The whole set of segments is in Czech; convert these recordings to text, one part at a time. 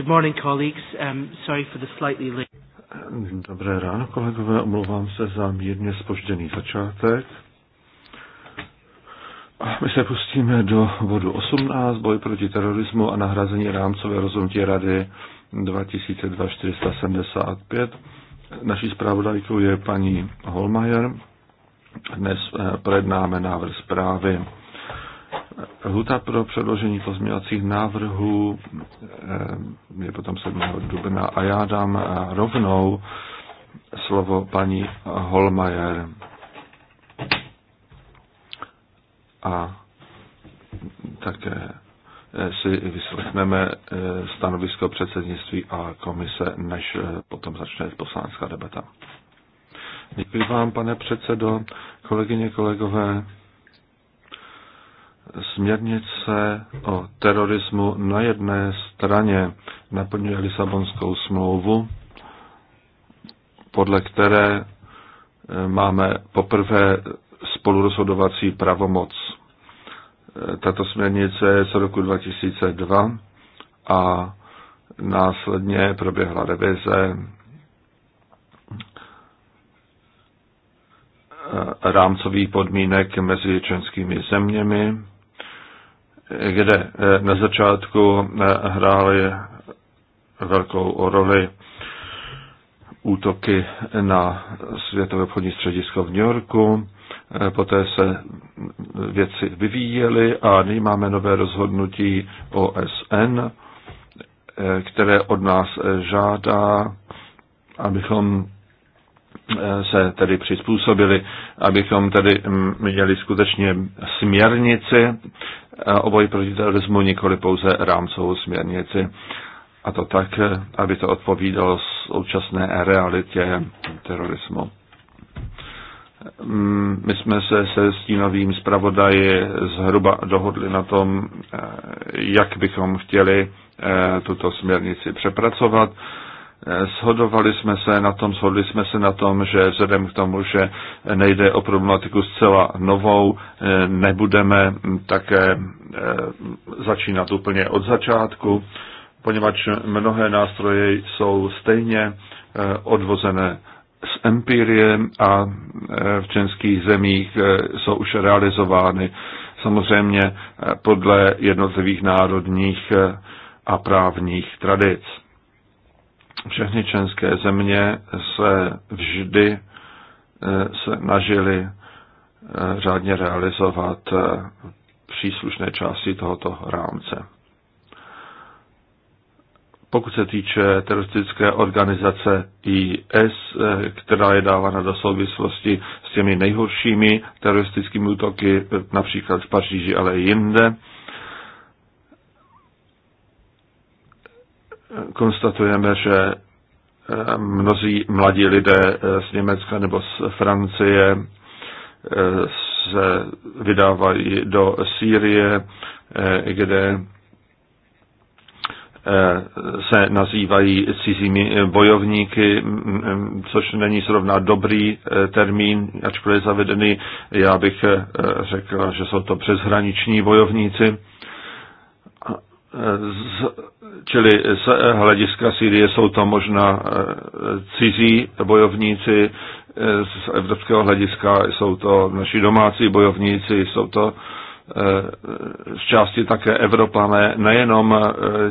Good morning, colleagues. Um, sorry for the slightly late. Dobré ráno, kolegové. Omlouvám se za mírně spožděný začátek. A my se pustíme do bodu 18, boj proti terorismu a nahrazení rámcové rozhodnutí Rady 2275. Naší zpravodajkou je paní Holmajer. Dnes eh, projednáme návrh zprávy. Huta pro předložení pozměňovacích návrhů eh, je potom 7. dubna. A já dám eh, rovnou slovo paní Holmajer. A také eh, si vyslechneme eh, stanovisko předsednictví a komise, než potom začne poslanecká debata. Děkuji vám, pane předsedo, kolegyně, kolegové směrnice o terorismu na jedné straně naplňuje Lisabonskou smlouvu, podle které eh, máme poprvé spolurozhodovací pravomoc. Eh, tato směrnice je z roku 2002 a následně proběhla revize eh, rámcových podmínek mezi členskými zeměmi kde eh, na začátku eh, hrály velkou roli útoky na Světové obchodní středisko v New Yorku. Eh, poté se věci vyvíjely a nyní máme nové rozhodnutí OSN, které od nás žádá, abychom se tedy přizpůsobili, abychom tedy mm, měli skutečně směrnici eh, oboj proti terorismu, nikoli pouze rámcovou směrnici. A to tak, eh, aby to odpovídalo současné realitě terorismu. Mm, my jsme se se stínovým zpravodaji zhruba dohodli na tom, eh, jak bychom chtěli tuto směrnici přepracovat Shodovali jsme se na tom, shodli jsme se na tom, že vzhledem k tomu, že nejde o problematiku zcela novou, nebudeme také eh, začínat úplně od začátku, poněvadž mnohé nástroje jsou stejně eh, odvozené z empirie a eh, v českých zemích jsou už realizovány samozřejmě podle jednotlivých národních a právních tradic všechny členské země se vždy eh, se nažili eh, řádně realizovat eh, příslušné části tohoto rámce. Pokud se týče teroristické organizace IS, která je dávána do souvislosti s těmi nejhoršími teroristickými útoky, například v Paříži, ale i jinde, konstatujeme, že eh, mnozí mladí lidé eh, z Německa nebo z Francie eh, se vydávají do Sýrie, kde se nazývají cizími bojovníky, mm, mm, což není zrovna dobrý termín, ačkoliv je zavedený. Já bych řekl, že jsou to přeshraniční bojovníci z, čili z hlediska Sýrie jsou to možná e, cizí bojovníci, e, z evropského hlediska jsou to naši domácí bojovníci, jsou to e, z části také Evropané, nejenom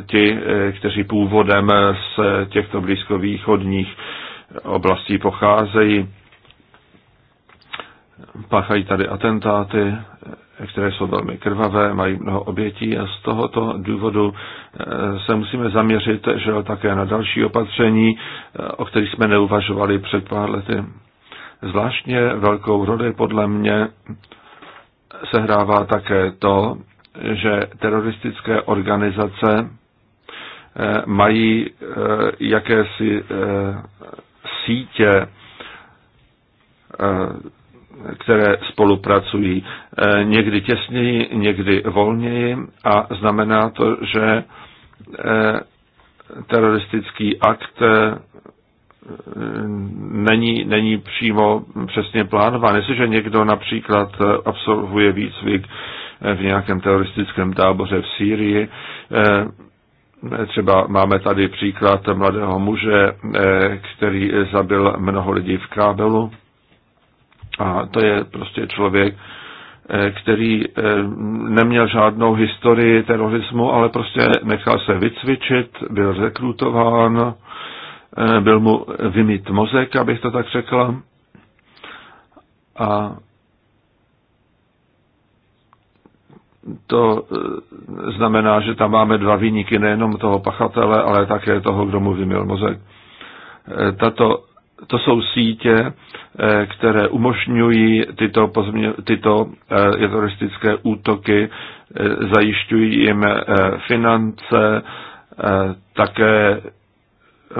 ti, kteří původem z těchto blízkovýchodních oblastí pocházejí. Páchají tady atentáty, které jsou velmi krvavé, mají mnoho obětí a z tohoto důvodu eh, se musíme zaměřit že také na další opatření, eh, o kterých jsme neuvažovali před pár lety. Zvláštně velkou roli podle mě sehrává také to, že teroristické organizace eh, mají jakési sítě které spolupracují eh, někdy těsněji, někdy volněji a znamená to, že eh, teroristický akt eh, není, není přímo přesně plánován. Jestliže někdo například absolvuje výcvik v nějakém teroristickém táboře v Sýrii, Třeba máme tady příklad mladého muže, který zabil mnoho lidí v Kábelu. A to je prostě člověk, eh, který eh, neměl žádnou historii terorismu, ale prostě nechal se vycvičit, byl rekrutován, eh, byl mu vymít mozek, abych to tak řekl, A to znamená, že tam máme dva výniky, nejenom toho pachatele, ale také toho, kdo mu vymil mozek. Tato to jsou sítě, eh, které umožňují tyto, pozmě, tyto eh, teroristické útoky, eh, zajišťují jim finance, také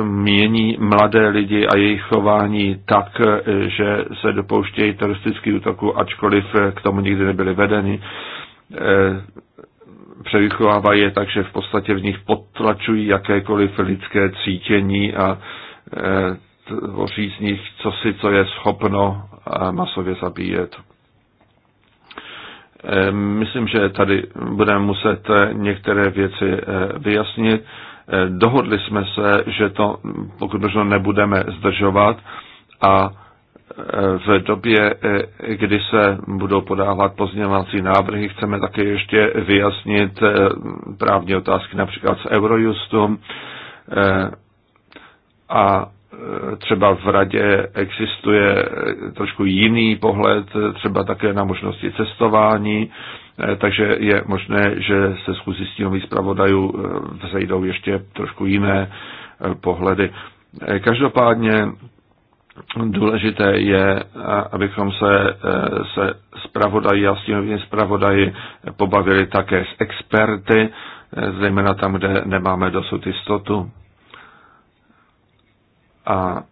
mění mladé lidi a jejich chování tak, že se dopouštějí teroristických útoků, ačkoliv k tomu nikdy nebyli vedeni. Převychovávají je tak, že v podstatě v nich potlačují jakékoliv lidské cítění a tvoří z nich cosi, co je schopno masově zabíjet. Myslím, že tady budeme muset eh, některé věci eh, vyjasnit. Eh, dohodli jsme se, že to pokud možno nebudeme zdržovat a v době, kdy se budou podávat pozměňovací návrhy, chceme také ještě vyjasnit právní otázky například s Eurojustem a třeba v radě existuje trošku jiný pohled, třeba také na možnosti cestování, takže je možné, že se schůzí tím zpravodajů eh, vzejdou ještě trošku jiné eh, pohledy. Eh, každopádně důležité je, abychom se, se zpravodají a tím zpravodaji pobavili také s experty, zejména tam, kde nemáme dosud jistotu. A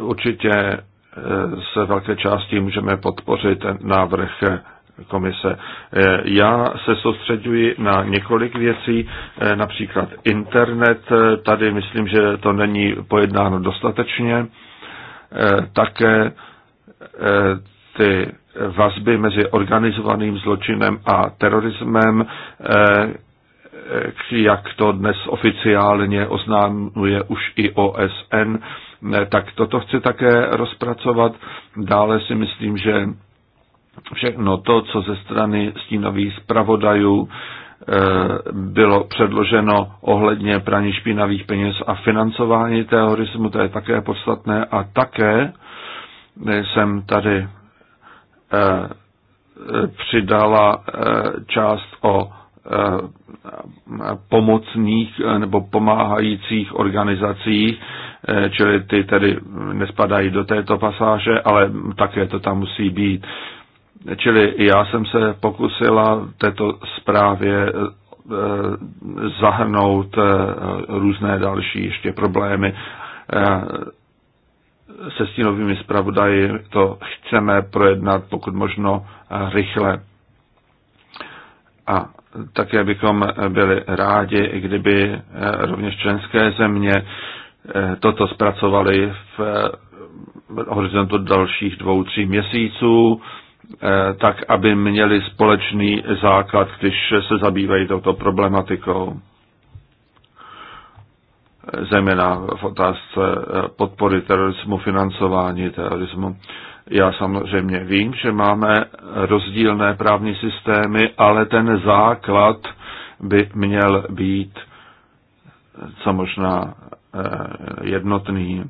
určitě e, se velké části můžeme podpořit návrh komise. E, já se soustředuji na několik věcí, e, například internet. Tady myslím, že to není pojednáno dostatečně. Také ty vazby mezi organizovaným zločinem a terorismem, jak to dnes oficiálně oznámuje už i OSN, tak toto chci také rozpracovat. Dále si myslím, že všechno to, co ze strany stínových zpravodajů eh, bylo předloženo ohledně praní špinavých peněz a financování terorismu, to je také podstatné. A také eh, jsem tady eh, přidala část o pomocných nebo pomáhajících organizacích, Eh, čili ty tedy nespadají do této pasáže, ale také to tam musí být. Čili já jsem se pokusila této zprávě eh, zahrnout eh, různé další ještě problémy. Se stínovými zpravodaji to chceme projednat pokud možno rychle. A také bychom byli rádi, kdyby rovněž členské země Eh, toto zpracovali v eh, horizontu dalších dvou, tří měsíců, eh, tak aby měli společný základ, když se zabývají touto problematikou zejména v otázce podpory terorismu, financování terorismu. Já samozřejmě vím, že máme rozdílné právní systémy, ale ten základ by měl být co možná Eh, jednotný.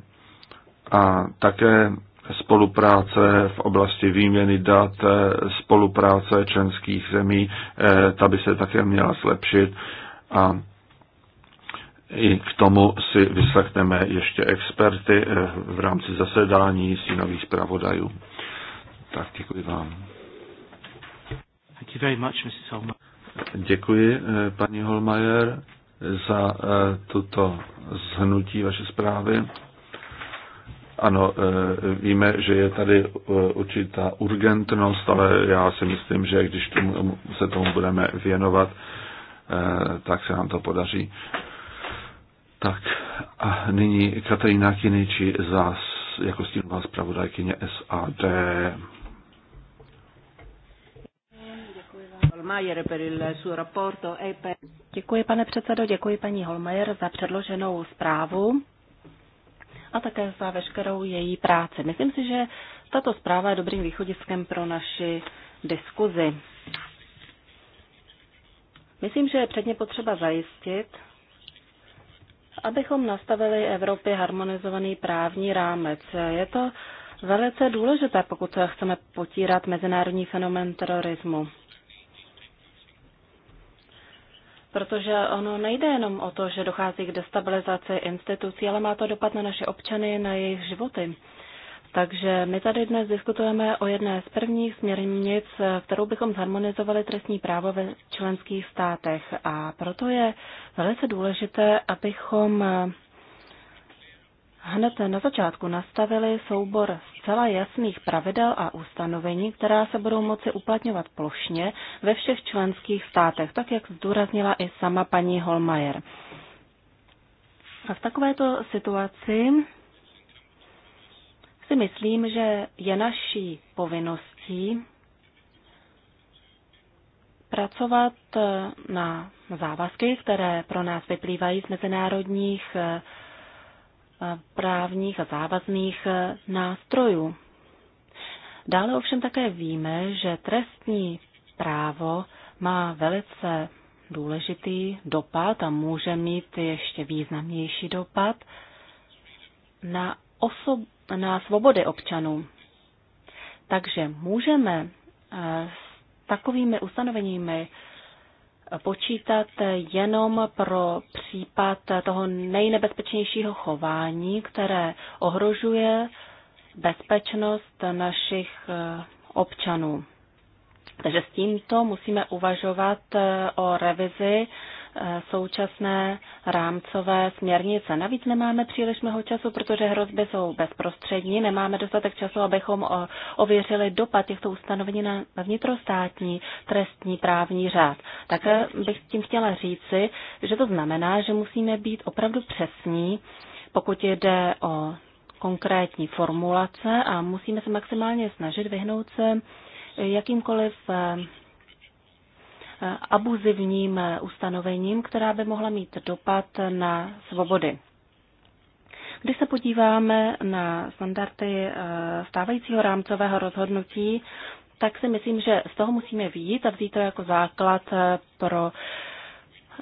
A také spolupráce v oblasti výměny dat, eh, spolupráce členských zemí, eh, ta by se také měla zlepšit a i k tomu si vyslechneme ještě experty v rámci zasedání sínových zpravodajů. Tak děkuji vám. Děkuji, paní Holmajer za eh, tuto zhnutí vaše zprávy. Ano, eh, víme, že je tady eh, určitá urgentnost, ale já si myslím, že když tomu, se tomu budeme věnovat, tak se nám to podaří. Tak a nyní Katarína Kiniči za, jako stínová zpravodajkyně SAD. E děkuji, pane předsedo, děkuji paní Holmeier za předloženou zprávu a také za veškerou její práci. Myslím si, že tato zpráva je dobrým východiskem pro naši diskuzi. Myslím, že je předně potřeba zajistit, abychom nastavili Evropě harmonizovaný právní rámec. Je to velice důležité, pokud chceme potírat mezinárodní fenomen terorismu. protože ono nejde jenom o to, že dochází k destabilizaci institucí, ale má to dopad na naše občany, na jejich životy. Takže my tady dnes diskutujeme o jedné z prvních směrnic, kterou bychom zharmonizovali trestní právo ve členských státech. A proto je velice důležité, abychom hned na začátku nastavili soubor zcela jasných pravidel a ustanovení, která se budou moci uplatňovat plošně ve všech členských státech, tak jak zdůraznila i sama paní Holmajer. A v takovéto situaci si myslím, že je naší povinností pracovat na závazky, které pro nás vyplývají z mezinárodních právních a závazných e, nástrojů. Dále ovšem také víme, že trestní právo má velice důležitý dopad a může mít ještě významnější dopad na, osob- na svobody občanů. Takže můžeme e, s takovými ustanoveními počítat jenom pro případ toho nejnebezpečnějšího chování, které ohrožuje bezpečnost našich eh, občanů. Takže s tímto musíme uvažovat eh, o revizi současné rámcové směrnice. Navíc nemáme příliš mnoho času, protože hrozby jsou bezprostřední, nemáme dostatek času, abychom ověřili dopad těchto ustanovení na vnitrostátní trestní právní řád. Také bych tím chtěla říci, že to znamená, že musíme být opravdu přesní, pokud jde o konkrétní formulace a musíme se maximálně snažit vyhnout se jakýmkoliv eh, abuzivním ustanovením, která by mohla mít dopad na svobody. Když se podíváme na standardy eh, stávajícího rámcového rozhodnutí, tak si myslím, že z toho musíme výjít a vzít to jako základ eh, pro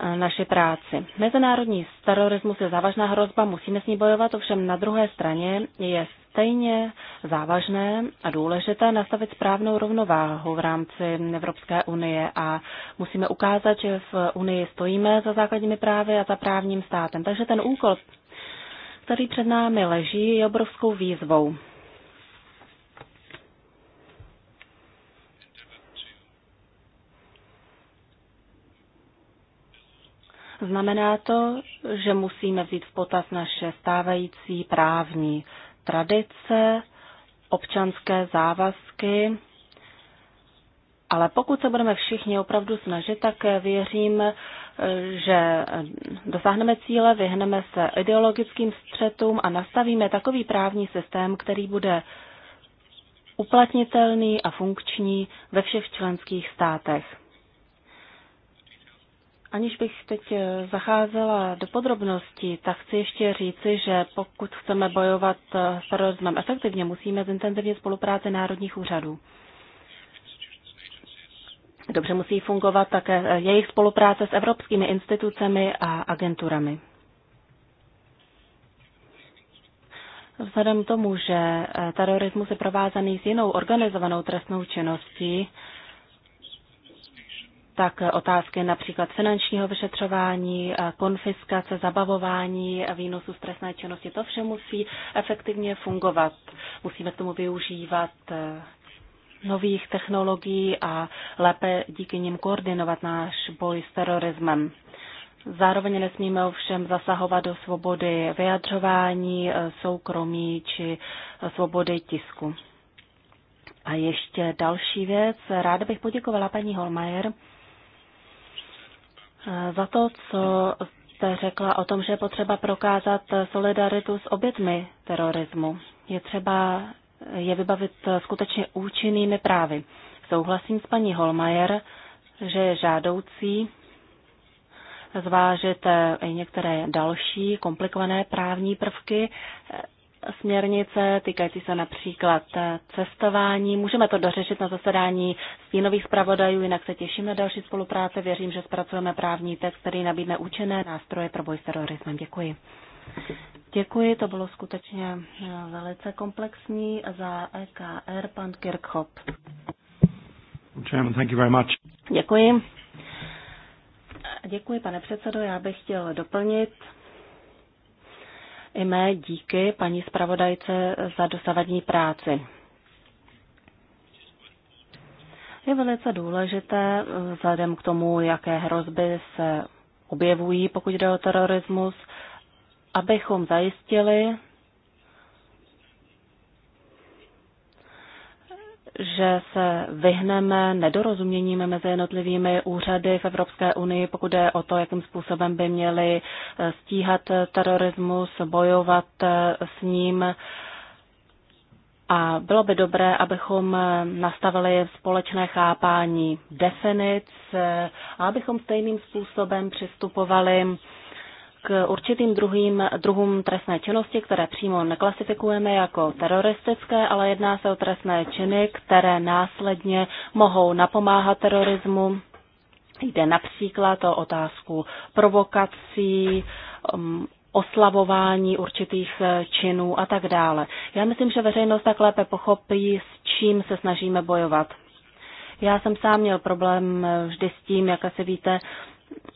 E, naši práci. Mezinárodní terorismus je závažná hrozba, musíme s ní bojovat, ovšem na druhé straně je stejně závažné a důležité nastavit správnou rovnováhu v rámci Evropské unie a musíme ukázat, že v unii stojíme za základními právy a za právním státem. Takže ten úkol, který před námi leží, je obrovskou výzvou. Znamená to, že musíme vzít v potaz naše stávající právní tradice, občanské závazky, ale pokud se budeme všichni opravdu snažit, tak věřím, že dosáhneme cíle, vyhneme se ideologickým střetům a nastavíme takový právní systém, který bude uplatnitelný a funkční ve všech členských státech. Aniž bych teď eh, zacházela do podrobností, tak chci ještě říci, že pokud chceme bojovat eh, s terorismem efektivně, musíme zintenzivnit spolupráci národních úřadů. Dobře musí fungovat také eh, jejich spolupráce s evropskými institucemi a agenturami. Vzhledem tomu, že terorismus je provázaný s jinou organizovanou trestnou činností, tak otázky například finančního vyšetřování, eh, konfiskace, zabavování výnosu z trestné činnosti, to vše musí efektivně fungovat. Musíme k tomu využívat eh, nových technologií a lépe díky nim koordinovat náš boj s terorismem. Zároveň nesmíme ovšem zasahovat do svobody vyjadřování, eh, soukromí či svobody tisku. A ještě další věc. Ráda bych poděkovala paní Holmajer Eh, za to, co jste řekla o tom, že je potřeba prokázat solidaritu s obětmi terorismu. Je třeba eh, je vybavit skutečně účinnými právy. Souhlasím s paní Holmajer, že je žádoucí zvážit eh, i některé další komplikované právní prvky směrnice týkající se například cestování. Můžeme to dořešit na zasedání stínových zpravodajů, jinak se těším na další spolupráce. Věřím, že zpracujeme právní text, který nabídne účinné nástroje pro boj s terorismem. Děkuji. Děkuji, to bylo skutečně eh, velice komplexní. Za EKR pan Kirchhoff. Chairman, thank you very much. Děkuji. Děkuji, pane předsedo. Já bych chtěl doplnit i mé díky paní zpravodajce za dosavadní práci. Je velice důležité, vzhledem k tomu, jaké hrozby se objevují, pokud jde o terorismus, abychom zajistili, že se vyhneme nedorozuměním mezi jednotlivými úřady v Evropské unii, pokud jde o to, jakým způsobem by měli eh, stíhat eh, terorismus, bojovat eh, s ním. A bylo by dobré, abychom nastavili společné chápání definic a abychom stejným způsobem přistupovali k určitým druhým, druhům trestné činnosti, které přímo neklasifikujeme jako teroristické, ale jedná se o trestné činy, které následně mohou napomáhat terorismu. Jde například o otázku provokací, um, oslavování určitých eh, činů a tak dále. Já myslím, že veřejnost tak lépe pochopí, s čím se snažíme bojovat. Já jsem sám měl problém eh, vždy s tím, jak asi víte,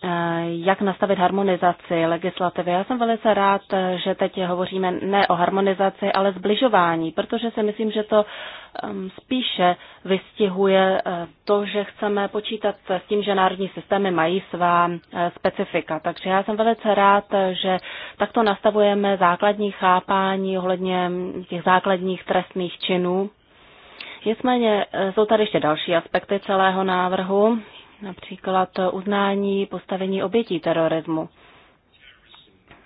Eh, jak nastavit harmonizaci legislativy. Já jsem velice rád, že teď hovoříme ne o harmonizaci, ale zbližování, protože si myslím, že to spíše vystihuje eh, to, že chceme počítat s tím, že národní systémy mají svá eh, specifika. Takže já jsem velice rád, že takto nastavujeme základní chápání ohledně těch základních trestných činů. Nicméně jsou tady ještě další aspekty celého návrhu například uznání postavení obětí terorismu.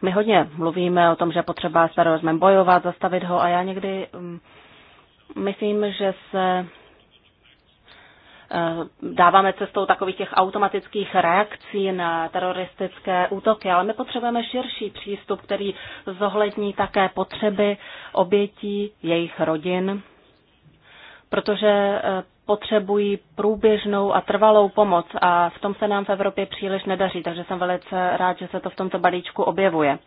My hodně mluvíme o tom, že potřeba s terorismem bojovat, zastavit ho a já někdy mm, myslím, že se eh, dáváme cestou takových těch automatických reakcí na teroristické útoky, ale my potřebujeme širší přístup, který zohlední také potřeby obětí, jejich rodin, protože eh, potřebují průběžnou a trvalou pomoc a v tom se nám v Evropě příliš nedaří, takže jsem velice rád, že se to v tomto balíčku objevuje.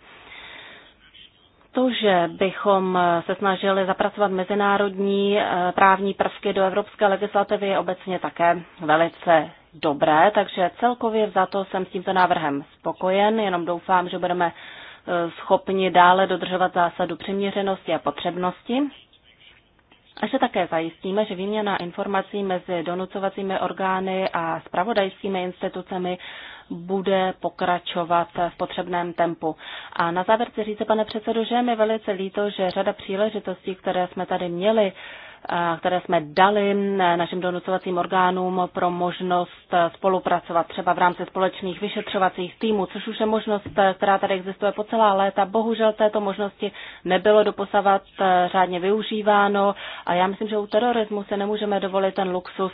To, že bychom se snažili zapracovat mezinárodní eh, právní prvky do evropské legislativy, je obecně také velice dobré, takže celkově za to jsem s tímto návrhem spokojen, jenom doufám, že budeme eh, schopni dále dodržovat zásadu přiměřenosti a potřebnosti a ještě také zajistíme, že výměna informací mezi donucovacími orgány a spravodajskými institucemi bude pokračovat v potřebném tempu. A na závěr chci říct, pane předsedo, že je mi velice líto, že řada příležitostí, které jsme tady měli, které jsme dali našim donucovacím orgánům pro možnost spolupracovat třeba v rámci společných vyšetřovacích týmů, což už je možnost, která tady existuje po celá léta. Bohužel této možnosti nebylo doposavat řádně využíváno a já myslím, že u terorismu se nemůžeme dovolit ten luxus,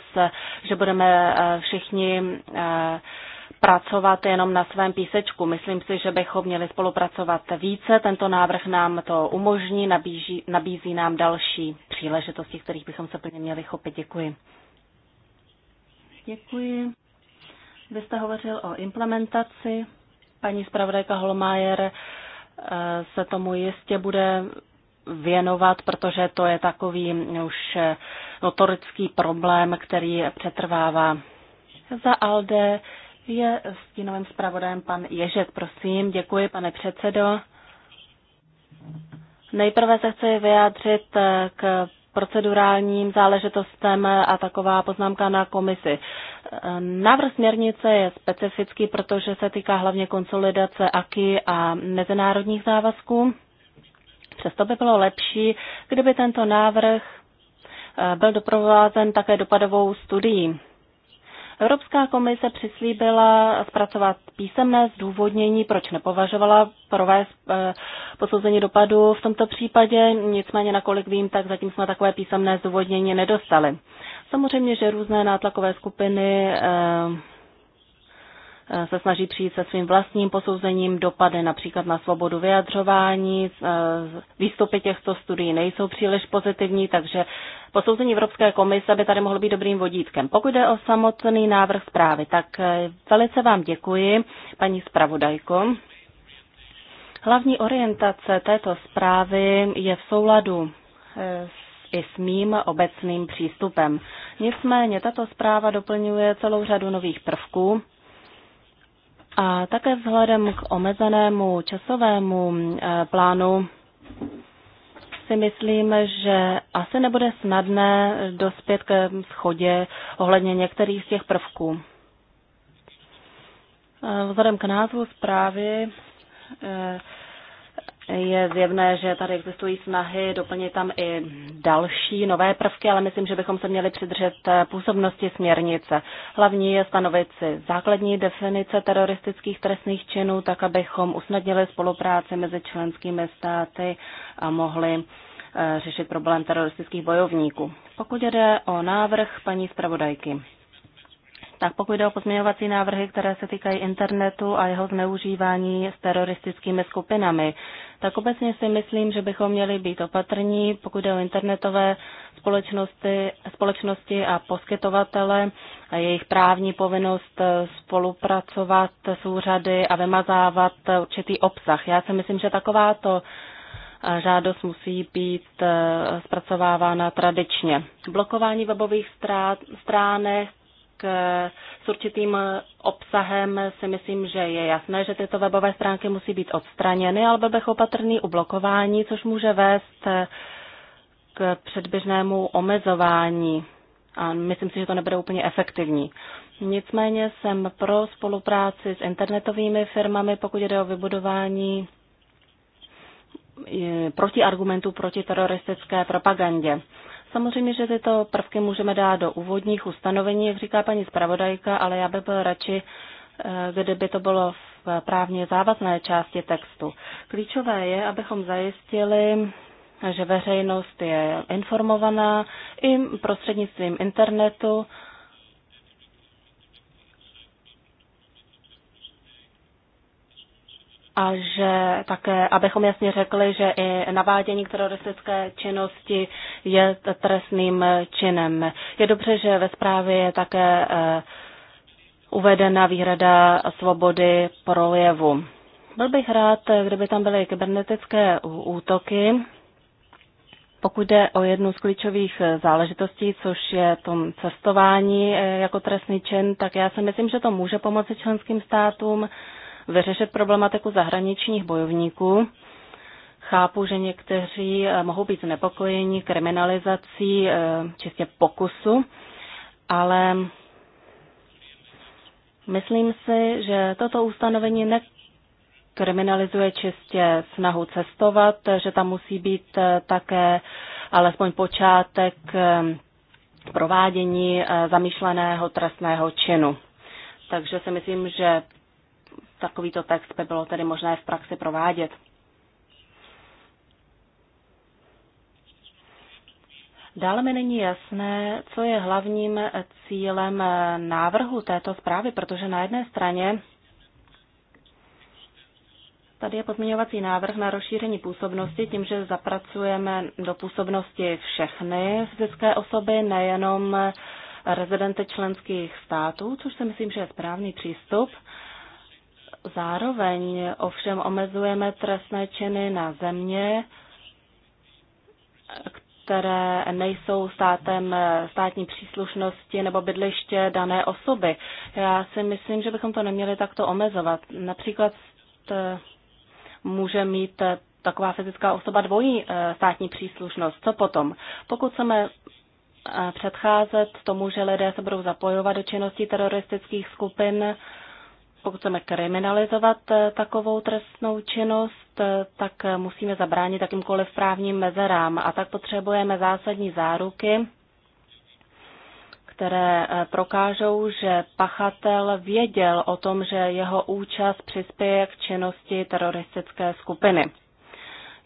že budeme eh, všichni eh, pracovat jenom na svém písečku. Myslím si, že bychom měli spolupracovat více. Tento návrh nám to umožní, nabíží, nabízí nám další příležitosti, kterých bychom se plně měli chopit. Děkuji. Děkuji. Vy jste hovořil o implementaci. Paní zpravodajka Holmajer eh, se tomu jistě bude věnovat, protože to je takový už notorický problém, který přetrvává. Za ALDE je stínovým zpravodajem pan Ježek. Prosím, děkuji, pane předsedo. Nejprve se chci vyjádřit eh, k procedurálním záležitostem a taková poznámka na komisi. Eh, návrh směrnice je specifický, protože se týká hlavně konsolidace AKI a mezinárodních závazků. Přesto by bylo lepší, kdyby tento návrh eh, byl doprovázen také dopadovou studií. Evropská komise přislíbila zpracovat písemné zdůvodnění, proč nepovažovala provést eh, posouzení dopadu v tomto případě, nicméně nakolik vím, tak zatím jsme takové písemné zdůvodnění nedostali. Samozřejmě, že různé nátlakové skupiny eh, Eh, se snaží přijít se svým vlastním posouzením dopady například na svobodu vyjadřování. Eh, výstupy těchto studií nejsou příliš pozitivní, takže posouzení Evropské komise by tady mohlo být dobrým vodítkem. Pokud jde o samotný návrh zprávy, tak eh, velice vám děkuji, paní zpravodajko. Hlavní orientace této zprávy je v souladu s i s mým obecným přístupem. Nicméně tato zpráva doplňuje celou řadu nových prvků, a také vzhledem k omezenému časovému eh, plánu si myslím, že asi nebude snadné dospět ke schodě ohledně některých z těch prvků. Eh, vzhledem k názvu zprávy eh, je zjevné, že tady existují snahy doplnit tam i další nové prvky, ale myslím, že bychom se měli přidržet eh, působnosti směrnice. Hlavní je stanovit si základní definice teroristických trestných činů, tak abychom usnadnili spolupráci mezi členskými státy a mohli eh, řešit problém teroristických bojovníků. Pokud jde o návrh paní zpravodajky. Tak pokud jde o pozměňovací návrhy, které se týkají internetu a jeho zneužívání s teroristickými skupinami, tak obecně si myslím, že bychom měli být opatrní, pokud jde o internetové společnosti, společnosti a poskytovatele a jejich právní povinnost eh, spolupracovat s úřady a vymazávat určitý obsah. Já si myslím, že takováto eh, žádost musí být eh, zpracovávána tradičně. Blokování webových stránek, s určitým obsahem si myslím, že je jasné, že tyto webové stránky musí být odstraněny, ale bych opatrný u blokování, což může vést k předběžnému omezování. A myslím si, že to nebude úplně efektivní. Nicméně jsem pro spolupráci s internetovými firmami, pokud jde o vybudování protiargumentů proti teroristické propagandě. Samozřejmě, že tyto prvky můžeme dát do úvodních ustanovení, jak říká paní zpravodajka, ale já bych byl radši, eh, kdyby to bylo v právně závazné části textu. Klíčové je, abychom zajistili že veřejnost je informovaná i prostřednictvím internetu a že také, abychom jasně řekli, že i navádění k teroristické činnosti je trestným činem. Je dobře, že ve zprávě je také eh, uvedena výhrada svobody projevu. Byl bych rád, kdyby tam byly kybernetické útoky, pokud jde o jednu z klíčových eh, záležitostí, což je tom cestování eh, jako trestný čin, tak já si myslím, že to může pomoci členským státům vyřešit problematiku zahraničních bojovníků. Chápu, že někteří eh, mohou být znepokojeni kriminalizací eh, čistě pokusu, ale myslím si, že toto ustanovení ne kriminalizuje čistě snahu cestovat, že tam musí být eh, také alespoň počátek provádění zamýšleného trestného činu. Takže si myslím, že takovýto text by bylo tedy možné v praxi provádět. Dále mi není jasné, co je hlavním cílem návrhu této zprávy, protože na jedné straně tady je podmiňovací návrh na rozšíření působnosti tím, že zapracujeme do působnosti všechny fyzické osoby, nejenom rezidenty členských států, což si myslím, že je správný přístup. Zároveň ovšem omezujeme trestné činy na země, které nejsou státem státní příslušnosti nebo bydliště dané osoby. Já si myslím, že bychom to neměli takto omezovat. Například může mít taková fyzická osoba dvojí eh, státní příslušnost. Co potom? Pokud chceme eh, předcházet tomu, že lidé se budou zapojovat do činností teroristických skupin, pokud chceme kriminalizovat eh, takovou trestnou činnost, eh, tak eh, musíme zabránit jakýmkoliv právním mezerám a tak potřebujeme zásadní záruky, které prokážou, že pachatel věděl o tom, že jeho účast přispěje k činnosti teroristické skupiny.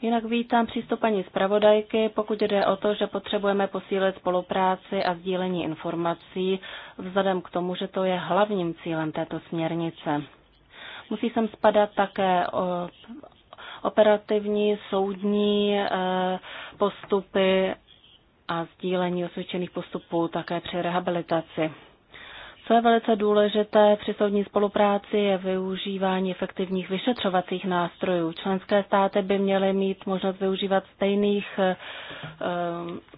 Jinak vítám přístup paní zpravodajky, pokud jde o to, že potřebujeme posílit spolupráci a sdílení informací, vzhledem k tomu, že to je hlavním cílem této směrnice. Musí sem spadat také operativní, soudní eh, postupy a sdílení osvědčených postupů také při rehabilitaci. Co je velice důležité při soudní spolupráci je využívání efektivních vyšetřovacích nástrojů. Členské státy by měly mít možnost využívat stejných eh,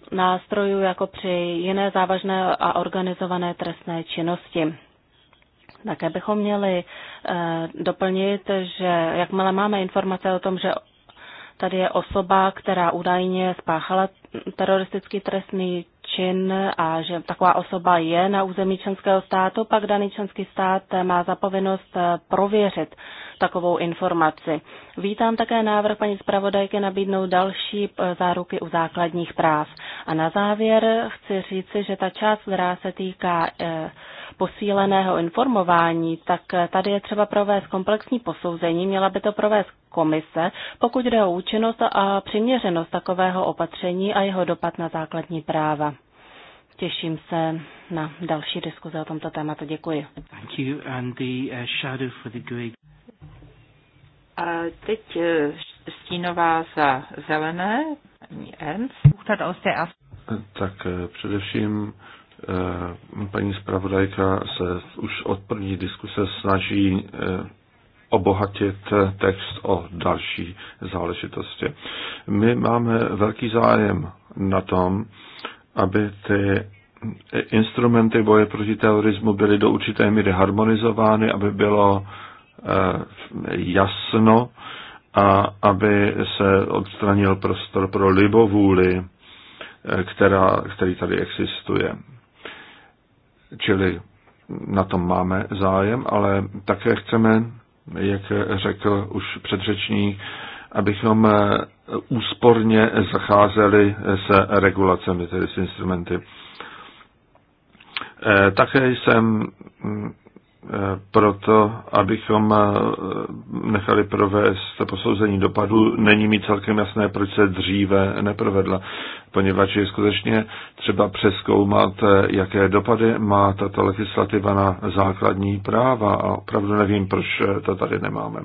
eh, nástrojů jako při jiné závažné a organizované trestné činnosti. Také bychom měli eh, doplnit, že jakmile máme informace o tom, že tady je osoba, která údajně spáchala teroristický trestný čin a že taková osoba je na území členského státu, pak daný členský stát má zapovinnost eh, prověřit takovou informaci. Vítám také návrh paní zpravodajky nabídnout další eh, záruky u základních práv. A na závěr chci říci, že ta část, která se týká eh, posíleného informování, tak tady je třeba provést komplexní posouzení, měla by to provést komise, pokud jde o účinnost a přiměřenost takového opatření a jeho dopad na základní práva. Těším se na další diskuze o tomto tématu. Děkuji. Thank you. And the, uh, shadow for the GUI. A teď uh, stínová za zelené, paní Ernst. Tak eh, především eh, paní zpravodajka se už od první diskuse snaží eh, obohatit text o další záležitosti. My máme velký zájem na tom, aby ty instrumenty boje proti terorismu byly do určité míry harmonizovány, aby bylo eh, jasno a aby se odstranil prostor pro libovůli, eh, která, který tady existuje. Čili na tom máme zájem, ale také chceme, jak řekl už předřečník, abychom eh, úsporně zacházeli se regulacemi, tedy s instrumenty. Eh, také jsem mm, eh, proto, abychom eh, nechali provést posouzení dopadu, není mi celkem jasné, proč se dříve neprovedla, poněvadž je skutečně třeba přeskoumat, jaké dopady má tato legislativa na základní práva a opravdu nevím, proč to tady nemáme.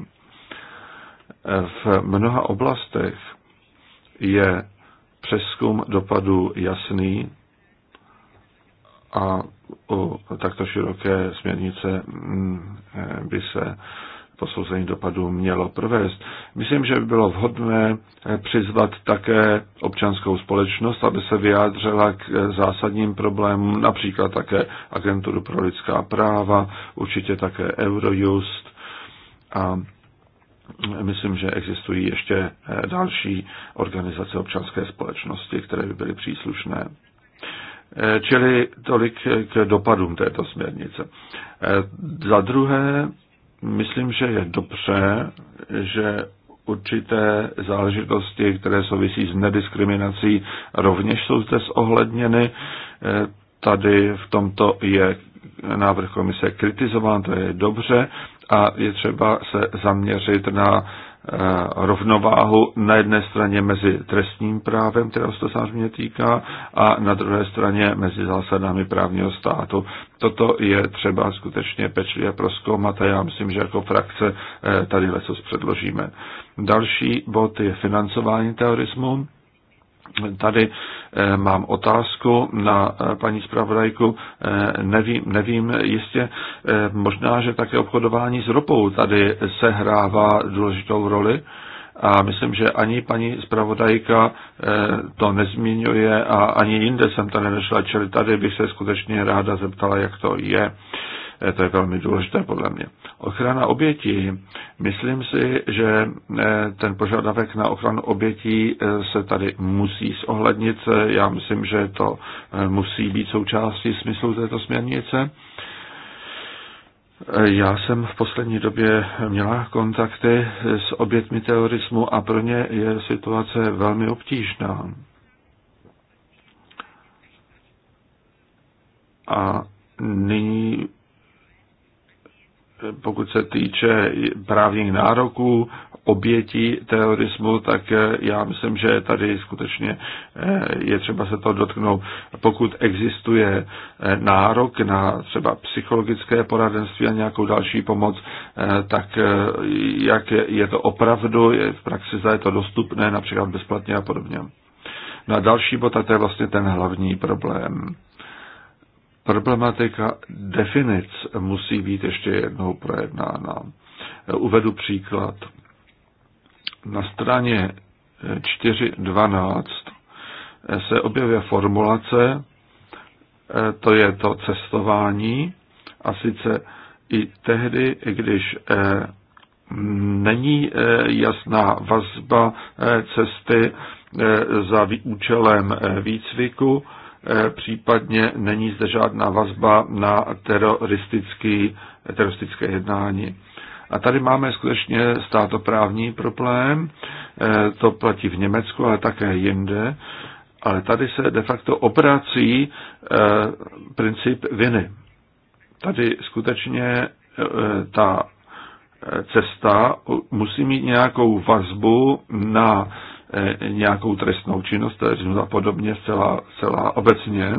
V mnoha oblastech je přeskum dopadů jasný a u takto široké směrnice mm, eh, by se posouzení dopadů mělo provést. Myslím, že by bylo vhodné eh, přizvat také občanskou společnost, aby se vyjádřila k eh, zásadním problémům, například také agenturu pro lidská práva, určitě také Eurojust a Myslím, že existují ještě eh, další organizace občanské společnosti, které by byly příslušné. Eh, čili tolik k dopadům této směrnice. Eh, za druhé, myslím, že je dobře, že určité záležitosti, které souvisí s nediskriminací, rovněž jsou zde zohledněny. Tady v tomto je návrh komise kritizován, to je dobře, a je třeba se zaměřit na eh, rovnováhu na jedné straně mezi trestním právem, které se to samozřejmě týká, a na druhé straně mezi zásadami právního státu. Toto je třeba skutečně pečlivě proskoumat a já myslím, že jako frakce eh, tady lesos předložíme. Další bod je financování terorismu. Tady eh, mám otázku na eh, paní zpravodajku. Eh, nevím, nevím jistě, možná, že také obchodování s ropou tady sehrává důležitou roli. A myslím, že ani paní zpravodajka to nezmiňuje a ani jinde jsem to nenašla, čili tady bych se skutečně ráda zeptala, jak to je. To je velmi důležité podle mě. Ochrana obětí. Myslím si, že eh, ten požadavek na ochranu obětí eh, se tady musí zohlednit. Já myslím, že to eh, musí být součástí smyslu této směrnice. Já jsem v poslední době měla kontakty s obětmi terorismu a pro ně je situace velmi obtížná. A nyní pokud se týče právních nároků obětí terorismu, tak eh, já myslím, že tady skutečně eh, je třeba se to dotknout. Pokud existuje eh, nárok na třeba psychologické poradenství a nějakou další pomoc, tak jak je to opravdu, je v praxi za je to dostupné, například bezplatně a podobně. Na no další bod, a to je vlastně ten hlavní problém. Problematika definic musí být ještě jednou projednána. Uvedu příklad. Na straně 4.12 se objevuje formulace, to je to cestování, a sice i tehdy, když eh, není eh, jasná vazba eh, cesty za účelem výcviku Eh, případně není zde žádná vazba na teroristický, teroristické jednání. A tady máme skutečně státoprávní problém, eh, to platí v Německu, ale také jinde, ale tady se de facto obrací eh, princip viny. Tady skutečně ta cesta musí mít nějakou vazbu na nějakou trestnou činnost, terorismus a podobně, celá, celá obecně.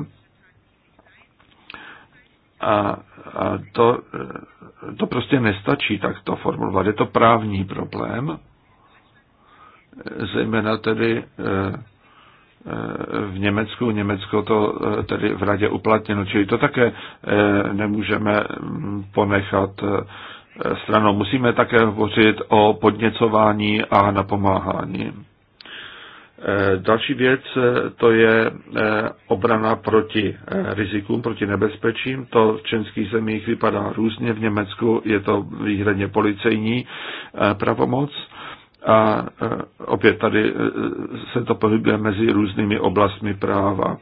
A, a to, to prostě nestačí takto formulovat. Je to právní problém, zejména tedy e, e, v Německu. Německo to e, tedy v radě uplatněno, čili to také nemůžeme mm, ponechat stranou. Musíme také hovořit o podněcování a napomáhání. Eh, další věc eh, to je eh, obrana proti rizikům, proti nebezpečím. To v českých zemích vypadá různě, v Německu je to výhradně policejní pravomoc. A opět tady se to pohybuje mezi různými oblastmi práva.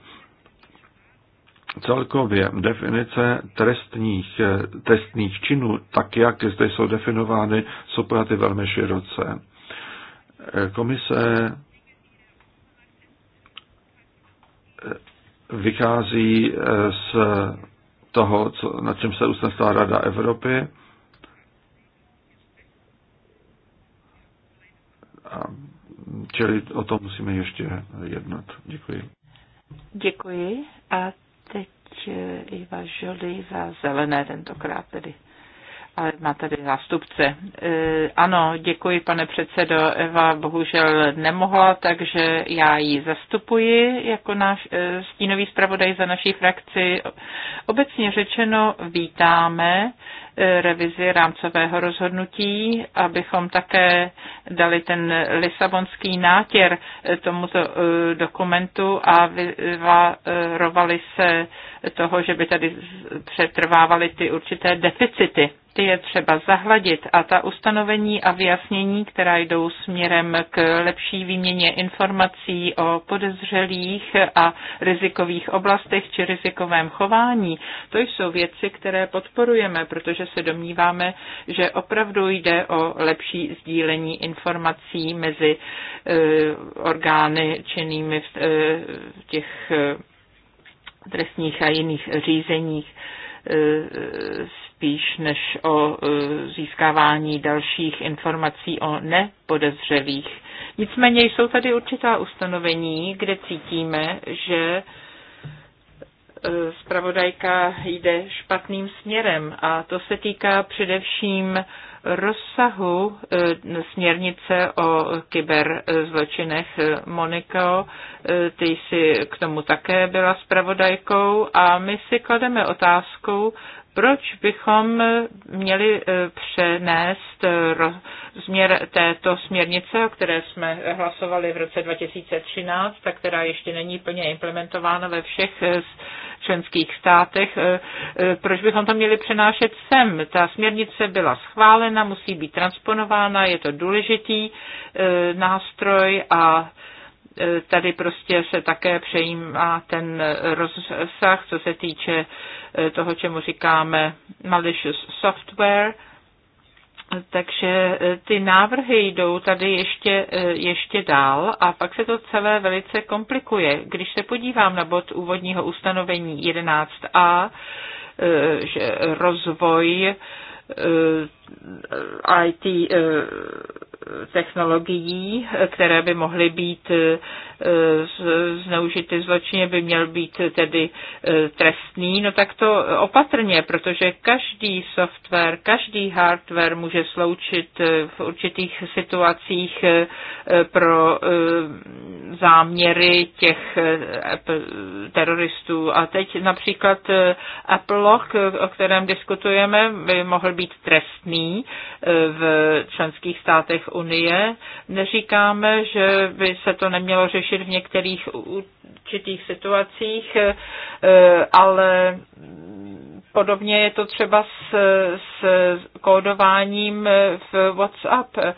Celkově definice trestních, trestných činů, tak jak zde jsou definovány, jsou právě velmi široce. Komise vychází eh, z toho, co, na čem se usnesla Rada Evropy. A čili o tom musíme ještě jednat. Děkuji. Děkuji. A teď eh, Iva Žoli za zelené tentokrát tedy ale má tady zástupce. E, ano, děkuji, pane předsedo. Eva bohužel nemohla, takže já ji zastupuji jako náš e, stínový zpravodaj za naší frakci. Obecně řečeno vítáme e, revizi rámcového rozhodnutí, abychom také dali ten lisabonský nátěr tomuto dokumentu a vyvarovali se toho, že by tady přetrvávaly ty určité deficity. Ty je třeba zahladit a ta ustanovení a vyjasnění, která jdou směrem k lepší výměně informací o podezřelých a rizikových oblastech či rizikovém chování, to jsou věci, které podporujeme, protože se domníváme, že opravdu jde o lepší sdílení informací mezi eh, orgány činnými v eh, těch eh, trestních a jiných řízeních e, spíš než o e, získávání dalších informací o nepodezřelých. Nicméně jsou tady určitá ustanovení, kde cítíme, že e, zpravodajka jde špatným směrem a to se týká především rozsahu eh, směrnice o kyberzločinech Moniko, eh, ty jsi k tomu také byla spravodajkou a my si klademe otázku, proč bychom měli eh, přenést eh, rozměr této směrnice, o které jsme hlasovali v roce 2013, a která ještě není plně implementována ve všech eh, členských státech, proč bychom to měli přenášet sem? Ta směrnice byla schválena, musí být transponována, je to důležitý nástroj a E, tady prostě se také přejímá ten rozsah, co se týče e, toho, čemu říkáme malicious software. Takže e, ty návrhy jdou tady ještě, ještě dál a pak se to celé velice komplikuje. Když se podívám na bod úvodního ustanovení 11a, že rozvoj IT technologií, které by mohly být eh, zneužity zločině, by měl být tedy eh, trestný, no tak to opatrně, protože každý software, každý hardware může sloučit eh, v určitých situacích pro záměry těch teroristů. A teď například Apple Lock, o kterém diskutujeme, by mohl být trestný v členských státech Unie. Neříkáme, že by se to nemělo řešit v některých určitých situacích, eh, ale podobně je to třeba s, s kódováním v WhatsApp. Eh,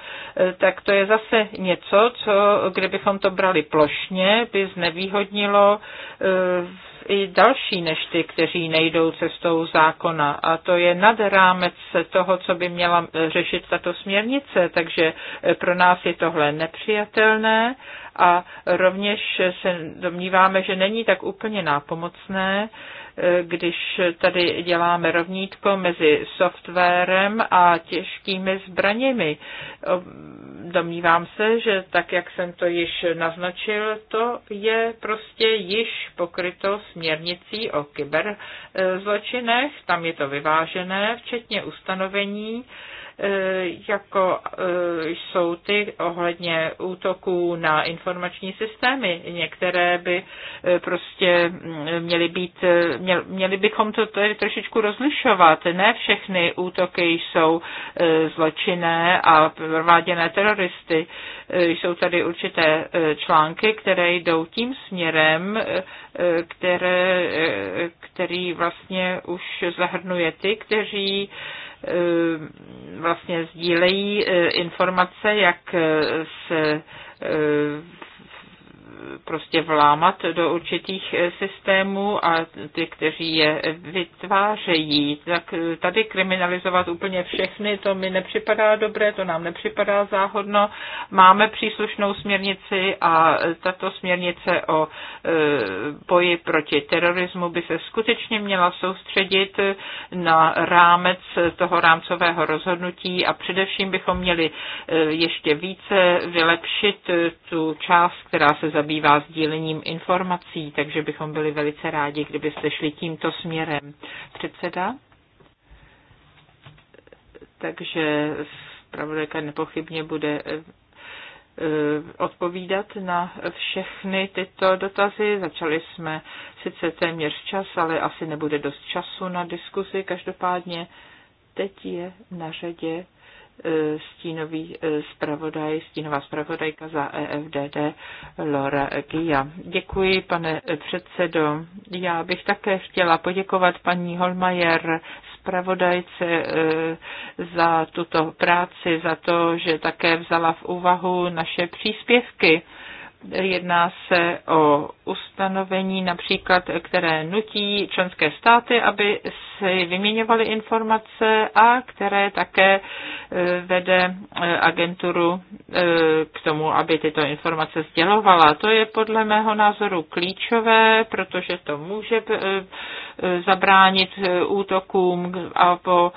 tak to je zase něco, co kdybychom to brali plošně, by znevýhodnilo v eh, i další než ty, kteří nejdou cestou zákona. A to je nad rámec toho, co by měla řešit tato směrnice, takže pro nás je tohle nepřijatelné a rovněž se domníváme, že není tak úplně nápomocné, když tady děláme rovnítko mezi softwarem a těžkými zbraněmi. Domnívám se, že tak, jak jsem to již naznačil, to je prostě již pokryto směrnicí o kyberzločinech, tam je to vyvážené, včetně ustanovení, E, jako e, jsou ty ohledně útoků na informační systémy. Některé by e, prostě mm, měly být, měli bychom to tady trošičku rozlišovat. Ne všechny útoky jsou zločinné a prováděné teroristy. Jsou tady určité články, které jdou tím směrem, které, který vlastně už zahrnuje ty, kteří Eh, vlastně sdílejí eh, informace, jak eh, se prostě vlámat do určitých eh, systémů a ty, kteří je vytvářejí. Tak eh, tady kriminalizovat úplně všechny, to mi nepřipadá dobré, to nám nepřipadá záhodno. Máme příslušnou směrnici a eh, tato směrnice o boji proti terorismu by se skutečně měla soustředit na rámec toho rámcového rozhodnutí a především bychom měli ještě více vylepšit tu část, která se za zabývá sdílením informací, takže bychom byli velice rádi, kdybyste šli tímto směrem. Předseda? Takže zpravodajka nepochybně bude eh, eh, odpovídat na všechny tyto dotazy. Začali jsme sice téměř čas, ale asi nebude dost času na diskuzi. Každopádně teď je na řadě stínový eh, zpravodaj, stínová zpravodajka za EFDD Laura Gia. Děkuji, pane předsedo. Já bych také chtěla poděkovat paní Holmajer zpravodajce eh, za tuto práci, za to, že také vzala v úvahu naše příspěvky Jedná se o ustanovení například, které nutí členské státy, aby si vyměňovaly informace a které také e, vede e, agenturu e, k tomu, aby tyto informace sdělovala. To je podle mého názoru klíčové, protože to může zabránit útokům a po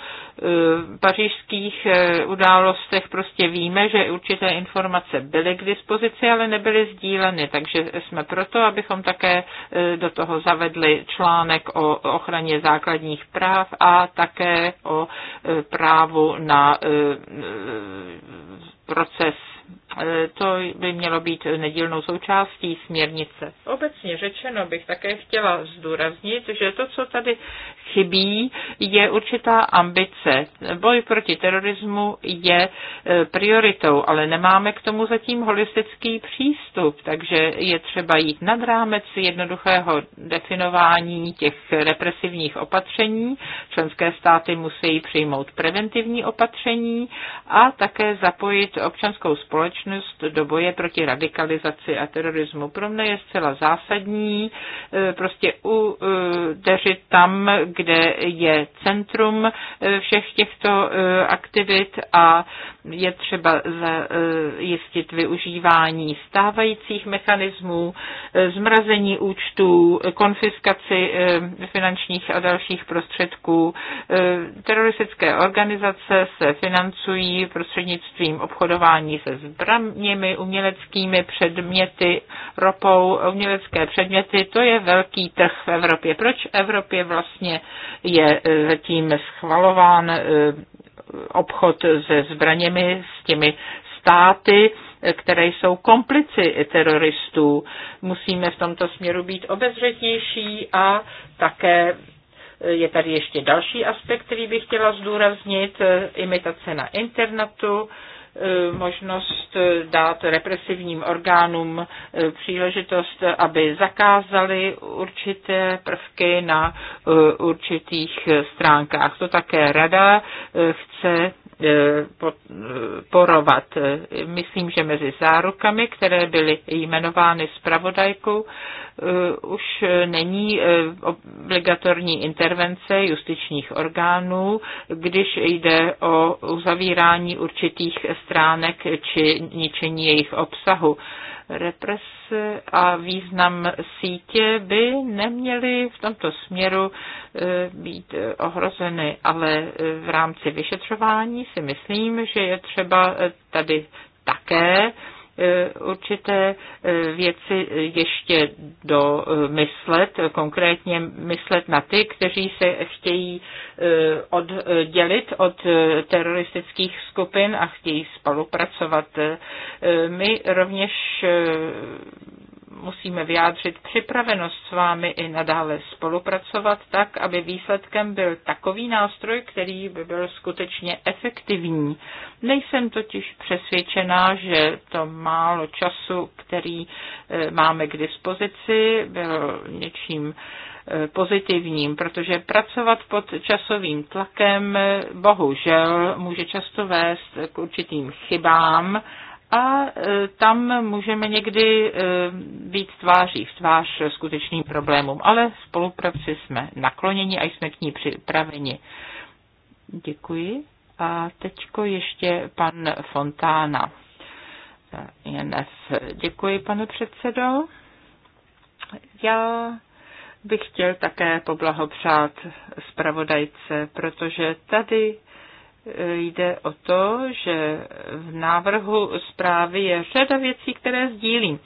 pařížských událostech prostě víme, že určité informace byly k dispozici, ale nebyly sdíleny, takže jsme proto, abychom také e, do toho zavedli článek o ochraně základních práv a také o e, právu na e, proces. E, to by mělo být nedílnou součástí směrnice. Obecně řečeno bych také chtěla zdůraznit, že to, co tady chybí, je určitá ambice. Boj proti terorismu je e, prioritou, ale nemáme k tomu zatím holistický přístup, takže je třeba jít nad rámec jednoduchého definování těch represivních opatření. Členské státy musí přijmout preventivní opatření a také zapojit občanskou společnost do boje proti radikalizaci a terorismu. Pro mne je zcela zásadní eh, prostě udeřit tam, kde je centrum eh, všech těchto eh, aktivit a je třeba zajistit využívání stávajících mechanismů, zmrazení účtů, konfiskaci finančních a dalších prostředků. Teroristické organizace se financují prostřednictvím obchodů obchodování se zbraněmi, uměleckými předměty, ropou, umělecké předměty. To je velký trh v Evropě. Proč Evropě vlastně je e, zatím schvalován e, obchod se zbraněmi s těmi státy, e, které jsou komplici teroristů. Musíme v tomto směru být obezřetnější a také je tady ještě další aspekt, který bych chtěla zdůraznit, imitace na internetu. Eh, možnost dát represivním orgánům eh, příležitost, aby zakázali určité prvky na eh, určitých stránkách. To také rada chce porovat. Myslím, že mezi zárukami, které byly jmenovány zpravodajkou, Eh, už není eh, obligatorní intervence justičních orgánů, když jde o uzavírání určitých stránek či ničení jejich obsahu represe a význam sítě by neměly v tomto směru eh, být ohrozeny, ale v rámci vyšetřování si myslím, že je třeba tady také E, určité e, věci ještě domyslet, konkrétně myslet na ty, kteří se chtějí e, oddělit od teroristických skupin a chtějí spolupracovat. My rovněž musíme vyjádřit připravenost s vámi i nadále spolupracovat tak, aby výsledkem byl takový nástroj, který by byl skutečně efektivní. Nejsem totiž přesvědčená, že to málo času, který eh, máme k dispozici, byl něčím eh, pozitivním, protože pracovat pod časovým tlakem eh, bohužel může často vést k určitým chybám, a e, tam můžeme někdy e, být tváří v tvář skutečným problémům, ale spolupráci jsme nakloněni a jsme k ní připraveni. Děkuji. A teďko ještě pan Fontána. E, Děkuji, pane předsedo. Já bych chtěl také poblahopřát zpravodajce, protože tady jde o to, že v návrhu zprávy je řada věcí, které sdílím.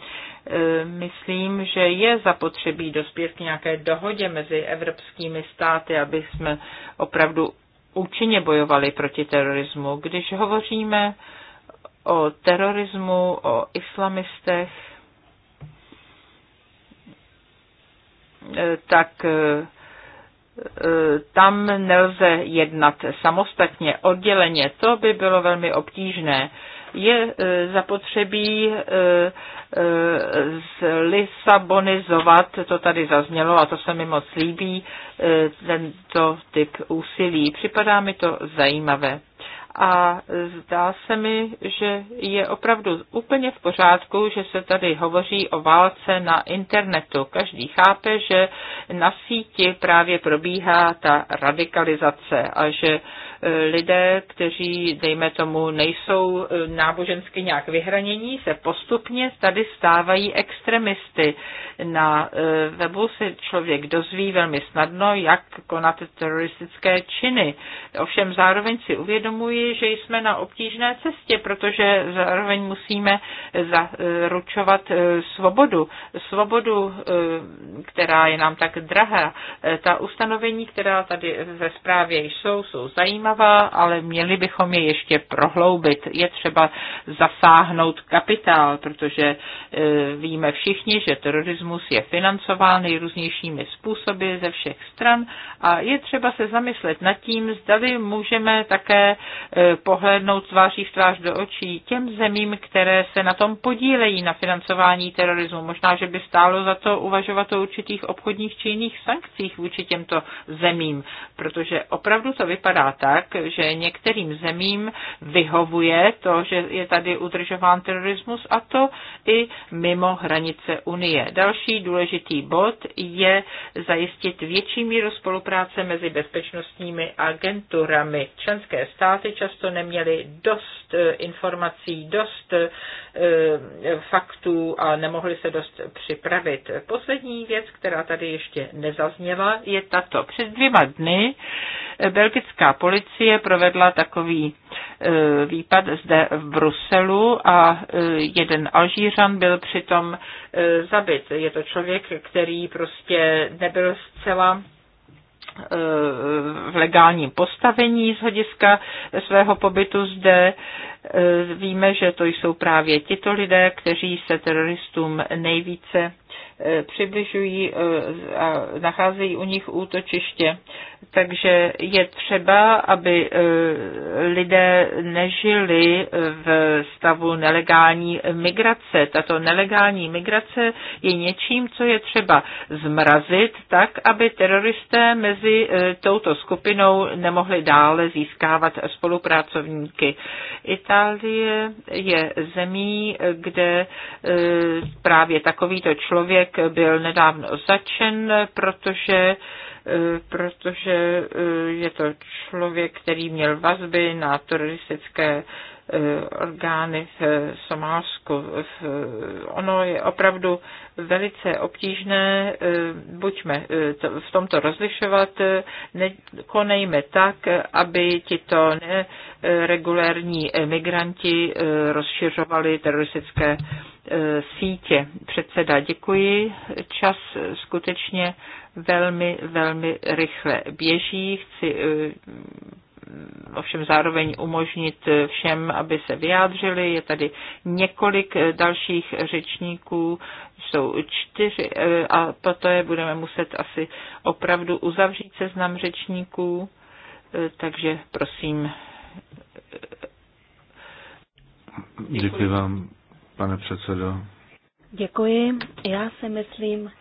E, myslím, že je zapotřebí dospět k nějaké dohodě mezi evropskými státy, aby jsme opravdu účinně bojovali proti terorismu. Když hovoříme o terorismu, o islamistech, e, tak e, tam nelze jednat samostatně, odděleně. To by bylo velmi obtížné. Je e, zapotřebí e, e, zlisabonizovat, to tady zaznělo a to se mi moc líbí, tento typ úsilí. Připadá mi to zajímavé a zdá se mi, že je opravdu úplně v pořádku, že se tady hovoří o válce na internetu. Každý chápe, že na síti právě probíhá ta radikalizace a že lidé, kteří, dejme tomu, nejsou eh, nábožensky nějak vyhranění, se postupně tady stávají extremisty. Na eh, webu se člověk dozví velmi snadno, jak konat teroristické činy. Ovšem zároveň si uvědomuji, že jsme na obtížné cestě, protože zároveň musíme zaručovat eh, svobodu. Svobodu, která je nám tak drahá. Ta ustanovení, která tady ve zprávě jsou, jsou zajímavá zajímavá, ale měli bychom je ještě prohloubit. Je třeba zasáhnout kapitál, protože e, víme všichni, že terorismus je financován nejrůznějšími způsoby ze všech stran a je třeba se zamyslet nad tím, zdali můžeme také e, pohlédnout tváří v tvář do očí těm zemím, které se na tom podílejí na financování terorismu. Možná, že by stálo za to uvažovat o určitých obchodních či jiných sankcích vůči těmto zemím, protože opravdu to vypadá tak, tak, že některým zemím vyhovuje to, že je tady udržován terorismus a to i mimo hranice Unie. Další důležitý bod je zajistit větší míru spolupráce mezi bezpečnostními agenturami. Členské státy často neměly dost eh, informací, dost eh, faktů a nemohli se dost připravit. Poslední věc, která tady ještě nezazněla, je tato. Před dvěma dny eh, belgická policie Policie provedla takový e, výpad zde v Bruselu a e, jeden Alžířan byl přitom e, zabit. Je to člověk, který prostě nebyl zcela v legálním postavení z hlediska svého pobytu zde. Víme, že to jsou právě tito lidé, kteří se teroristům nejvíce Eh, přibližují eh, a nacházejí u nich útočiště. Takže je třeba, aby eh, lidé nežili v stavu nelegální migrace. Tato nelegální migrace je něčím, co je třeba zmrazit tak, aby teroristé mezi touto skupinou nemohli dále získávat spolupracovníky. Itálie je zemí, kde právě takovýto člověk balíček byl nedávno začen, protože eh, protože eh, je to člověk, který měl vazby na teroristické eh, orgány v Somálsku. Ono je opravdu velice obtížné, buďme v tomto rozlišovat, konejme tak, aby tito neregulérní migranti rozšiřovali teroristické E, sítě. Předseda, děkuji. Čas skutečně velmi, velmi rychle běží. Chci e, ovšem zároveň umožnit všem, aby se vyjádřili. Je tady několik dalších řečníků, jsou čtyři e, a poté budeme muset asi opravdu uzavřít seznam řečníků, takže prosím. Děkuji vám pane předsedo. Děkuji. Já si myslím,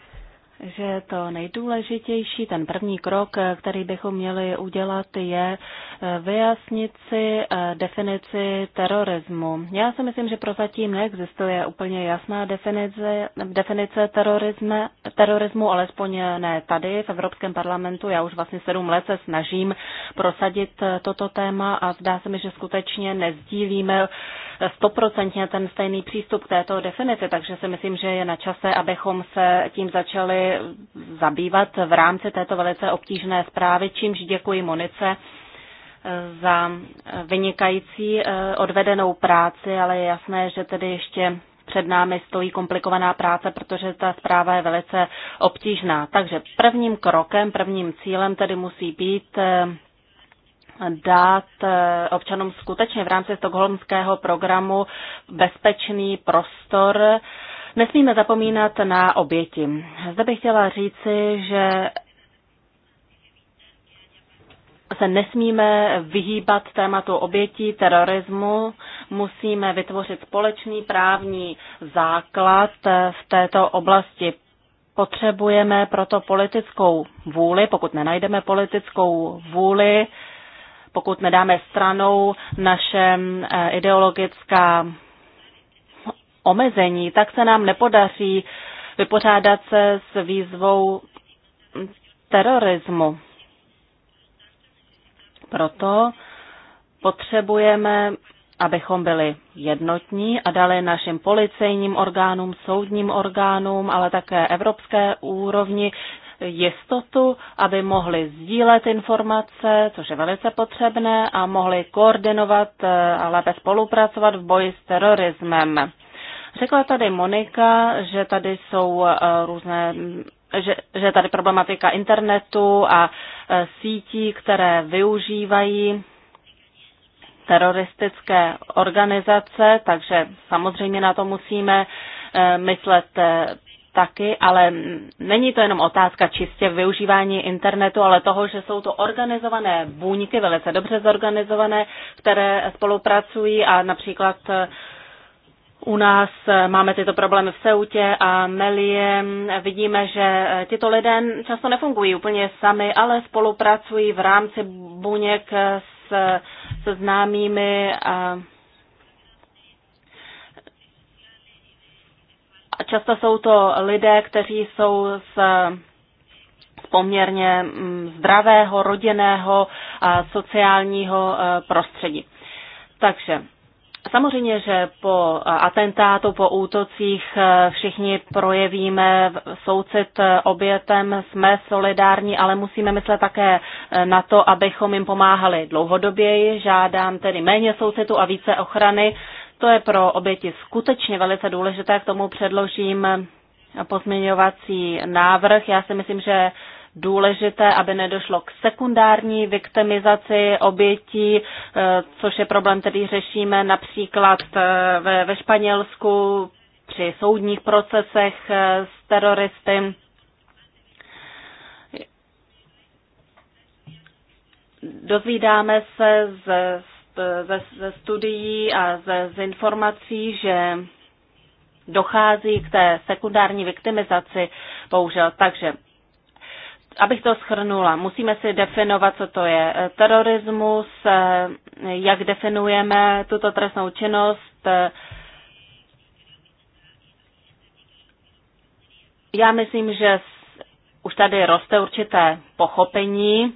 že to nejdůležitější, ten první krok, který bychom měli udělat, je eh, vyjasnit si eh, definici terorismu. Já si myslím, že prozatím neexistuje úplně jasná definice, definice terorisme, terorismu, alespoň ne tady v Evropském parlamentu. Já už vlastně sedm let se snažím prosadit eh, toto téma a zdá se mi, že skutečně nezdílíme stoprocentně ten stejný přístup k této definici, takže si myslím, že je na čase, abychom se tím začali zabývat v rámci této velice obtížné zprávy, čímž děkuji Monice eh, za vynikající eh, odvedenou práci, ale je jasné, že tedy ještě před námi stojí komplikovaná práce, protože ta zpráva je velice obtížná. Takže prvním krokem, prvním cílem tedy musí být eh, dát eh, občanům skutečně v rámci stokholmského programu bezpečný prostor. Nesmíme zapomínat na oběti. Zde bych chtěla říci, že se nesmíme vyhýbat tématu obětí terorismu, musíme vytvořit společný právní základ v této oblasti. Potřebujeme proto politickou vůli, pokud nenajdeme politickou vůli, pokud nedáme stranou naše eh, ideologická omezení, tak se nám nepodaří vypořádat se s výzvou terorismu. Proto potřebujeme, abychom byli jednotní a dali našim policejním orgánům, soudním orgánům, ale také evropské úrovni jistotu, aby mohli sdílet informace, což je velice potřebné, a mohli koordinovat eh, a lépe spolupracovat v boji s terorismem. Řekla tady Monika, že tady jsou eh, různé že, že tady problematika internetu a eh, sítí, které využívají teroristické organizace, takže samozřejmě na to musíme myslet taky, ale není to jenom otázka čistě využívání internetu, ale toho, že jsou to organizované buňky, velice dobře zorganizované, které spolupracují a například eh, u nás eh, máme tyto problémy v Seutě a Melie. Vidíme, že eh, tyto lidé často nefungují úplně sami, ale spolupracují v rámci buněk s, se známými. A A často jsou to lidé, kteří jsou z, poměrně mm, zdravého, rodinného a sociálního e, prostředí. Takže Samozřejmě, že po atentátu, po útocích e, všichni projevíme soucit obětem, jsme solidární, ale musíme myslet také e, na to, abychom jim pomáhali dlouhodoběji. Žádám tedy méně soucitu a více ochrany to je pro oběti skutečně velice důležité, k tomu předložím pozměňovací návrh. Já si myslím, že důležité, aby nedošlo k sekundární viktimizaci obětí, eh, což je problém, který řešíme například eh, ve, ve Španělsku při soudních procesech eh, s teroristy. Dozvídáme se z ze, ze studií a ze, z informací, že dochází k té sekundární viktimizaci, bohužel. Takže abych to schrnula, musíme si definovat, co to je e, terorismus, e, jak definujeme tuto trestnou činnost. E, já myslím, že už tady roste určité pochopení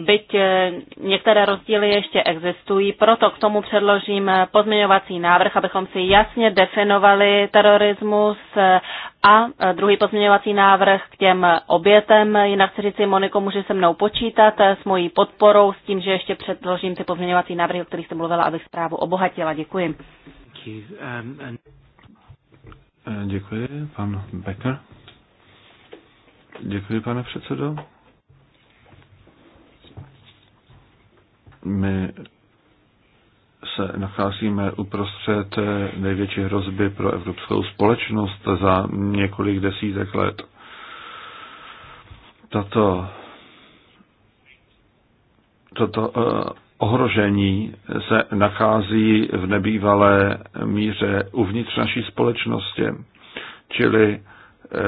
byť eh, některé rozdíly ještě existují, proto k tomu předložím eh, pozměňovací návrh, abychom si jasně definovali terorismus eh, a druhý pozměňovací návrh k těm obětem. Jinak chci říct, Moniko, může se mnou počítat s mojí podporou, s tím, že ještě předložím ty pozměňovací návrhy, o kterých jste mluvila, abych zprávu obohatila. Děkuji. Um, děkuji, pan Becker. Děkuji, pane předsedo. My se nacházíme uprostřed největší hrozby pro evropskou společnost za několik desítek let. Tato, toto eh, ohrožení se nachází v nebývalé míře uvnitř naší společnosti, čili eh,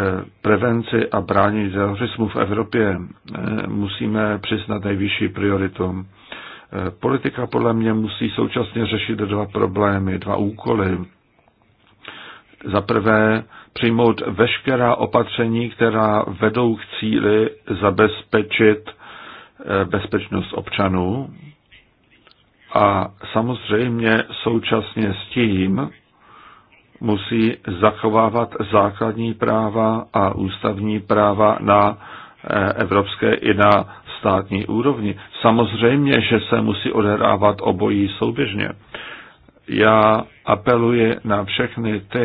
prevenci a bránění terorismu v Evropě eh, musíme přiznat nejvyšší prioritu. Politika podle mě musí současně řešit dva problémy, dva úkoly. Za prvé přijmout veškerá opatření, která vedou k cíli zabezpečit eh, bezpečnost občanů a samozřejmě současně s tím musí zachovávat základní práva a ústavní práva na eh, evropské i na státní úrovni. Samozřejmě, že se musí odehrávat obojí souběžně. Já apeluji na všechny ty,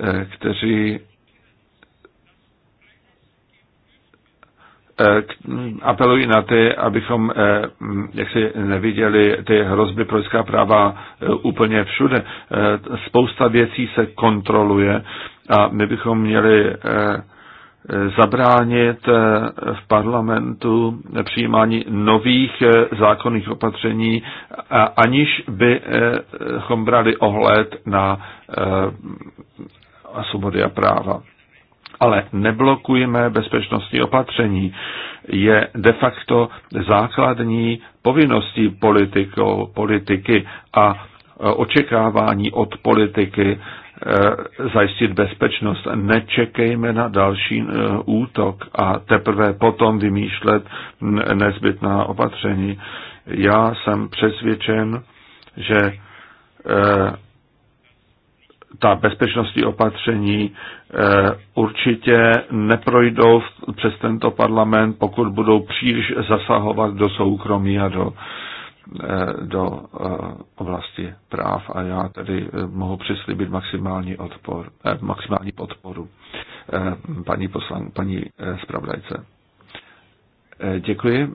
eh, kteří eh, apeluji na ty, abychom eh, jak si neviděli ty hrozby pro lidská práva úplně všude. Spousta věcí se kontroluje a my bychom měli zabránit eh, v parlamentu přijímání nových eh, zákonných opatření, aniž bychom eh, brali ohled na svobody a práva. Ale neblokujeme bezpečnostní opatření. Je de facto základní povinností politikou, politiky a očekávání od politiky, Eh, zajistit bezpečnost. Nečekejme na další eh, útok a teprve potom vymýšlet nezbytná opatření. Já jsem přesvědčen, že eh, ta bezpečnostní opatření určitě neprojdou přes tento parlament, pokud budou příliš zasahovat do soukromí a do Eh, do eh, oblasti práv a já tedy eh, mohu přislíbit maximální, odpor, maximální podporu paní, poslan, paní spravdajce. Děkuji.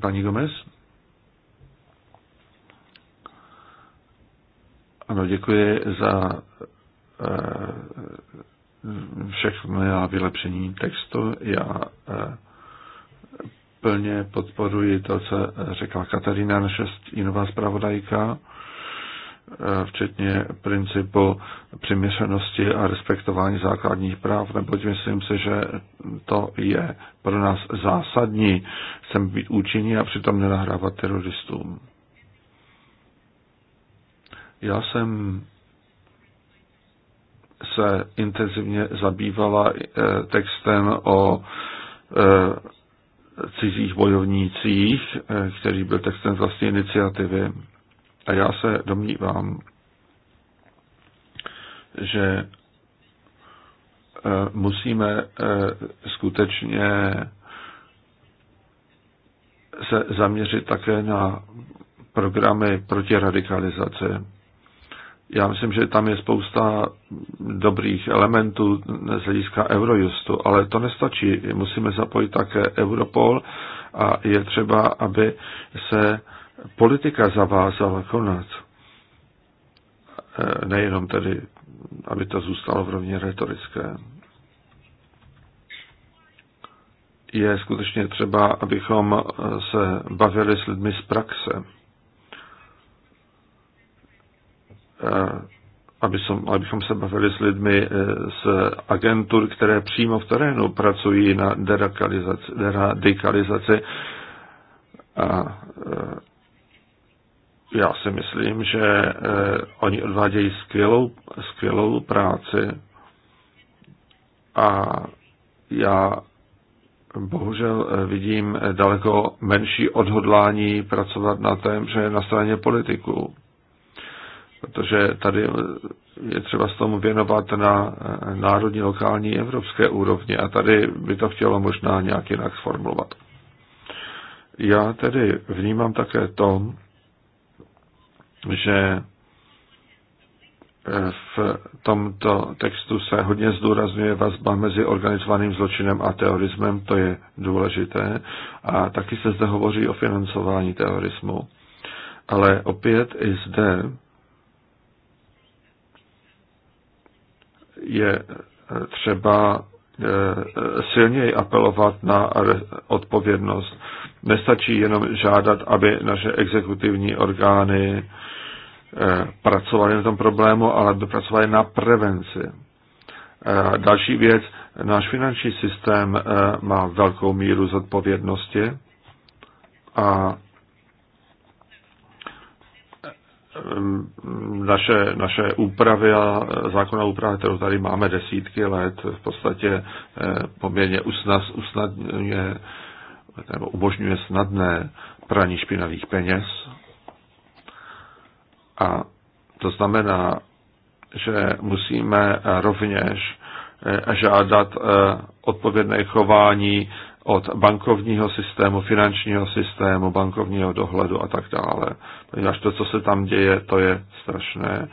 Paní Gomez? Ano, děkuji za všechno já vylepšení textu. Já plně podporuji to, co řekla Katarína, naše jinová zpravodajka, eh, včetně principu přiměřenosti a respektování základních práv, neboť myslím si, že to je pro nás zásadní. Chceme být účinný a přitom nenahrávat teroristům. Já jsem se intenzivně zabývala eh, textem o eh, cizích bojovnících, eh, který byl textem z vlastní iniciativy. A já se domnívám, že eh, musíme eh, skutečně se zaměřit také na programy proti radikalizaci. Já myslím, že tam je spousta dobrých elementů z hlediska Eurojustu, ale to nestačí. Musíme zapojit také Europol a je třeba, aby se politika zavázala konat. E, nejenom tedy, aby to zůstalo v rovně retorické. Je skutečně třeba, abychom se bavili s lidmi z praxe. Eh, aby som, abychom se bavili s lidmi eh, z agentur, které přímo v terénu pracují na deradikalizaci, A eh, já si myslím, že oni odvádějí skvělou, skvělou práci a já bohužel vidím daleko menší odhodlání pracovat na tém, že na straně politiků protože tady je třeba s tomu věnovat na národní, lokální, evropské úrovni a tady by to chtělo možná nějak jinak sformulovat. Já tedy vnímám také to, že eh, v tomto textu se hodně zdůrazňuje vazba mezi organizovaným zločinem a terorismem, to je důležité, a taky se zde hovoří o financování terorismu. Ale opět i zde je třeba eh, silněji apelovat na odpovědnost. Nestačí jenom žádat, aby naše exekutivní orgány eh, pracovali na tom problému, ale aby pracovali na prevenci. Eh, další věc, náš finanční systém má velkou míru zodpovědnosti a Ehm, naše, naše úpravy a zákonná úprava, kterou tady máme desítky let, v podstatě eh, poměrně usnadňuje nebo umožňuje snadné praní špinavých peněz. A to znamená, že musíme rovněž eh, žádat eh, odpovědné chování od bankovního systému, finančního systému, bankovního dohledu a tak dále. až to, co se tam děje, to je strašné.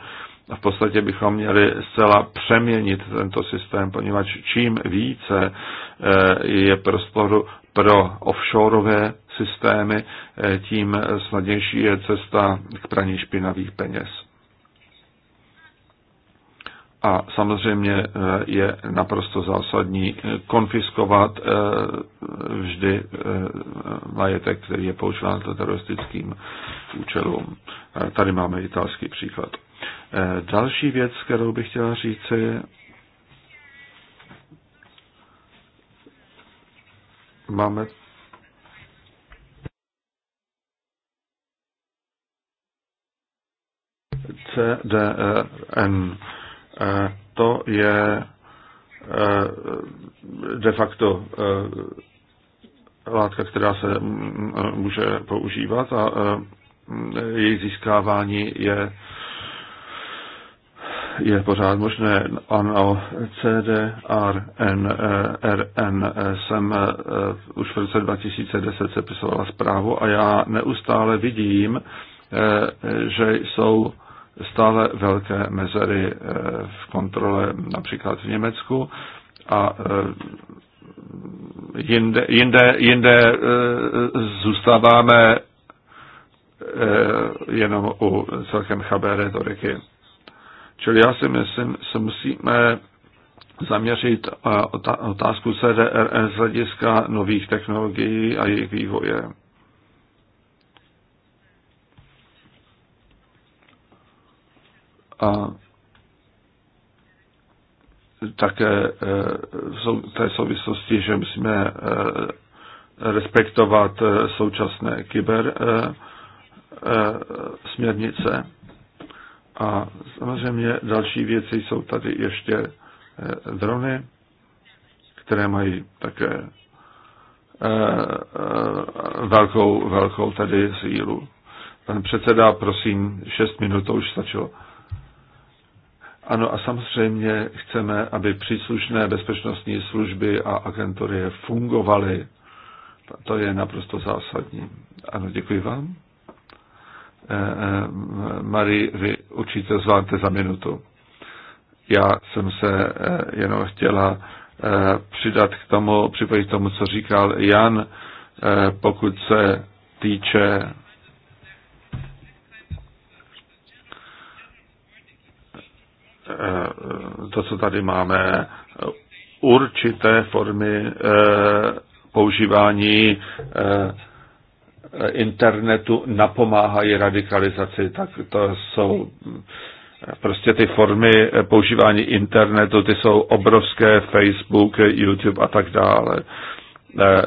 A v podstatě bychom měli zcela přeměnit tento systém, poněvadž čím více eh, je prostoru pro offshoreové systémy, eh, tím snadnější je cesta k praní špinavých peněz. A samozřejmě eh, je naprosto zásadní eh, konfiskovat eh, vždy majetek, který je používán teroristickým účelům. Tady máme italský příklad. Další věc, kterou bych chtěla říci, máme CDN. E Eh, to je eh, de facto eh, látka, která se mm, mm, může používat a její získávání je, je pořád možné. Ano, CDRN, RN jsem už v roce 2010 sepisovala zprávu a já neustále vidím, že jsou stále velké mezery eh, v kontrole například v Německu a eh, jinde, jinde, jinde eh, zůstáváme jenom u celkem chabé retoriky. Čili já si myslím, se musíme zaměřit otázku CDRS e z hlediska nových technologií a jejich vývoje. A také e, v té souvislosti, že musíme e, respektovat e, současné kyber směrnice. A samozřejmě další věci jsou tady ještě drony, které mají také velkou, velkou tady sílu. Pan předseda, prosím, šest minut, to už stačilo. Ano a samozřejmě chceme, aby příslušné bezpečnostní služby a agentury fungovaly. To je naprosto zásadní. Ano, děkuji vám. Eh, eh, Marie, vy určitě zvládnete za minutu. Já jsem se eh, jenom chtěla přidat k tomu, připojit k tomu, co říkal Jan, pokud se týče Eh, to, co tady máme, určité formy eh, používání eh, internetu napomáhají radikalizaci, tak to jsou prostě ty formy používání internetu, ty jsou obrovské, Facebook, YouTube a tak dále.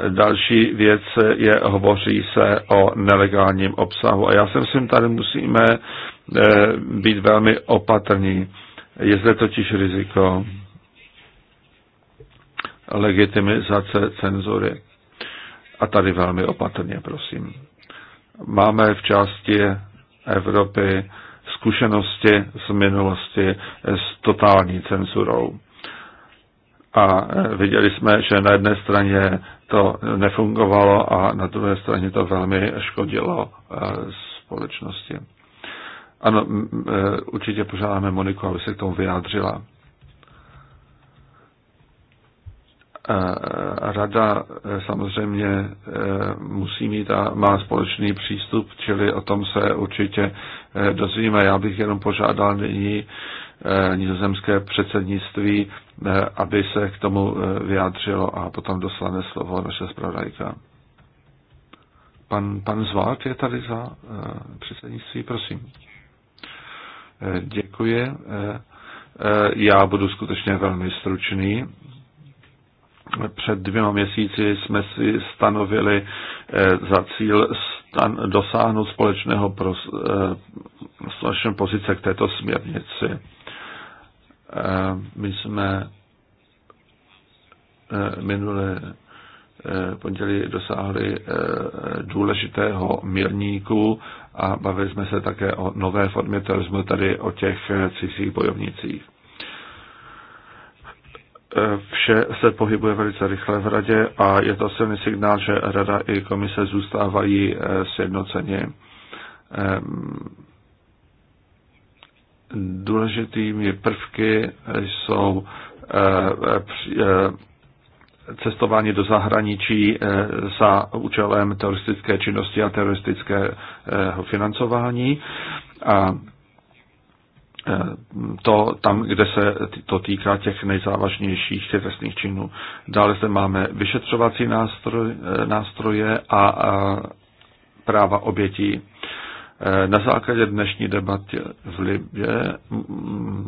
Další věc je, hovoří se o nelegálním obsahu. A já si myslím, tady musíme být velmi opatrní. Je zde totiž riziko legitimizace cenzury. A tady velmi opatrně, prosím. Máme v části Evropy zkušenosti z minulosti s totální cenzurou. A viděli jsme, že na jedné straně to nefungovalo a na druhé straně to velmi škodilo eh, společnosti. Ano, e, určitě požádáme Moniku, aby se k tomu vyjádřila. Rada e, samozřejmě e, musí mít a má společný přístup, čili o tom se určitě dozvíme. Já bych jenom požádal nyní nizozemské předsednictví, aby se k tomu vyjádřilo a potom dostane slovo naše zpravodajka. Pan, pan Zvát je tady za předsednictví, prosím. Děkuji. Eh, eh, já budu skutečně velmi stručný. Před dvěma měsíci jsme si stanovili eh, za cíl stan- dosáhnout společného, pros- společného pozice k této směrnici. My jsme minulé pondělí dosáhli důležitého milníku a bavili jsme se také o nové formě terorismu, tady o těch cizích bojovnicích. Vše se pohybuje velice rychle v radě a je to silný signál, že rada i komise zůstávají eh, sjednoceně. Ehm, důležitými prvky jsou eh, eh, cestování do zahraničí eh, za účelem teroristické činnosti a teroristického financování. A eh, to tam, kde se to týká těch nejzávažnějších trestných činů. Dále zde máme vyšetřovací nástroj, eh, nástroje a, a práva obětí. Na základě dnešní debaty v Libě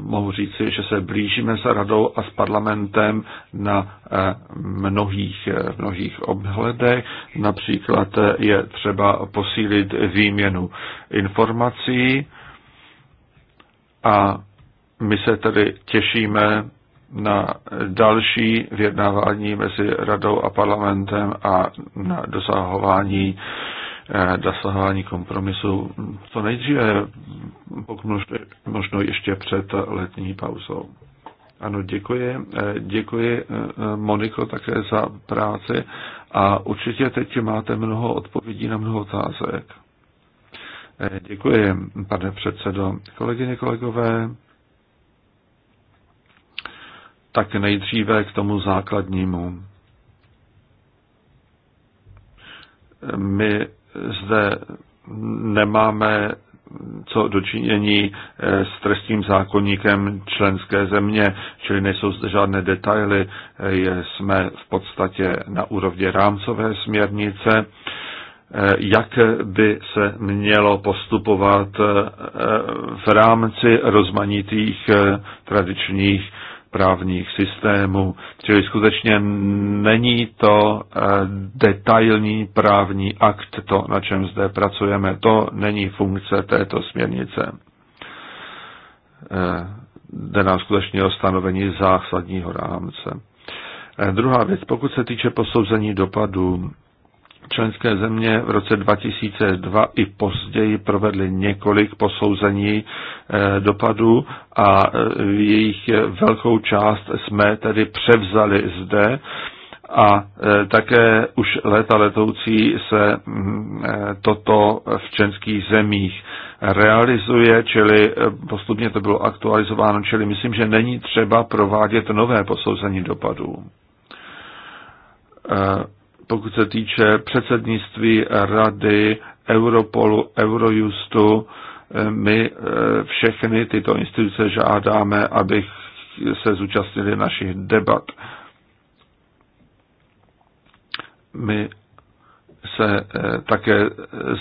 mohu říci, že se blížíme s radou a s parlamentem na eh, mnohých, eh, mnohých obhledech. Například eh, je třeba posílit výměnu informací a my se tedy těšíme na další vyjednávání mezi radou a parlamentem a na dosahování eh, dosahování kompromisu co nejdříve, pokud možno ještě před letní pauzou. Ano, děkuji. Děkuji Moniko také za práci a určitě teď máte mnoho odpovědí na mnoho otázek. Děkuji, pane předsedo. Kolegyně, kolegové, tak nejdříve k tomu základnímu. My zde nemáme co dočinění eh, s trestním zákonníkem členské země, čili nejsou zde žádné detaily, eh, jsme v podstatě na úrovni rámcové směrnice, eh, jak by se mělo postupovat v rámci rozmanitých tradičních právních systémů. Čili skutečně není to eh, detailní právní akt, to, na čem zde pracujeme. To není funkce této směrnice. Eh, jde nám skutečně o stanovení zásadního rámce. Eh, druhá věc, pokud se týče posouzení dopadů, členské země v roce 2002 i později provedly několik posouzení eh, dopadů a eh, jejich velkou část jsme tedy převzali zde a eh, také už léta letoucí se mm, toto v českých zemích realizuje, čili postupně to bylo aktualizováno, čili myslím, že není třeba provádět nové posouzení dopadů pokud se týče předsednictví Rady, Europolu, Eurojustu, eh, my eh, všechny tyto instituce žádáme, aby se zúčastnili našich debat. My se eh, také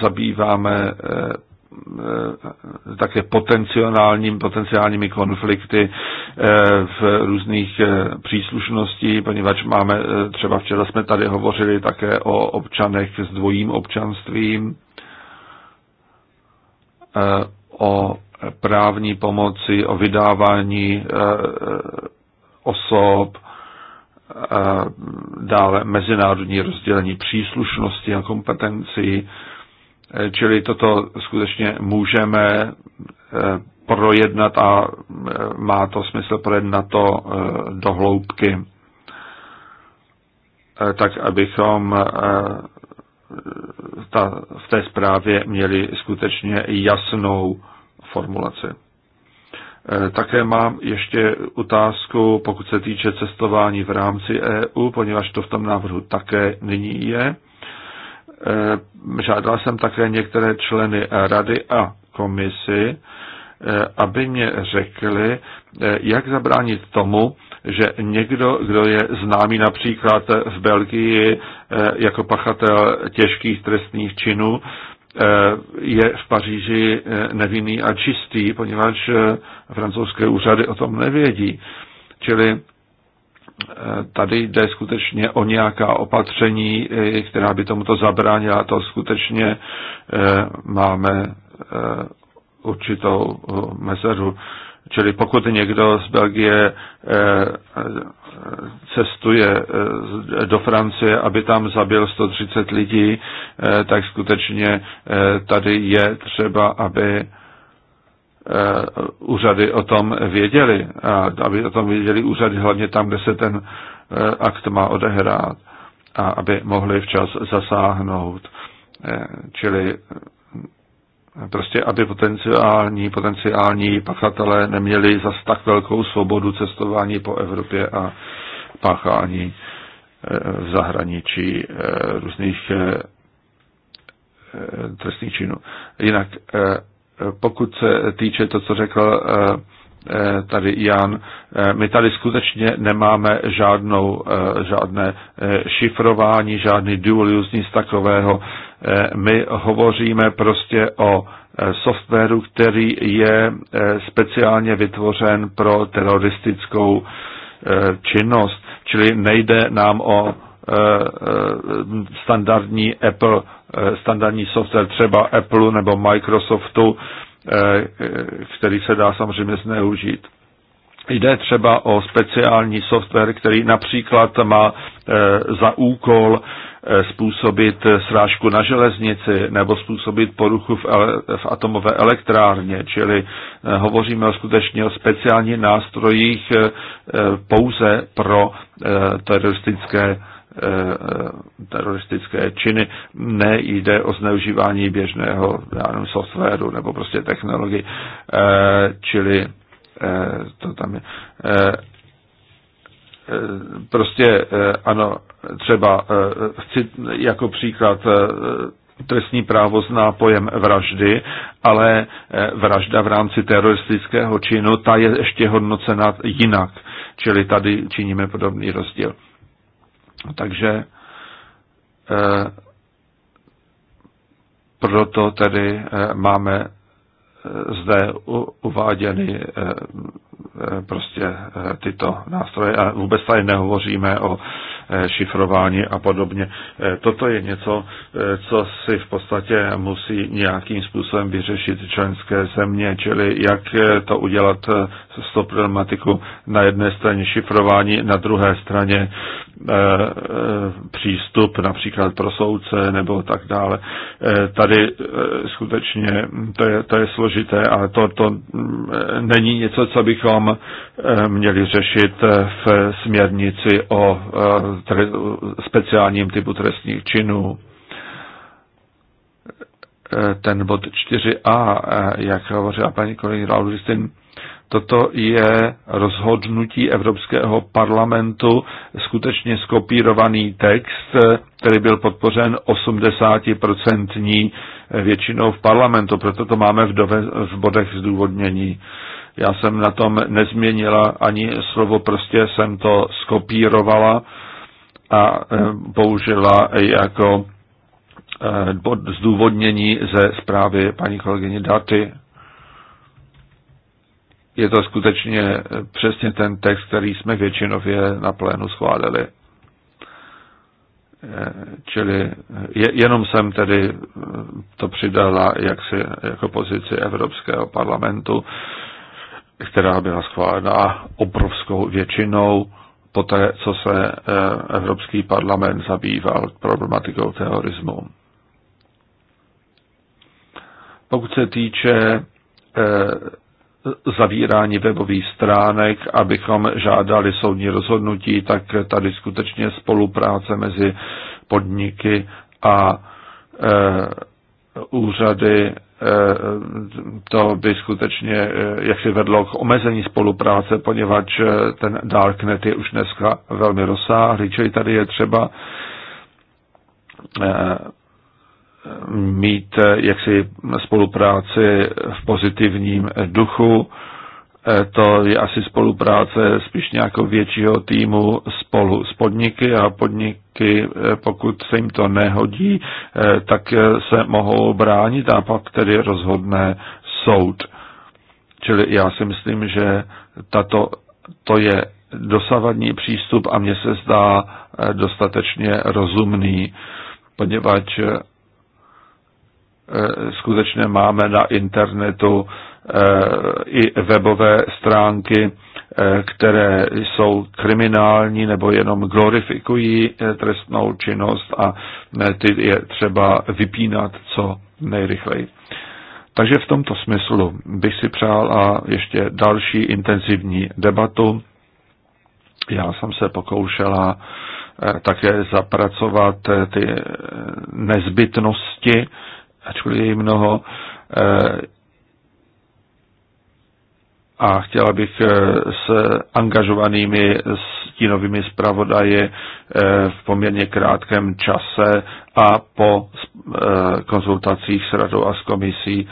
zabýváme Eh, také potenciálním, potenciálními konflikty eh, v různých eh, příslušností, poněvadž máme, třeba včera jsme tady hovořili také o občanech s dvojím občanstvím, o právní pomoci, o vydávání osob, dále mezinárodní rozdělení příslušnosti a kompetencí, Eh, čili toto skutečně můžeme eh, projednat a eh, má to smysl projednat to do hloubky, tak abychom ta, v té zprávě měli skutečně jasnou formulaci. Také mám ještě otázku, pokud se týče cestování v rámci EU, poněvadž to v tom návrhu také nyní je. Eh, žádal jsem také některé členy rady a komisy, eh, aby mě řekli, eh, jak zabránit tomu, že někdo, kdo je známý například v Belgii jako pachatel těžkých trestných činů, je v Paříži nevinný a čistý, poněvadž francouzské úřady o tom nevědí. Čili tady jde skutečně o nějaká opatření, eh, která by tomuto zabránila. To skutečně eh, máme eh, určitou mezeru. Čili pokud někdo z Belgie cestuje do Francie, aby tam zabil 130 lidí, tak skutečně tady je třeba, aby Eh, úřady o tom věděli, a aby o tom věděli úřady hlavně tam, kde se ten eh, akt má odehrát a aby mohli včas zasáhnout. Eh, čili prostě, aby potenciální, potenciální pachatelé neměli zas tak velkou svobodu cestování po Evropě a páchání v zahraničí různých trestných činů. Jinak pokud se týče to, co řekl eh, eh, tady Jan, eh, my tady skutečně nemáme žádnou, žádné šifrování, žádný dual use, nic takového. My hovoříme prostě o softwaru, který je speciálně vytvořen pro teroristickou činnost, čili nejde nám o standardní Apple Eh, standardní software třeba Apple nebo Microsoftu, eh, eh, který se dá samozřejmě zneužít. Jde třeba o speciální software, který například má za úkol způsobit srážku na železnici nebo způsobit poruchu v, ele- v atomové elektrárně, čili hovoříme o skutečně o speciálních nástrojích pouze pro teroristické Eh, teroristické činy. Nejde o zneužívání běžného nevím, softwaru nebo prostě technologii, eh, čili eh, to tam je. Prostě ano, třeba chci jako příklad trestní právo zná pojem vraždy, ale vražda v rámci teroristického činu, ta je ještě hodnocena jinak. Čili tady činíme podobný rozdíl. Takže eh, proto tedy eh, máme eh, zde uváděny prostě tyto nástroje a vůbec tady nehovoříme o Eh, šifrování a podobně. Eh, toto je něco, eh, co si v podstatě musí nějakým způsobem vyřešit členské země, čili jak to udělat s tou problematikou na jedné straně šifrování, na druhé straně přístup například pro soudce nebo tak dále. Tady skutečně to je, to je složité, ale to, to mm, není něco, co bychom měli řešit v směrnici o speciálním typu trestních činů. E, ten bod 4a, e, jak hovořila paní kolegyně Lauristin, toto je rozhodnutí Evropského parlamentu, skutečně skopírovaný text, e, který byl podpořen 80% většinou v parlamentu, proto to máme v, dove, v bodech zdůvodnění. Já jsem na tom nezměnila ani slovo, prostě jsem to skopírovala a e, použila jako e, zdůvodnění ze zprávy paní kolegyně Daty. Je to skutečně přesně ten text, který jsme většinově na plénu schválili. E, čili jenom jsem tedy to přidala jaksi, jako pozici Evropského parlamentu, která byla schválena obrovskou většinou po té, co se eh, Evropský parlament zabýval problematikou terorismu. Pokud se týče eh, zavírání webových stránek, abychom žádali soudní rozhodnutí, tak tady skutečně spolupráce mezi podniky a eh, úřady, eh, to by skutečně eh, jak si vedlo k omezení spolupráce, poněvadž eh, ten darknet je už dneska velmi rozsáhlý, čili tady je třeba mít jaksi spolupráci v pozitivním duchu Eh, to je asi spolupráce spíš nějakého většího týmu spolu s podniky a podniky, eh, pokud se jim to nehodí, eh, tak se mohou bránit a pak tedy rozhodne soud. Čili já si myslím, že tato, to je dosavadní přístup a mně se zdá dostatečně rozumný, poněvadž skutečně máme na internetu i webové stránky, eh, které jsou kriminální nebo jenom glorifikují eh, trestnou činnost a eh, ty je třeba vypínat co nejrychleji. Takže v tomto smyslu bych si přál a ještě další intenzivní debatu. Já jsem se pokoušela také zapracovat ty nezbytnosti, ačkoliv je mnoho, a chtěla bych eh, s angažovanými stínovými zpravodaji eh, v poměrně krátkém čase a po eh, konzultacích s radou a s komisí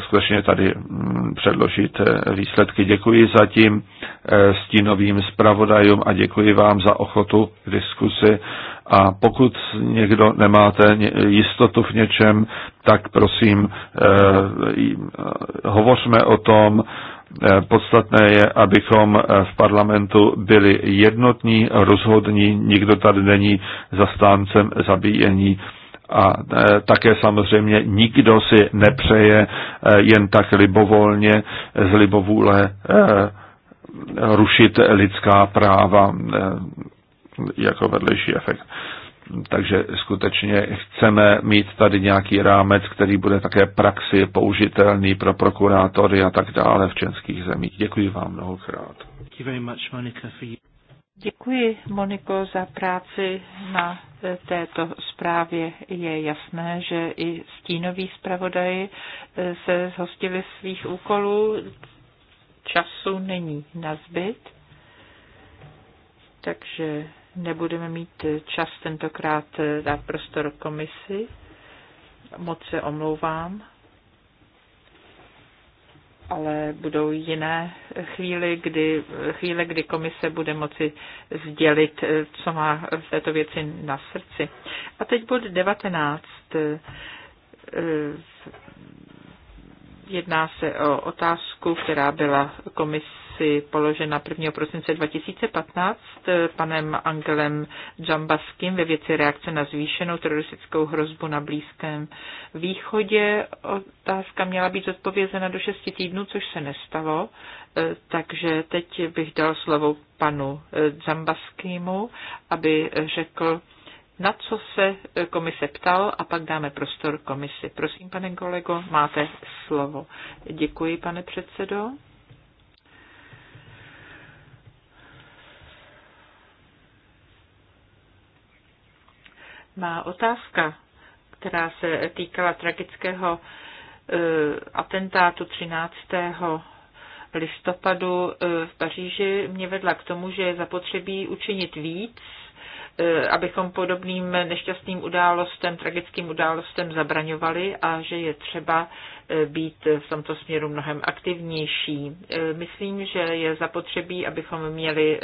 skutečně tady mm, předložit výsledky. Děkuji zatím stínovým zpravodajům a děkuji vám za ochotu k diskusi. A pokud někdo nemáte jistotu v něčem, tak prosím, hovořme o tom, Eh, podstatné je, abychom eh, v parlamentu byli jednotní, rozhodní, nikdo tady není zastáncem zabíjení a eh, také samozřejmě nikdo si nepřeje jen tak libovolně z libovůle rušit lidská práva jako vedlejší efekt takže skutečně chceme mít tady nějaký rámec, který bude také praxi použitelný pro prokurátory a tak dále v českých zemích. Děkuji vám mnohokrát. Děkuji, Moniko, za práci na eh, této zprávě. Je jasné, že i stínoví zpravodaj eh, se zhostili svých úkolů. Času není na zbyt, takže Nebudeme mít čas tentokrát dát prostor komisi. Moc se omlouvám. Ale budou jiné chvíli, kdy, chvíle, kdy komise bude moci sdělit, co má v této věci na srdci. A teď bod 19 jedná se o otázku, která byla komisi komisi položena 1. prosince 2015 eh, panem Angelem Džambaským ve věci reakce na zvýšenou teroristickou hrozbu na Blízkém východě. Otázka měla být zodpovězena do 6 týdnů, což se nestalo, eh, takže teď bych dal slovo panu eh, Džambaskýmu, aby řekl, na co se komise ptal a pak dáme prostor komisi. Prosím, pane kolego, máte slovo. Děkuji, pane předsedo. Má otázka, která se týkala tragického e, atentátu 13 listopadu e, v Paříži mě vedla k tomu, že je zapotřebí učinit víc, e, abychom podobným nešťastným událostem, tragickým událostem zabraňovali a že je třeba být v tomto směru mnohem aktivnější. Myslím, že je zapotřebí, abychom měli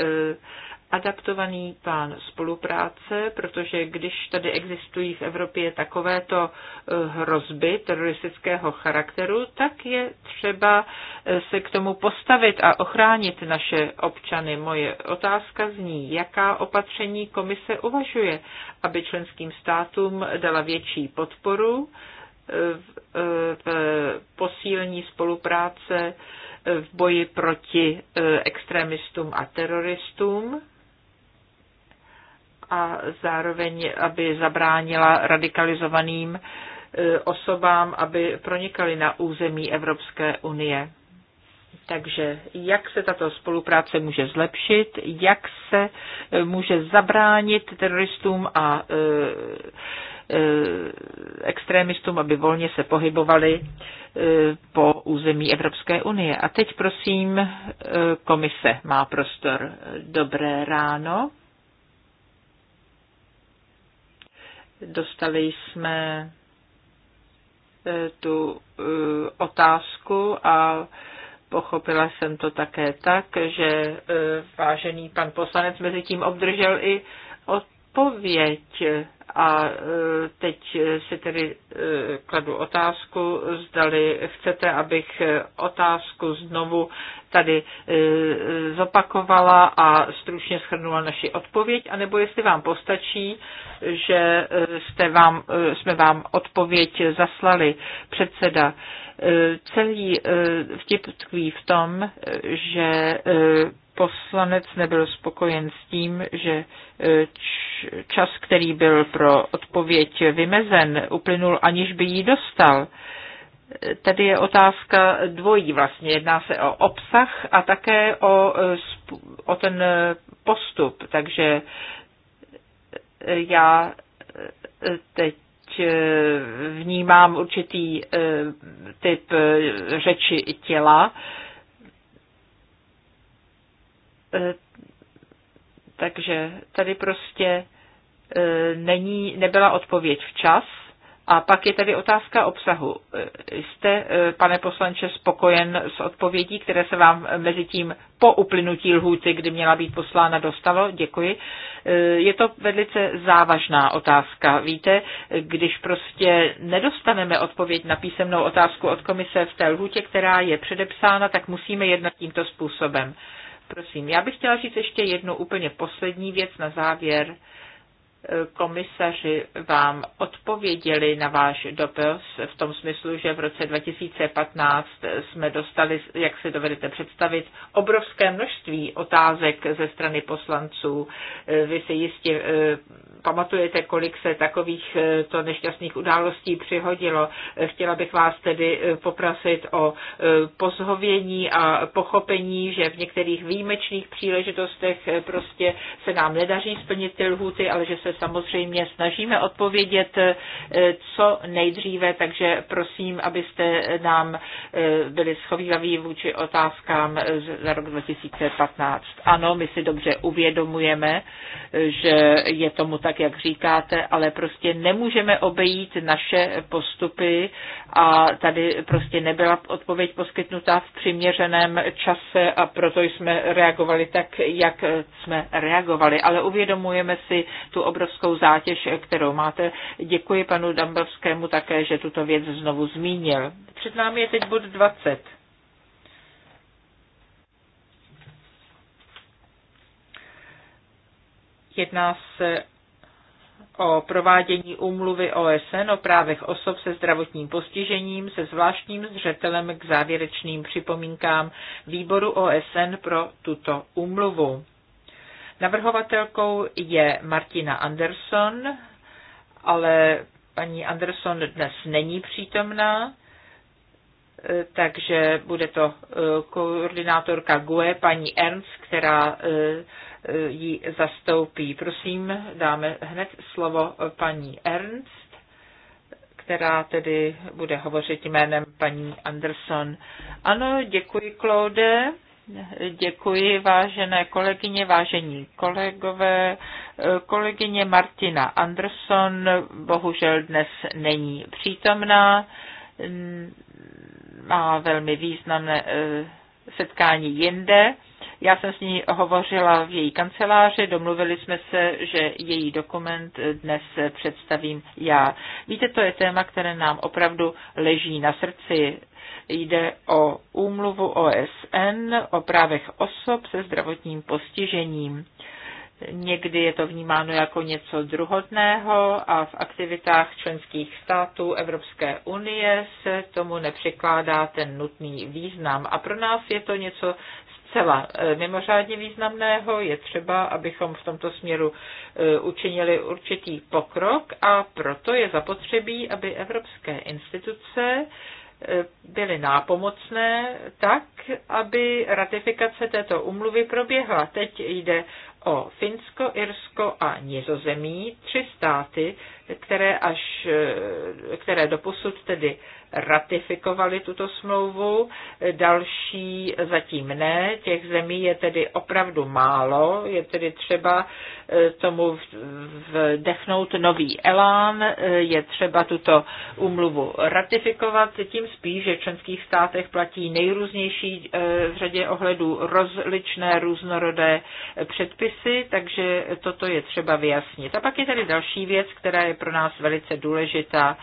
adaptovaný plán spolupráce, protože když tady existují v Evropě takovéto eh, hrozby teroristického charakteru, tak je třeba eh, se k tomu postavit a ochránit naše občany. Moje otázka zní, jaká opatření komise uvažuje, aby členským státům dala větší podporu eh, v posílení spolupráce v boji proti extremistům a teroristům a zároveň, aby zabránila radikalizovaným e, osobám, aby pronikali na území Evropské unie. Takže jak se tato spolupráce může zlepšit, jak se e, může zabránit teroristům a e, e, extremistům, aby volně se pohybovali e, po území Evropské unie. A teď prosím, e, komise má prostor. Dobré ráno. Dostali jsme eh, tu eh, otázku a pochopila jsem to také tak, že eh, vážený pan poslanec mezi tím obdržel i odpověď a e, teď si tedy e, kladu otázku, zdali chcete, abych e, otázku znovu tady zopakovala a stručně schrnula naši odpověď, anebo jestli vám postačí, že jste vám, jsme vám odpověď zaslali předseda. Celý vtip tkví v tom, že poslanec nebyl spokojen s tím, že eh, čas, který byl pro odpověď vymezen, uplynul, aniž by ji dostal. Eh, tady je otázka dvojí vlastně. Jedná se o obsah a také o, eh, o ten postup. Takže já teď vnímám určitý typ řeči těla, Eh, takže tady prostě eh, není, nebyla odpověď včas. A pak je tady otázka obsahu. Eh, jste, pane poslanče, spokojen s odpovědí, které se vám mezi tím po uplynutí lhůty, kdy měla být poslána, dostalo? Děkuji. Je to velice závažná otázka. Víte, když prostě nedostaneme odpověď na písemnou otázku od komise v té lhůtě, která je předepsána, tak musíme jednat tímto způsobem. Prosím, já bych chtěla říct ještě jednu úplně poslední věc na závěr komisaři vám odpověděli na váš dopis v tom smyslu, že v roce 2015 jsme dostali, jak si dovedete představit, obrovské množství otázek ze strany poslanců. Vy si jistě eh, pamatujete, kolik se takových eh, to nešťastných událostí přihodilo. Chtěla bych vás tedy eh, poprosit o pozhovění a pochopení, že v některých výjimečných příležitostech prostě se nám nedaří splnit ty lhuty, ale že se samozřejmě snažíme odpovědět eh, co nejdříve, takže prosím, abyste nám eh, byli schovývaví vůči otázkám za rok 2015. Ano, my si dobře uvědomujeme, eh, že je tomu tak, jak říkáte, ale prostě nemůžeme obejít naše postupy a tady prostě nebyla odpověď poskytnutá v přiměřeném čase a proto jsme reagovali tak, jak jsme reagovali. Ale uvědomujeme si tu obrovskou obrovskou zátěž, kterou máte. Děkuji panu Dambavskému také, že tuto věc znovu zmínil. Před námi je teď bod 20. Jedná se o provádění úmluvy OSN o právech osob se zdravotním postižením se zvláštním zřetelem k závěrečným připomínkám výboru OSN pro tuto úmluvu. Navrhovatelkou je Martina Anderson, ale paní Anderson dnes není přítomná, eh, takže bude to eh, koordinátorka GUE, paní Ernst, která eh, ji zastoupí. Prosím, dáme hned slovo paní Ernst, která tedy bude hovořit jménem paní Anderson. Ano, děkuji, Claude. Děkuji, vážené kolegyně, vážení kolegové. Kolegyně Martina Anderson bohužel dnes není přítomná. Má velmi významné eh, setkání jinde. Já jsem s ní hovořila v její kanceláři, domluvili jsme se, že její dokument dnes představím já. Víte, to je téma, které nám opravdu leží na srdci. Jde o úmluvu OSN o právech osob se zdravotním postižením. Někdy je to vnímáno jako něco druhodného a v aktivitách členských států Evropské unie se tomu nepřikládá ten nutný význam. A pro nás je to něco zcela e, mimořádně významného. Je třeba, abychom v tomto směru e, učinili určitý pokrok a proto je zapotřebí, aby evropské instituce byly nápomocné tak, aby ratifikace této umluvy proběhla. Teď jde o Finsko, Irsko a Nizozemí, tři státy, které, až, eh, které doposud tedy ratifikovali tuto smlouvu, další zatím ne, těch zemí je tedy opravdu málo, je tedy třeba eh, tomu vdechnout nový elán, eh, je třeba tuto umluvu ratifikovat, tím spíš, že v členských státech platí nejrůznější eh, v řadě ohledů rozličné různorodé předpisy, takže toto je třeba vyjasnit. A pak je tady další věc, která je pro nás velice důležitá,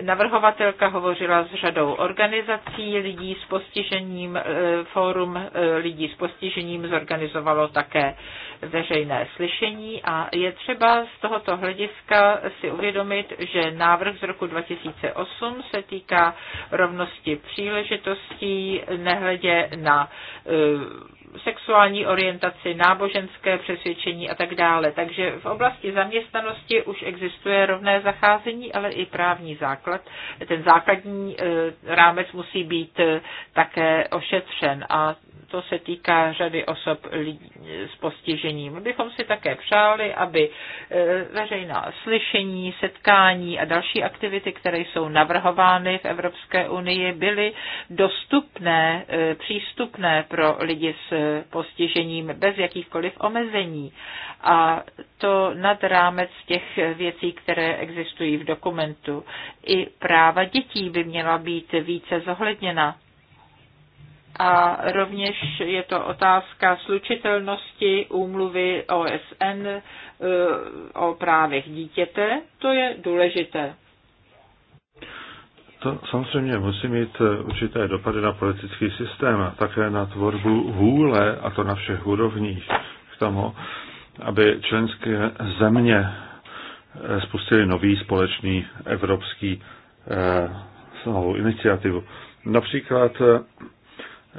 Navrhovatelka hovořila s řadou organizací lidí s postižením, eh, fórum eh, lidí s postižením zorganizovalo také veřejné slyšení a je třeba z tohoto hlediska si uvědomit, že návrh z roku 2008 se týká rovnosti příležitostí, nehledě na eh, sexuální orientaci, náboženské přesvědčení a tak dále. Takže v oblasti zaměstnanosti už existuje rovné zacházení, ale i právní základ. Ten základní eh, rámec musí být eh, také ošetřen a to se týká řady osob s postižením. Bychom si také přáli, aby eh, veřejná slyšení, setkání a další aktivity, které jsou navrhovány v Evropské unii, byly dostupné, eh, přístupné pro lidi s eh, postižením bez jakýchkoliv omezení. A to nad rámec těch věcí, které existují v dokumentu. I práva dětí by měla být více zohledněna a rovněž je to otázka slučitelnosti úmluvy OSN e, o právech dítěte. To je důležité. To samozřejmě musí mít e, určité dopady na politický systém a také na tvorbu vůle, a to na všech úrovních, k tomu, aby členské země e, spustily nový společný evropský eh, novou iniciativu. Například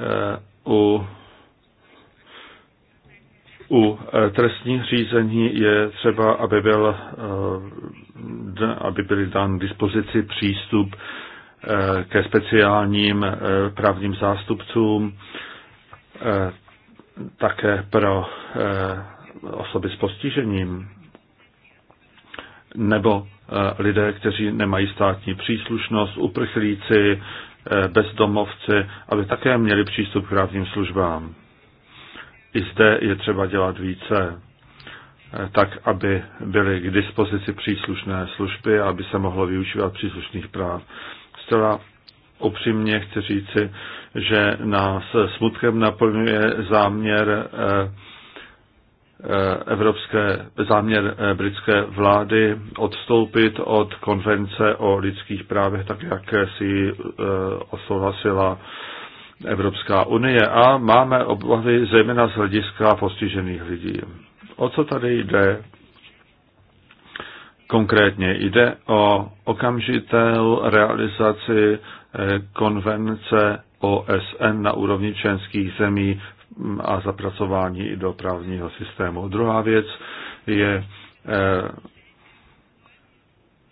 Eh, u, u eh, trestních řízení je třeba, aby, byl, eh, aby byl dán dispozici přístup ke speciálním právním zástupcům, také pro osoby s postižením nebo lidé, kteří nemají státní příslušnost, uprchlíci, Eh, bezdomovci, aby také měli přístup k rádným službám. I zde je třeba dělat více, eh, tak aby byly k dispozici příslušné služby, aby se mohlo využívat příslušných práv. Zcela upřímně chci říci, že nás smutkem naplňuje záměr eh, Eh, evropské, záměr eh, britské vlády odstoupit od konvence o lidských právech, tak jak si eh, osouhlasila Evropská unie a máme obavy zejména z hlediska postižených lidí. O co tady jde? Konkrétně jde o okamžitou realizaci konvence OSN na úrovni členských zemí a zapracování i do právního systému. Druhá věc je eh,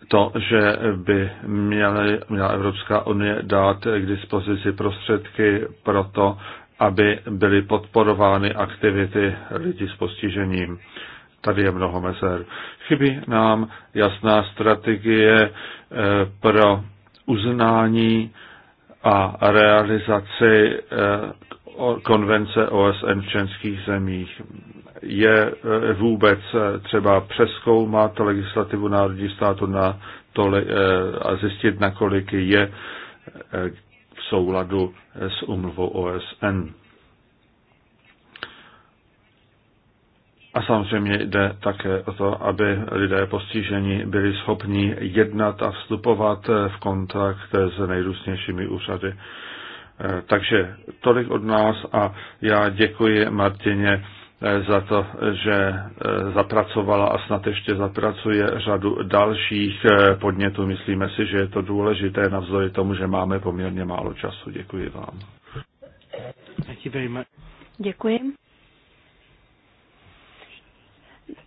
to, že by měla, měla Evropská unie dát k dispozici prostředky pro to, aby byly podporovány aktivity lidí s postižením. Tady je mnoho mezer. Chybí nám jasná strategie eh, pro uznání a realizaci eh, konvence OSN v členských zemích. Je eh, vůbec eh, třeba přeskoumat legislativu národní státu na toli, eh, a zjistit, nakolik je v souladu s umluvou OSN. A samozřejmě jde také o to, aby lidé postižení byli schopni jednat a vstupovat v kontakt s nejrůznějšími úřady. Eh, takže tolik od nás a já děkuji Martině eh, za to, že eh, zapracovala a snad ještě zapracuje řadu dalších podnětů. Myslíme si, že je to důležité navzdory tomu, že máme poměrně málo času. Děkuji vám. Děkuji.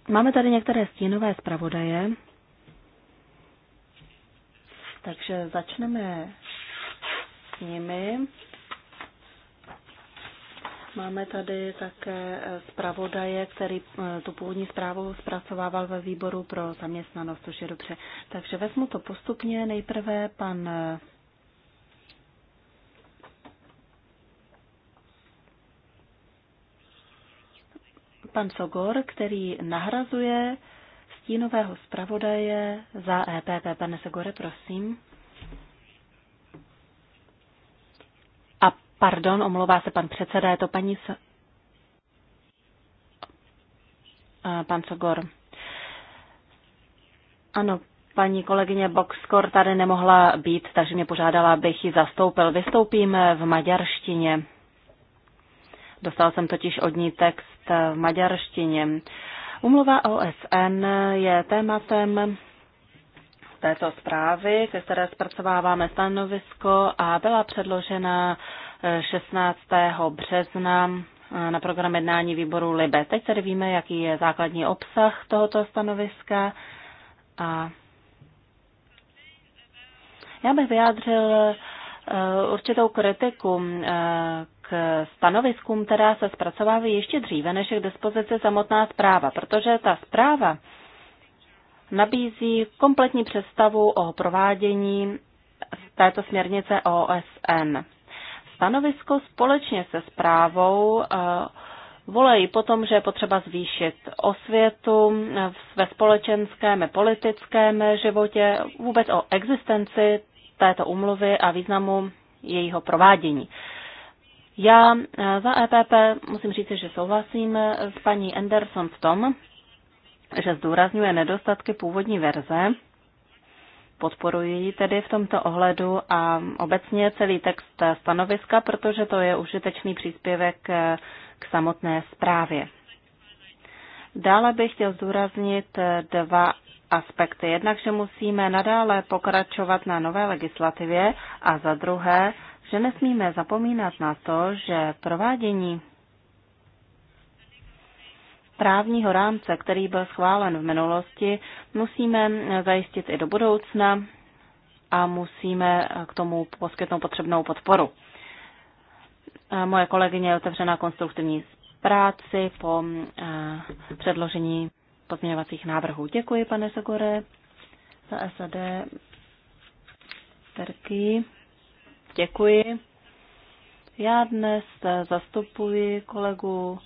Máme tady některé stínové zpravodaje, takže začneme nimi. Máme tady také eh, zpravodaje, který eh, tu původní zprávu zpracovával ve výboru pro zaměstnanost, což je dobře. Takže vezmu to postupně. Nejprve pan eh, pan Sogor, který nahrazuje stínového zpravodaje za EPP. Pane Sogore, prosím. Pardon, omlouvá se pan předseda, je to paní S... Pan Sogor. Ano, paní kolegyně Boxkor tady nemohla být, takže mě požádala, abych ji zastoupil. Vystoupím v maďarštině. Dostal jsem totiž od ní text v maďarštině. Umluva OSN je tématem této zprávy, ke které zpracováváme stanovisko a byla předložena 16. března eh, na program jednání výboru LIBE. Teď tedy víme, jaký je základní obsah tohoto stanoviska a já bych vyjádřil eh, určitou kritiku eh, k stanoviskům, která se zpracovávají ještě dříve, než je k dispozici samotná zpráva, protože ta zpráva nabízí kompletní představu o provádění této směrnice OSN stanovisko společně se zprávou eh, volají potom, že je potřeba zvýšit osvětu eh, ve společenském, politickém životě, vůbec o existenci této umluvy a významu jejího provádění. Já eh, za EPP musím říct, že souhlasím s paní Anderson v tom, že zdůrazňuje nedostatky původní verze podporuji tedy v tomto ohledu a obecně celý text stanoviska, protože to je užitečný příspěvek eh, k samotné zprávě. Dále bych chtěl zdůraznit eh, dva aspekty. Jednak, že musíme nadále pokračovat na nové legislativě a za druhé, že nesmíme zapomínat na to, že provádění právního rámce, který byl schválen v minulosti, musíme zajistit i do budoucna a musíme k tomu poskytnout potřebnou podporu. Moje kolegyně je otevřená konstruktivní práci po předložení pozměňovacích návrhů. Děkuji, pane Sogore, za SAD. Terky. Děkuji. Já dnes zastupuji kolegu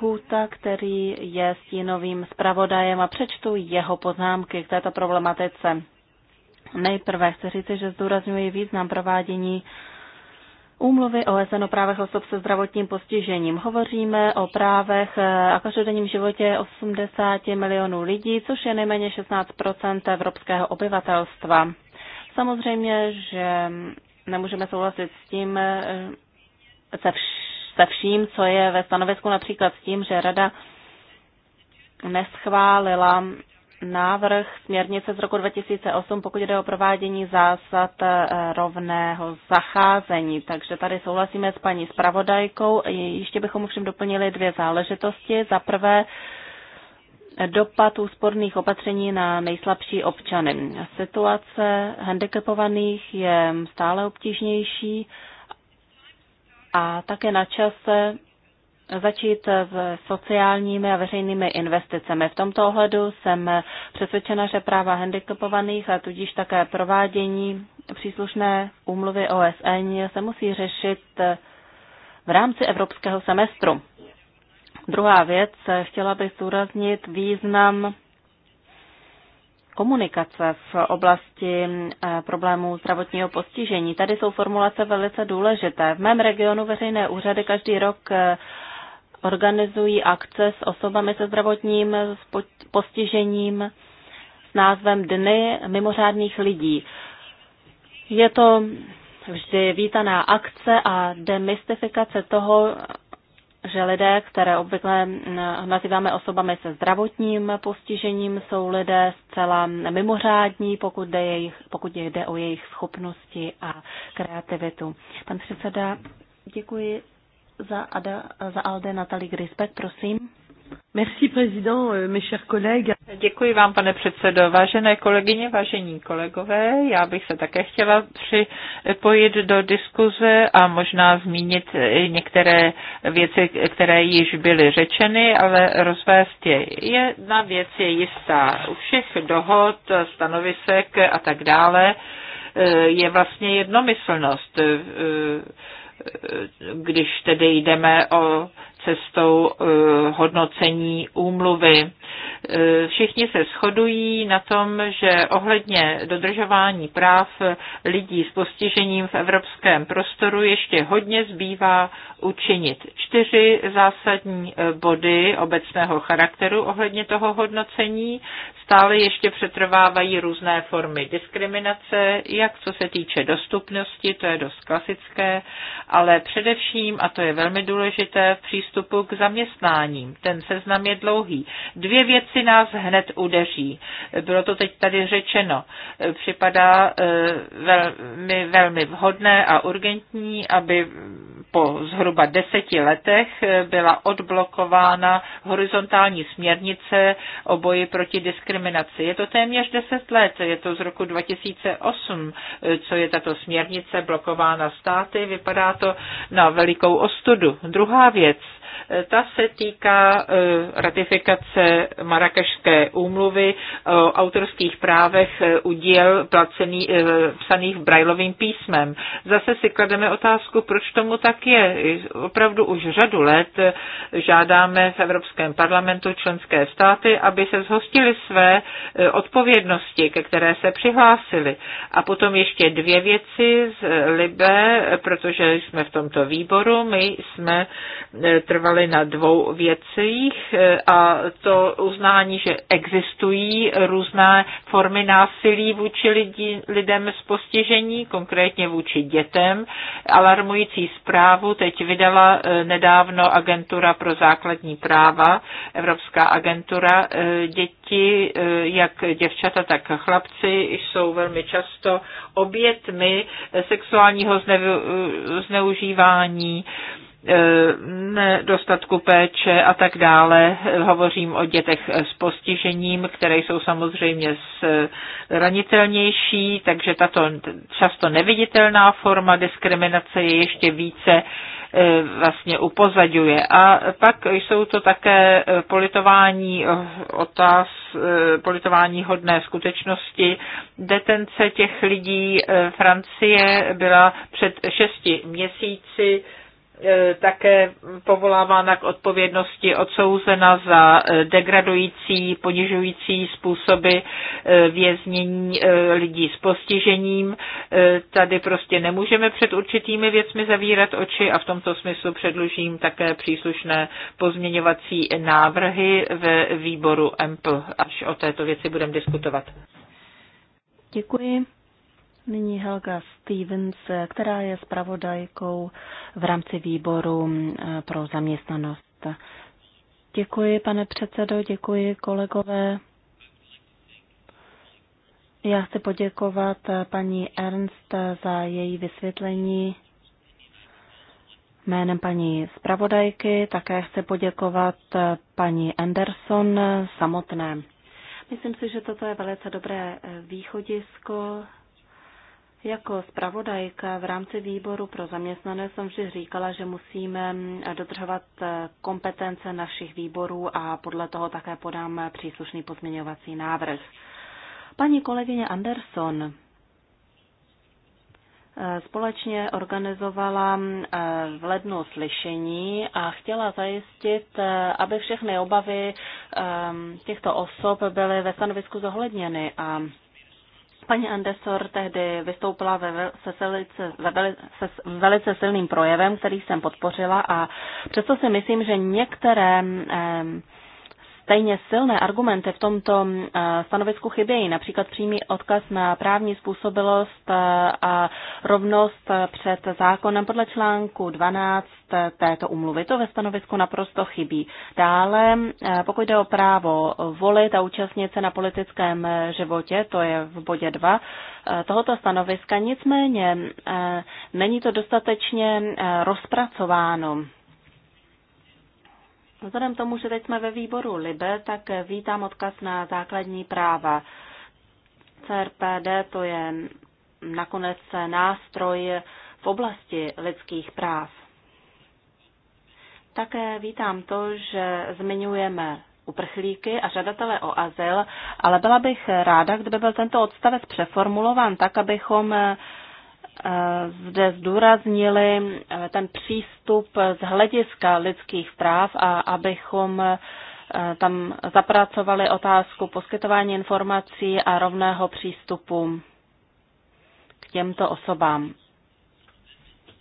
Huta, který je stínovým zpravodajem a přečtu jeho poznámky k této problematice. Nejprve chci říci, že zdůrazňuji význam provádění Úmluvy OSN o právech osob se zdravotním postižením. Hovoříme o právech a každodenním životě 80 milionů lidí, což je nejméně 16 evropského obyvatelstva. Samozřejmě, že nemůžeme souhlasit s tím, eh, se vším, se vším, co je ve stanovisku, například s tím, že Rada neschválila návrh směrnice z roku 2008, pokud jde o provádění zásad eh, rovného zacházení. Takže tady souhlasíme s paní zpravodajkou. Ještě bychom ovšem doplnili dvě záležitosti. Za prvé, dopad úsporných opatření na nejslabší občany. Situace handicapovaných je stále obtížnější a také na čase začít s sociálními a veřejnými investicemi. V tomto ohledu jsem přesvědčena, že práva handicapovaných a tudíž také provádění příslušné úmluvy OSN se musí řešit v rámci evropského semestru. Druhá věc, chtěla bych zúraznit význam komunikace v oblasti eh, problémů zdravotního postižení. Tady jsou formulace velice důležité. V mém regionu veřejné úřady každý rok eh, organizují akce s osobami se zdravotním postižením s názvem Dny mimořádných lidí. Je to vždy vítaná akce a demystifikace toho, že lidé, které obvykle mm, nazýváme osobami se zdravotním postižením, jsou lidé zcela mimořádní, pokud jde, jejich, pokud jde o jejich schopnosti a kreativitu. Pan předseda, děkuji za, Ada, za Alde Natalie Grisbeck, prosím. Merci, président, euh, mes chers collègues. Děkuji vám, pane předsedo. Vážené kolegyně, vážení kolegové, já bych se také chtěla připojit do diskuze a možná zmínit některé věci, které již byly řečeny, ale rozvést je. Jedna věc je jistá. U všech dohod, stanovisek a tak dále eh, je vlastně jednomyslnost eh, eh, když tedy jdeme o cestou eh, hodnocení úmluvy. Eh, všichni se shodují na tom, že ohledně dodržování práv lidí s postižením v evropském prostoru ještě hodně zbývá učinit. Čtyři zásadní eh, body obecného charakteru ohledně toho hodnocení stále ještě přetrvávají různé formy diskriminace, jak co se týče dostupnosti, to je dost klasické, ale především, a to je velmi důležité, v přístupu k zaměstnáním. Ten seznam je dlouhý. Dvě věci nás hned udeří. Bylo to teď tady řečeno. Připadá eh, velmi, velmi vhodné a urgentní, aby po zhruba deseti letech eh, byla odblokována horizontální směrnice o boji proti diskriminaci diskriminaci. Je to téměř 10 let, je to z roku 2008, co je tato směrnice blokována státy, vypadá to na velikou ostudu. Druhá věc, Eh, ta se týká eh, ratifikace Marrakešské úmluvy o autorských právech eh, u díl placený, psaných brajlovým písmem. Zase si klademe otázku, proč tomu tak je. Opravdu už řadu let žádáme v Evropském parlamentu členské státy, aby se zhostili své odpovědnosti, ke které se přihlásili. A potom ještě dvě věci z Libe, protože jsme v tomto výboru, my jsme trvali pracovali na dvou věcích e, a to uznání, že existují různé formy násilí vůči lidi, lidem s postižení, konkrétně vůči dětem. Alarmující zprávu teď vydala e, nedávno Agentura pro základní práva, Evropská agentura. E, děti, jak děvčata, tak chlapci, jsou velmi často obětmi sexuálního zneužívání E, nedostatku péče a tak dále. Hovořím o dětech s postižením, které jsou samozřejmě e, ranitelnější, takže tato často neviditelná forma diskriminace je ještě více e, vlastně upozaďuje. A pak jsou to také politování otáz, politování hodné skutečnosti. Detence těch lidí Francie byla před šesti měsíci E, také povolávána k odpovědnosti, odsouzena za e, degradující, ponižující způsoby e, věznění lidí s postižením. Tady prostě nemůžeme před určitými věcmi zavírat oči a v tomto smyslu předložím také příslušné pozměňovací návrhy ve výboru EMPL, až o této věci budeme diskutovat. Děkuji. Nyní Helga Stevens, která je zpravodajkou v rámci výboru eh, pro zaměstnanost. Děkuji, pane předsedo, děkuji, kolegové. Já chci poděkovat eh, paní Ernst za její vysvětlení jménem paní zpravodajky. Také chci poděkovat eh, paní Anderson samotné. Myslím si, že toto je velice dobré východisko jako zpravodajka v rámci výboru pro zaměstnané jsem vždy říkala, že musíme dodržovat eh, kompetence našich výborů a podle toho také podám příslušný pozměňovací návrh. Paní kolegyně Anderson eh, společně organizovala eh, v lednu slyšení a chtěla zajistit, aby všechny obavy těchto osob byly ve stanovisku zohledněny a Paní Andesor tehdy vystoupila ve, se, velice, ve, se velice silným projevem, který jsem podpořila a přesto si myslím, že některé eh, Stejně silné argumenty v tomto eh, stanovisku chybějí, například přímý odkaz na právní způsobilost eh, a rovnost eh, před zákonem podle článku 12 této umluvy. To ve stanovisku naprosto chybí. Dále, pokud jde o právo volit a účastnit se na politickém životě, to je v bodě 2 tohoto stanoviska, nicméně není to dostatečně rozpracováno. Vzhledem tomu, že teď jsme ve výboru LIBE, tak vítám odkaz na základní práva. CRPD to je nakonec nástroj v oblasti lidských práv. Také vítám to, že zmiňujeme uprchlíky a žadatele o azyl, ale byla bych ráda, kdyby byl tento odstavec přeformulován, tak, abychom Eh, zde zdůraznili eh, ten přístup z hlediska lidských práv a abychom eh, tam zapracovali otázku poskytování informací a rovného přístupu k těmto osobám.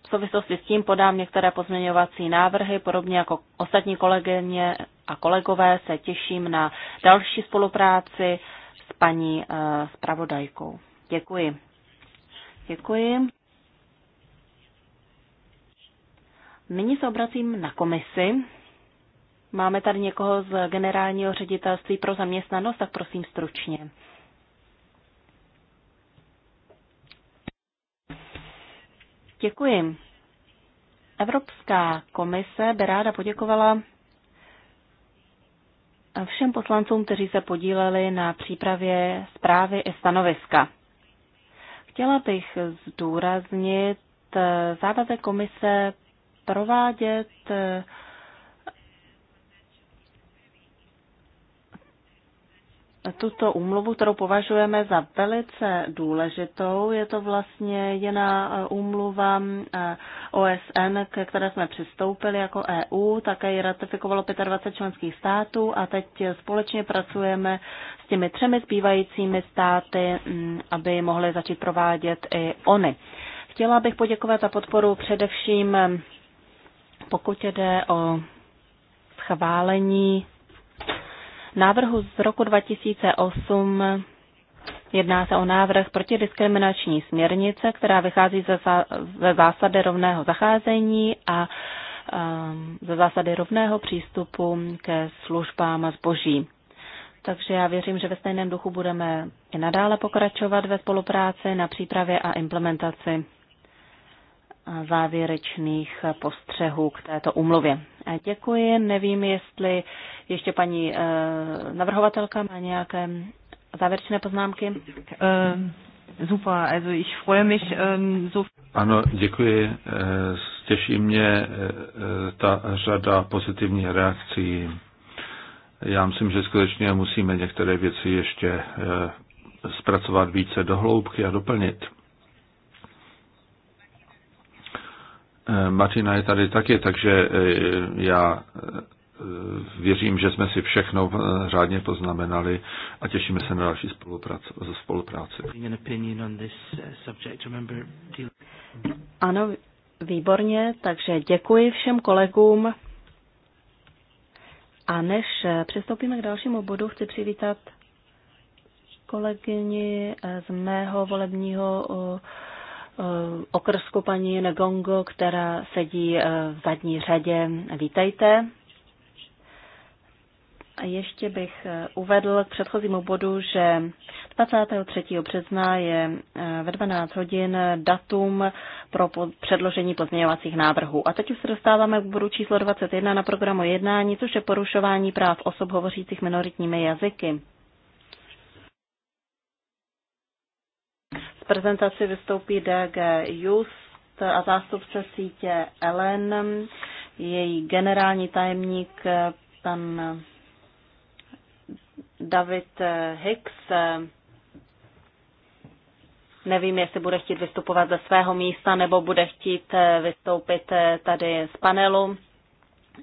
V souvislosti s tím podám některé pozměňovací návrhy, podobně jako ostatní kolegyně a kolegové se těším na další spolupráci s paní zpravodajkou. Děkuji. Děkuji. Nyní se obracím na komisi. Máme tady někoho z generálního ředitelství pro zaměstnanost, tak prosím stručně. Děkuji. Evropská komise by ráda poděkovala všem poslancům, kteří se podíleli na přípravě zprávy i stanoviska. Chtěla bych zdůraznit eh, závazek komise provádět eh, tuto úmluvu, kterou považujeme za velice důležitou. Je to vlastně jiná eh, úmluva OSN, ke které jsme přistoupili jako EU, také ji ratifikovalo 25 členských států a teď společně pracujeme s těmi třemi zbývajícími státy, mm, aby mohly začít provádět i ONY. Chtěla bych poděkovat za podporu především, mm, pokud jde o schválení návrhu z roku 2008 Jedná se o návrh protidiskriminační směrnice, která vychází ze zásady rovného zacházení a um, ze zásady rovného přístupu ke službám a zboží takže já věřím, že ve stejném duchu budeme i nadále pokračovat ve spolupráci na přípravě a implementaci závěrečných postřehů k této umluvě. Děkuji. Nevím, jestli ještě paní eh, navrhovatelka má nějaké závěrečné poznámky. Eh, super, also ich freue mich ähm, so. Ano, děkuji. Eh, těší mě ta řada pozitivních reakcí. Já myslím, že skutečně musíme některé věci ještě eh, zpracovat více do hloubky a doplnit. Eh, Martina je tady taky, takže eh, já věřím, že jsme si všechno řádně poznamenali a těšíme se na další spolupráci. Ano, výborně, takže děkuji všem kolegům a než eh, přistoupíme k dalšímu bodu, chci přivítat kolegyni eh, z mého volebního eh, okrsku paní Negongo, která sedí v zadní řadě. Vítejte. A ještě bych eh, uvedl k předchozímu bodu, že 23. března je eh, ve 12 hodin datum pro předložení pozměňovacích návrhů. A teď už se dostáváme k bodu číslo 21 na programu jednání, což je porušování práv osob hovořících minoritními jazyky. Z prezentaci vystoupí DG Just a zástupce sítě Ellen, její generální tajemník eh, pan David eh, Hicks. Eh, nevím, jestli bude chtít vystupovat ze svého místa nebo bude chtít eh, vystoupit tady z panelu.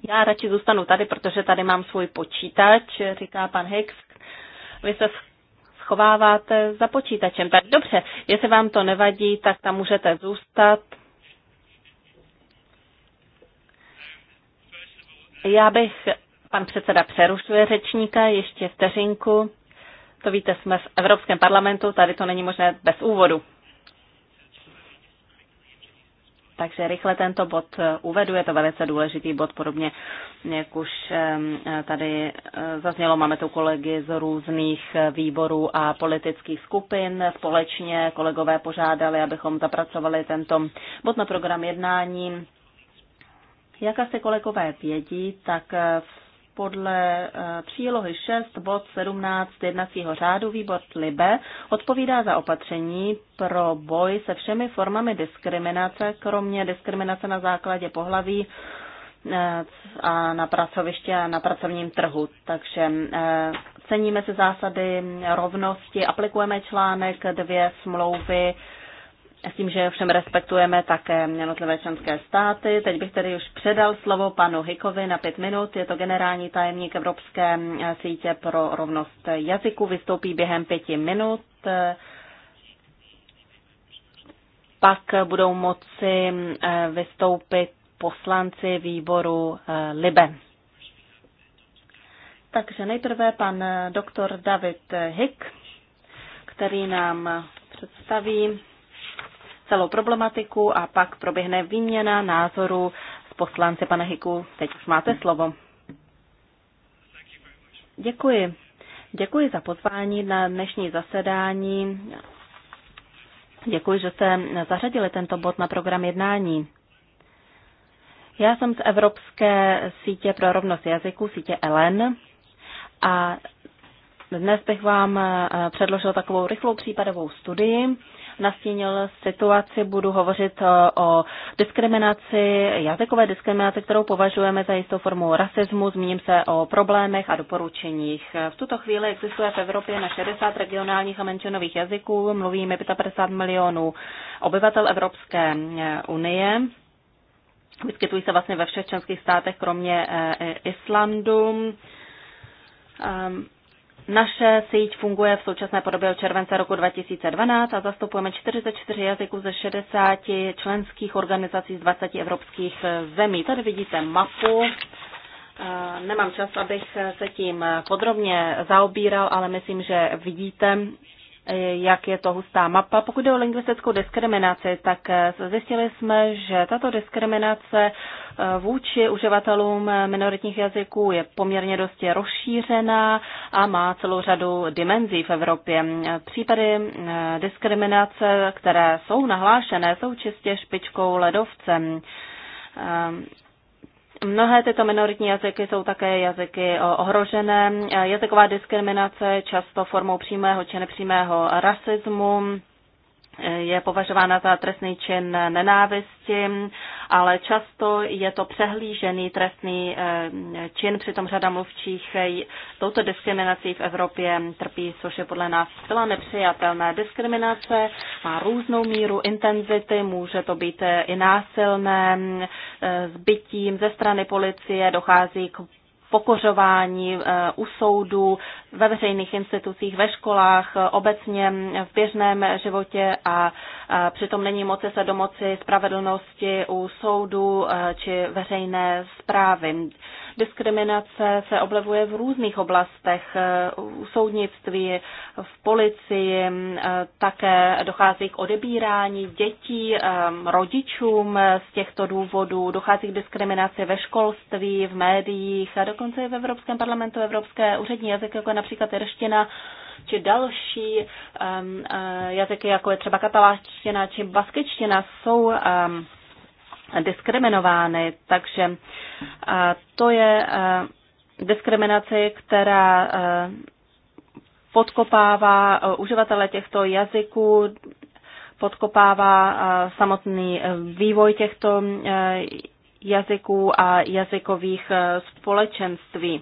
Já radši zůstanu tady, protože tady mám svůj počítač, říká pan Hicks. Vy se schováváte za počítačem. Tak dobře, jestli vám to nevadí, tak tam můžete zůstat. Já bych Pan předseda přerušuje řečníka ještě vteřinku. To víte, jsme v Evropském parlamentu, tady to není možné bez úvodu. Takže rychle tento bod eh, uvedu, je to velice důležitý bod, podobně jak už ehm, tady eh, zaznělo, máme tu kolegy z různých eh, výborů a politických skupin. Společně kolegové požádali, abychom zapracovali tento bod na program jednání. Jak asi kolegové vědí, tak v podle eh, přílohy 6 bod 17 jednacího řádu výbor Libe odpovídá za opatření pro boj se všemi formami diskriminace, kromě diskriminace na základě pohlaví eh, a na pracovišti a na pracovním trhu. Takže eh, ceníme se zásady rovnosti, aplikujeme článek dvě smlouvy s tím, že všem respektujeme také jednotlivé členské státy. Teď bych tedy už předal slovo panu Hikovi na pět minut. Je to generální tajemník Evropské eh, sítě pro rovnost jazyku. Vystoupí během pěti minut. Eh, pak budou moci eh, vystoupit poslanci výboru Libe. Takže nejprve pan doktor David Hick, který nám představí celou problematiku a pak proběhne výměna názoru s poslanci. Pane Hiku, teď už máte slovo. Děkuji. Děkuji za pozvání na dnešní zasedání. Děkuji, že jste zařadili tento bod na program jednání. Já jsem z Evropské sítě pro rovnost jazyků, sítě ELEN, a dnes bych vám předložil takovou rychlou případovou studii, nastínil situaci, budu hovořit eh, o diskriminaci, jazykové diskriminaci, kterou považujeme za jistou formu rasismu, zmíním se o problémech a doporučeních. V tuto chvíli existuje v Evropě na 60 regionálních a menšinových jazyků, mluvíme 55 milionů obyvatel Evropské eh, unie. Vyskytují se vlastně ve všech členských státech, kromě eh, Islandu. Ehm, naše síť funguje v současné podobě od července roku 2012 a zastupujeme 44 jazyků ze 60 členských organizací z 20 evropských eh, zemí. Tady vidíte mapu. Eh, nemám čas, abych se tím podrobně zaobíral, ale myslím, že vidíte, Eh, jak je to hustá mapa. Pokud jde o lingvistickou diskriminaci, tak eh, zjistili jsme, že tato diskriminace eh, vůči uživatelům minoritních jazyků je poměrně dosti rozšířená a má celou řadu dimenzí v Evropě. Případy diskriminace, které jsou nahlášené, jsou čistě špičkou ledovce. Ehm, Mnohé tyto minoritní jazyky jsou také jazyky ohrožené. Jazyková diskriminace často formou přímého či nepřímého rasismu je považována za trestný čin nenávisti, ale často je to přehlížený trestný eh, čin, přitom řada mluvčích touto diskriminací v Evropě trpí, což je podle nás zcela nepřijatelné. Diskriminace má různou míru intenzity, může to být i násilné, eh, bytím ze strany policie dochází k pokořování eh, u soudu, ve veřejných institucích, ve školách, eh, obecně v běžném životě a eh, přitom není moci se domoci spravedlnosti u soudu či veřejné zprávy. Diskriminace se oblevuje v různých oblastech, eh, v soudnictví, v policii, eh, také dochází k odebírání dětí eh, rodičům z těchto důvodů, dochází k diskriminaci ve školství, v médiích a dokonce i v Evropském parlamentu evropské úřední jazyky, jako je například irština, či další um, uh, jazyky, jako je třeba kataláčtina či baskečtina, jsou um, diskriminovány. Takže eh, to je eh, diskriminace, která eh, podkopává uživatele těchto jazyků, podkopává samotný vývoj těchto jazyků a jazykových společenství.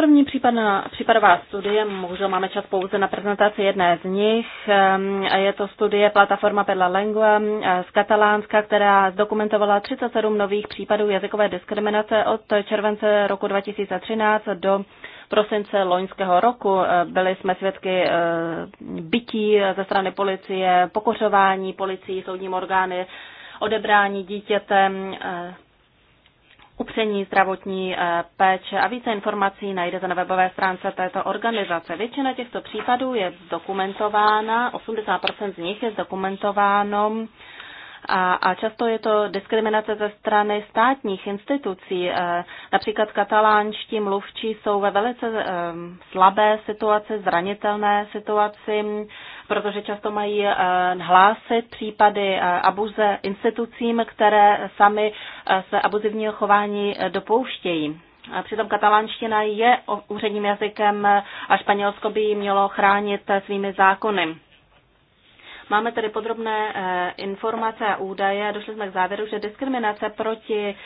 První případná, případová studie, bohužel máme čas pouze na prezentaci jedné z nich. Ehm, je to studie Plataforma per la Lengua ehm, z Katalánska, která zdokumentovala 37 nových případů jazykové diskriminace od července roku 2013 do prosince loňského roku. Ehm, byli jsme svědky bytí ze strany policie, pokořování policií, soudním orgány, odebrání dítětem, upření zdravotní eh, péče a více informací najdete na webové stránce této organizace. Většina těchto případů je zdokumentována, 80% z nich je zdokumentováno a, a často je to diskriminace ze strany státních institucí. Eh, například katalánští mluvčí jsou ve velice eh, slabé situaci, zranitelné situaci protože často mají eh, hlásit případy eh, abuze institucím, které sami eh, se abuzivního chování dopouštějí. Přitom katalánština je úředním jazykem a Španělsko by ji mělo chránit svými zákony. Máme tedy podrobné informace a údaje. Došli jsme k závěru, že diskriminace proti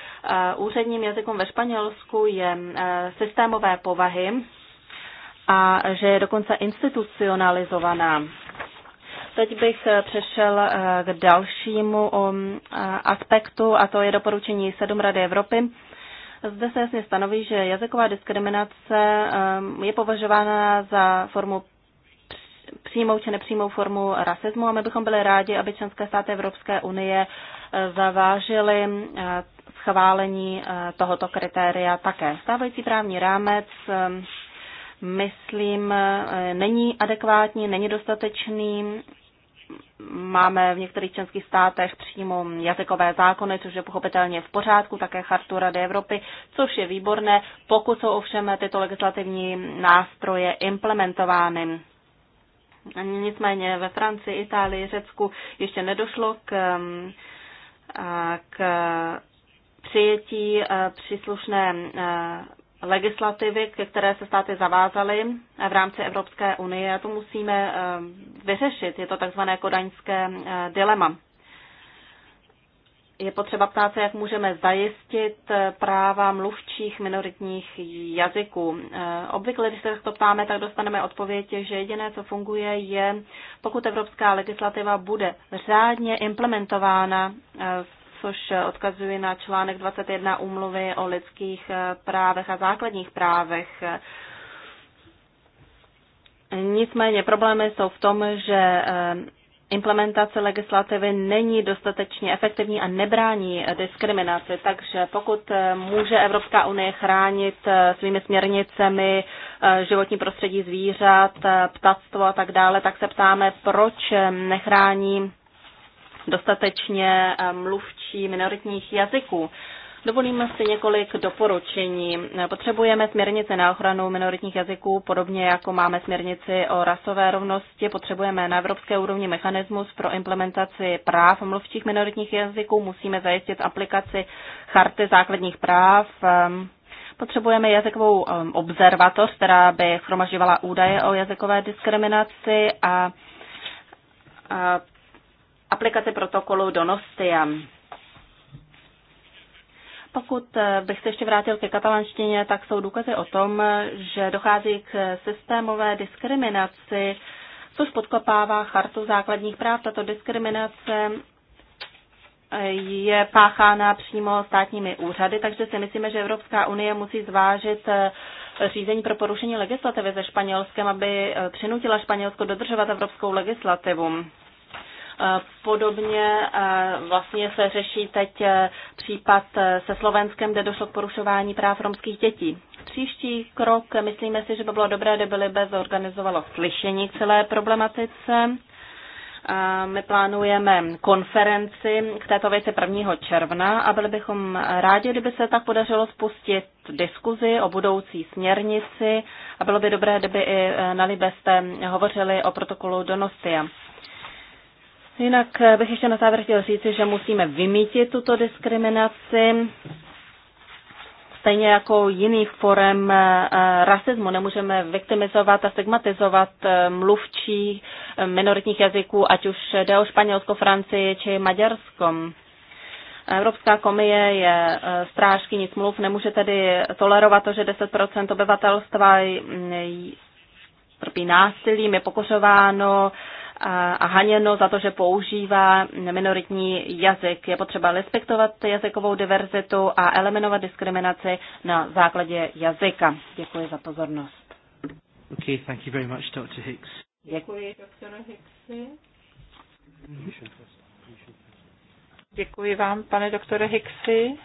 úředním jazykům ve Španělsku je systémové povahy a že je dokonce institucionalizovaná. Teď bych přešel eh, k dalšímu um, eh, aspektu a to je doporučení 7 Rady Evropy. Zde se jasně stanoví, že jazyková diskriminace eh, je považována za formu přímou či nepřímou formu rasismu a my bychom byli rádi, aby členské státy Evropské unie zavážily schválení tohoto kritéria také. Stávající právní rámec myslím, eh, není adekvátní, není dostatečný. Máme v některých členských státech přímo jazykové zákony, což je pochopitelně v pořádku, také chartu Rady Evropy, což je výborné, pokud jsou ovšem tyto legislativní nástroje implementovány. Nicméně ve Francii, Itálii, Řecku ještě nedošlo k, mm, k přijetí eh, příslušné eh, legislativy, ke které se státy zavázaly v rámci Evropské unie. A to musíme eh, vyřešit. Je to takzvané kodaňské eh, dilema. Je potřeba ptát se, jak můžeme zajistit eh, práva mluvčích minoritních jazyků. Obvykle, když se to ptáme, tak dostaneme odpověď, že jediné, co funguje, je, pokud evropská legislativa bude řádně implementována v což odkazuje na článek 21 úmluvy o lidských eh, právech a základních právech. Nicméně problémy jsou v tom, že eh, implementace legislativy není dostatečně efektivní a nebrání diskriminaci. Takže pokud eh, může Evropská unie chránit svými směrnicemi životní prostředí zvířat, ptactvo a tak dále, tak se ptáme, proč nechrání dostatečně eh, mluvčí minoritních jazyků. Dovolíme si několik doporučení. Potřebujeme směrnice na ochranu minoritních jazyků, podobně jako máme směrnici o rasové rovnosti. Potřebujeme na evropské úrovni mechanismus pro implementaci práv mluvčích minoritních jazyků. Musíme zajistit aplikaci charty základních práv. Ehm, potřebujeme jazykovou ehm, observatoř, která by chromažovala údaje o jazykové diskriminaci a Aplikace protokolu do Nostia. Pokud eh, bych se ještě vrátil ke katalanštině, tak jsou důkazy o tom, že dochází k systémové diskriminaci, což podkopává chartu základních práv. Tato diskriminace eh, je páchána přímo státními úřady, takže si myslíme, že Evropská unie musí zvážit eh, řízení pro porušení legislativy ze Španělskem, aby přinutila Španělsko dodržovat evropskou legislativu. Eh, podobně eh, vlastně se řeší teď eh, případ se Slovenskem, kde došlo k porušování práv romských dětí. Příští krok, myslíme si, že by bylo dobré, kdyby Libe zorganizovalo slyšení celé problematice. My plánujeme konferenci k této věci 1. června a byli bychom rádi, kdyby se tak podařilo spustit diskuzi o budoucí směrnici a bylo by dobré, kdyby i na Libeste hovořili o protokolu Donostia. Jinak eh, bych ještě na závěr chtěl říci, že musíme vymítit tuto diskriminaci. Stejně jako jiných forem eh, eh, rasismu nemůžeme viktimizovat a stigmatizovat mluvčí minoritních jazyků, ať už jde o Španělsko, Francii či Maďarsko. Evropská komie je nic mluv, nemůže tedy tolerovat to, že 10 obyvatelstva trpí násilím, je pokořováno a haněno za to, že používá minoritní jazyk. Je potřeba respektovat jazykovou diverzitu a eliminovat diskriminaci na základě jazyka. Děkuji za pozornost. Okay, thank you very much, Dr. Hicks. Děkuji, doktore Hicksy. Děkuji vám, pane doktore Hicksy.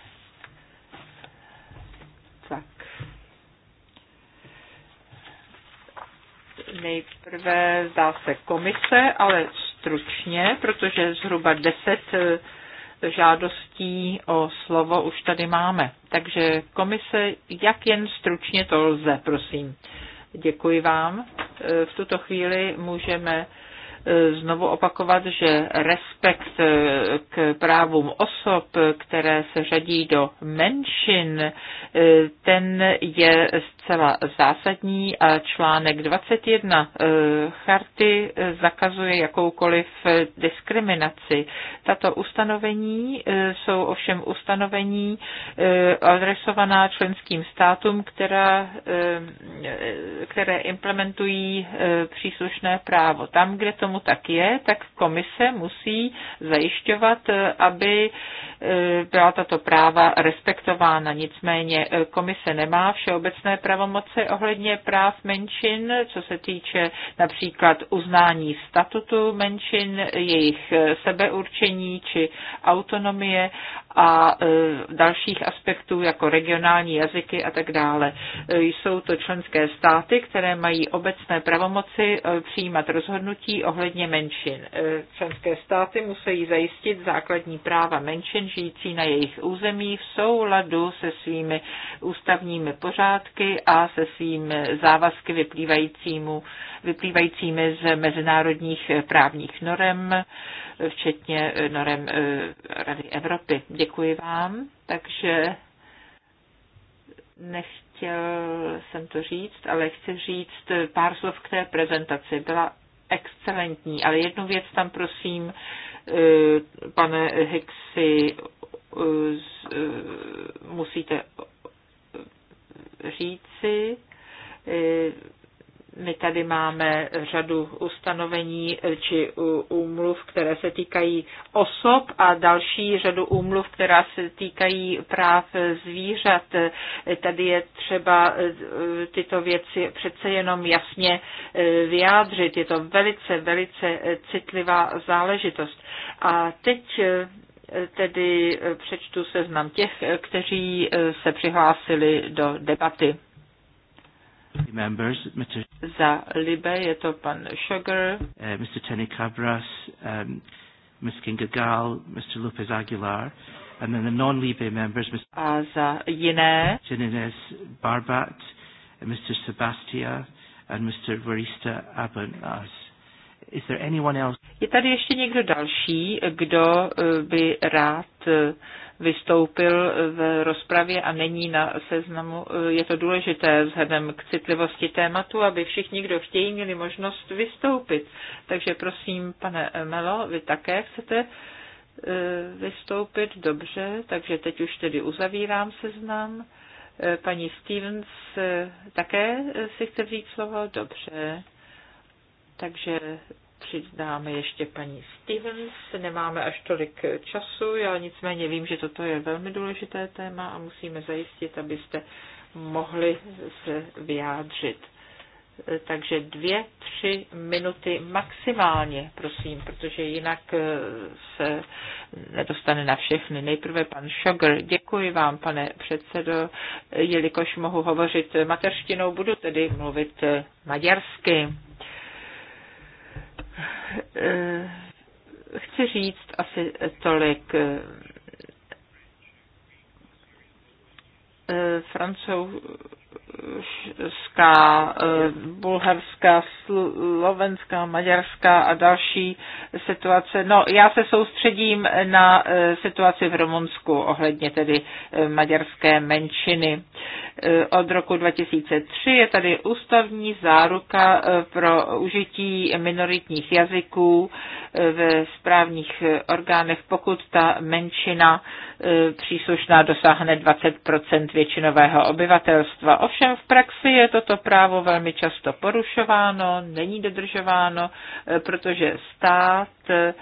Nejprve zdá se komise, ale stručně, protože zhruba deset eh, žádostí o slovo už tady máme. Takže komise, jak jen stručně to lze, prosím. Děkuji vám. Eh, v tuto chvíli můžeme eh, znovu opakovat, že respekt k právům osob, které se řadí do menšin, ten je docela zásadní a článek 21 e, charty e, zakazuje jakoukoliv diskriminaci. Tato ustanovení e, jsou ovšem ustanovení adresovaná členským státům, která, které implementují příslušné právo. Tam, kde tomu tak je, tak komise musí zajišťovat, aby byla tato práva respektována. Nicméně komise nemá všeobecné právo pravomoci ohledně práv menšin, co se týče například uznání statutu menšin, jejich sebeurčení či autonomie a e, dalších aspektů jako regionální jazyky a tak dále. E, jsou to členské státy, které mají obecné pravomoci e, přijímat rozhodnutí ohledně menšin. Členské státy musí zajistit základní práva menšin žijící na jejich území v souladu se svými ústavními pořádky USA se svým závazky vyplývajícímu, vyplývajícími z mezinárodních právních norem, včetně norem eh, Rady Evropy. Děkuji vám. Takže nechtěl jsem to říct, ale chci říct pár slov k té prezentaci. Byla excelentní, ale jednu věc tam prosím, eh, pane Hexy, eh, musíte říci. E, my tady máme řadu ustanovení či úmluv, které se týkají osob a další řadu úmluv, která se týkají práv zvířat. E, tady je třeba e, tyto věci přece jenom jasně vyjádřit. Je to velice, velice citlivá záležitost. A teď tedy přečtu seznam těch, kteří eh, se přihlásili do debaty. Members, Mr. Za Libe je to pan Sugar, uh, eh, Mr. Tenny Cabras, um, Ms. Kinga Gal, Mr. Lopez Aguilar, and then the non-Libe members, Mr. A za jiné, Janines Barbat, Mr. Sebastia, and Mr. Varista Abunas. Is there anyone else? Je tady ještě někdo další, kdo eh, by rád eh, vystoupil eh, v rozpravě a není na seznamu. Je to důležité vzhledem k citlivosti tématu, aby všichni, kdo chtějí, měli možnost vystoupit. Takže prosím, pane Melo, vy také chcete vystoupit? Dobře, takže teď už tedy uzavírám seznam. Paní Stevens také si chce vzít slovo? Dobře takže přidáme ještě paní Stevens. Nemáme až tolik času, já nicméně vím, že toto je velmi důležité téma a musíme zajistit, abyste mohli se vyjádřit. Takže dvě, tři minuty maximálně, prosím, protože jinak eh, se nedostane na všechny. Nejprve pan Šogr, děkuji vám, pane předsedo, jelikož mohu hovořit mateřštinou, budu tedy mluvit eh, maďarsky. Eh, chci říct asi tolik. Eh, Francouz, Ská, eh, Bulharská, Slovenská, Maďarská a další situace. No, já se soustředím na eh, situaci v Rumunsku ohledně tedy eh, maďarské menšiny. Od roku 2003 je tady ústavní záruka pro užití minoritních jazyků ve správních orgánech, pokud ta menšina E, příslušná dosáhne 20 většinového obyvatelstva. Ovšem v praxi je toto právo velmi často porušováno, není dodržováno, e, protože stát e,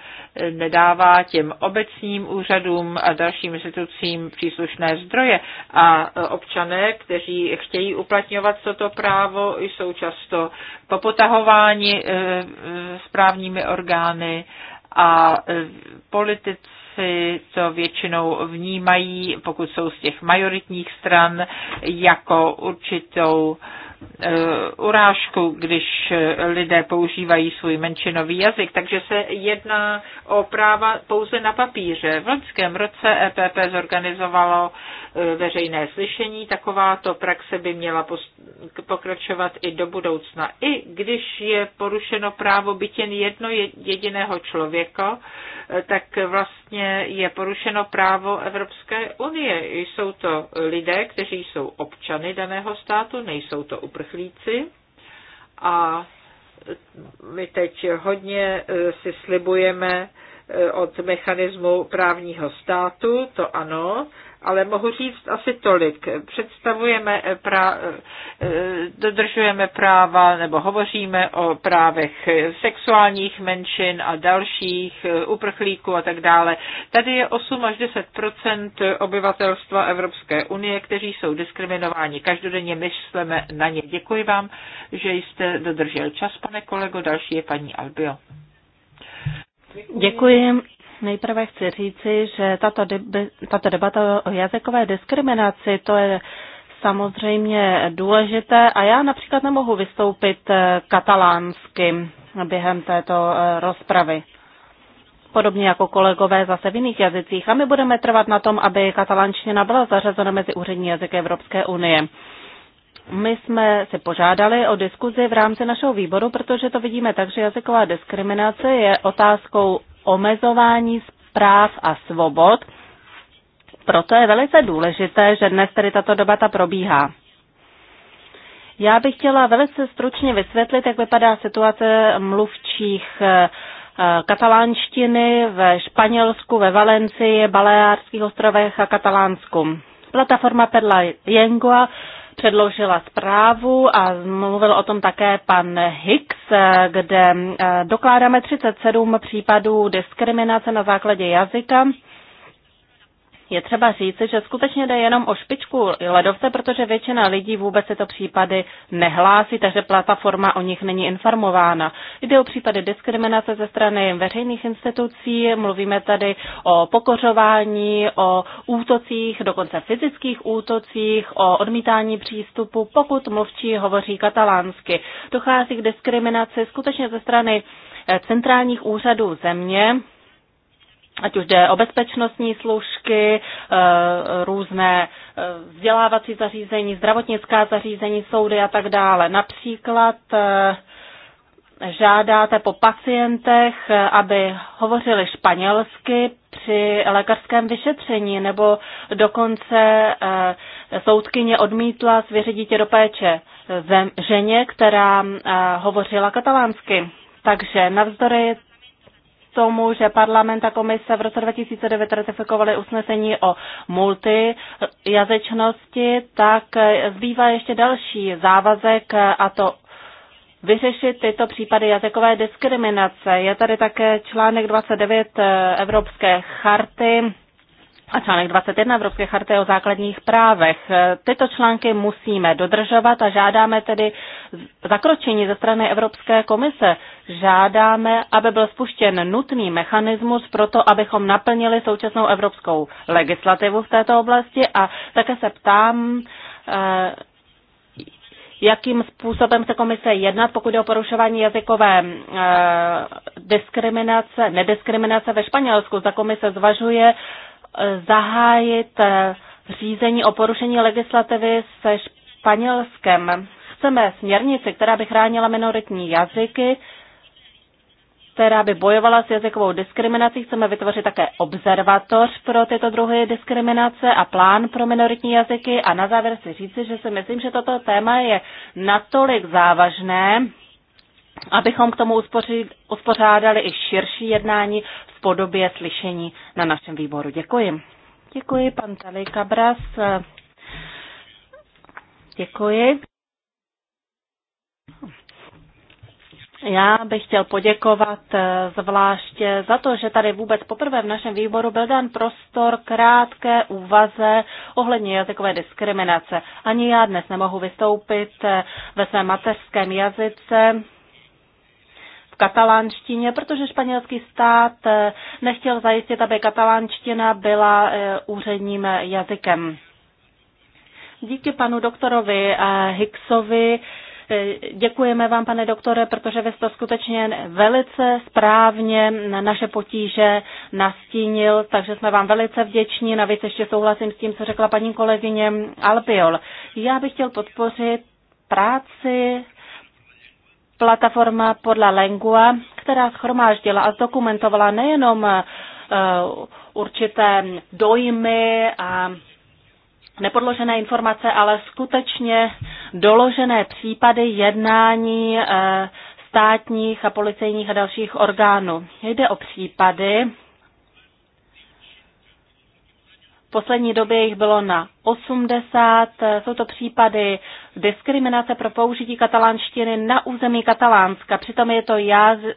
nedává těm obecním úřadům a dalším institucím příslušné zdroje a občané, kteří chtějí uplatňovat toto právo, jsou často popotahováni správními orgány a politici poslanci to většinou vnímají, pokud jsou z těch majoritních stran, jako určitou Eh, urážku, když eh, lidé používají svůj menšinový jazyk, takže se jedná o práva pouze na papíře. V loňském roce EPP zorganizovalo eh, veřejné slyšení, takováto praxe by měla pokračovat i do budoucna. I když je porušeno právo byt jen jedno jediného člověka, tak vlastně je porušeno právo Evropské unie. Jsou to lidé, kteří jsou občany daného státu, nejsou to uprchlíci a my teď hodně eh, si slibujeme od mechanismu právního státu, to ano, ale mohu říct asi tolik. Představujeme, pra, dodržujeme práva nebo hovoříme o právech sexuálních menšin a dalších, uprchlíků a tak dále. Tady je 8 až 10 obyvatelstva Evropské unie, kteří jsou diskriminováni. Každodenně myslíme na ně. Děkuji vám, že jste dodržel čas, pane kolego. Další je paní Albio. Děkuji. Nejprve chci říci, že tato, deb- tato debata o jazykové diskriminaci, to je samozřejmě důležité a já například nemohu vystoupit eh, katalánsky během této eh, rozpravy. Podobně jako kolegové zase v jiných jazycích. A my budeme trvat na tom, aby katalánština byla zařazena mezi úřední jazyky Evropské unie. My jsme se požádali o diskuzi v rámci našeho výboru, protože to vidíme tak, že jazyková diskriminace je otázkou omezování práv a svobod. Proto je velice důležité, že dnes tedy tato debata probíhá. Já bych chtěla velice stručně vysvětlit, jak vypadá situace mluvčích eh, katalánštiny ve Španělsku, ve Valencii, Baleárských ostrovech a Katalánsku. Plataforma Perla Jengua předložila zprávu a mluvil o tom také pan Hicks, kde eh, dokládáme 37 případů diskriminace na základě jazyka je třeba říci, že skutečně jde jenom o špičku ledovce, protože většina lidí vůbec tyto případy nehlásí, takže platforma o nich není informována. Jde o případy diskriminace ze strany veřejných institucí, mluvíme tady o pokořování, o útocích, dokonce fyzických útocích, o odmítání přístupu, pokud mluvčí hovoří katalánsky. Dochází k diskriminaci skutečně ze strany eh, centrálních úřadů země, ať už jde o bezpečnostní služky, eh, různé eh, vzdělávací zařízení, zdravotnická zařízení, soudy a tak dále. Například eh, žádáte po pacientech, aby hovořili španělsky při lékařském vyšetření, nebo dokonce soudkyně odmítla svěřit dítě do péče ženě, která hovořila katalánsky. Takže navzdory tomu, že parlament a komise v roce 2009 ratifikovali usnesení o multijazyčnosti, tak zbývá ještě další závazek a to vyřešit tyto případy jazykové diskriminace. Je tady také článek 29 Evropské charty a článek 21 Evropské charty o základních právech. Tyto články musíme dodržovat a žádáme tedy zakročení ze strany Evropské komise. Žádáme, aby byl spuštěn nutný mechanismus pro to, abychom naplnili současnou evropskou legislativu v této oblasti a také se ptám, eh, jakým způsobem se komise jednat, pokud je o porušování jazykové eh, diskriminace, nediskriminace ve Španělsku. Za komise zvažuje zahájit eh, řízení o porušení legislativy se Španělskem. Chceme směrnici, která by chránila minoritní jazyky, která by bojovala s jazykovou diskriminací. Chceme vytvořit také observatoř pro tyto druhy diskriminace a plán pro minoritní jazyky. A na závěr si říci, že si myslím, že toto téma je natolik závažné, abychom k tomu uspořádali i širší jednání v podobě slyšení na našem výboru. Děkuji. Děkuji, pan Tali Kabras. Děkuji. Já bych chtěl poděkovat eh, zvláště za to, že tady vůbec poprvé v našem výboru byl dán prostor krátké úvaze ohledně jazykové diskriminace. Ani já dnes nemohu vystoupit eh, ve svém mateřském jazyce, katalánštině, protože španělský stát eh, nechtěl zajistit, aby katalánština byla eh, úředním jazykem. Díky panu doktorovi eh, Hicksovi Děkujeme vám, pane doktore, protože vy jste skutečně velice správně na naše potíže nastínil, takže jsme vám velice vděční. Navíc ještě souhlasím s tím, co řekla paní kolegyně Albiol. Já bych chtěl podpořit práci plataforma podle Lengua, která schromáždila a zdokumentovala nejenom eh, určité dojmy a nepodložené informace, ale skutečně doložené případy jednání eh, státních a policejních a dalších orgánů. Jde o případy, v poslední době jich bylo na 80. Jsou to případy diskriminace pro použití katalánštiny na území Katalánska. Přitom je to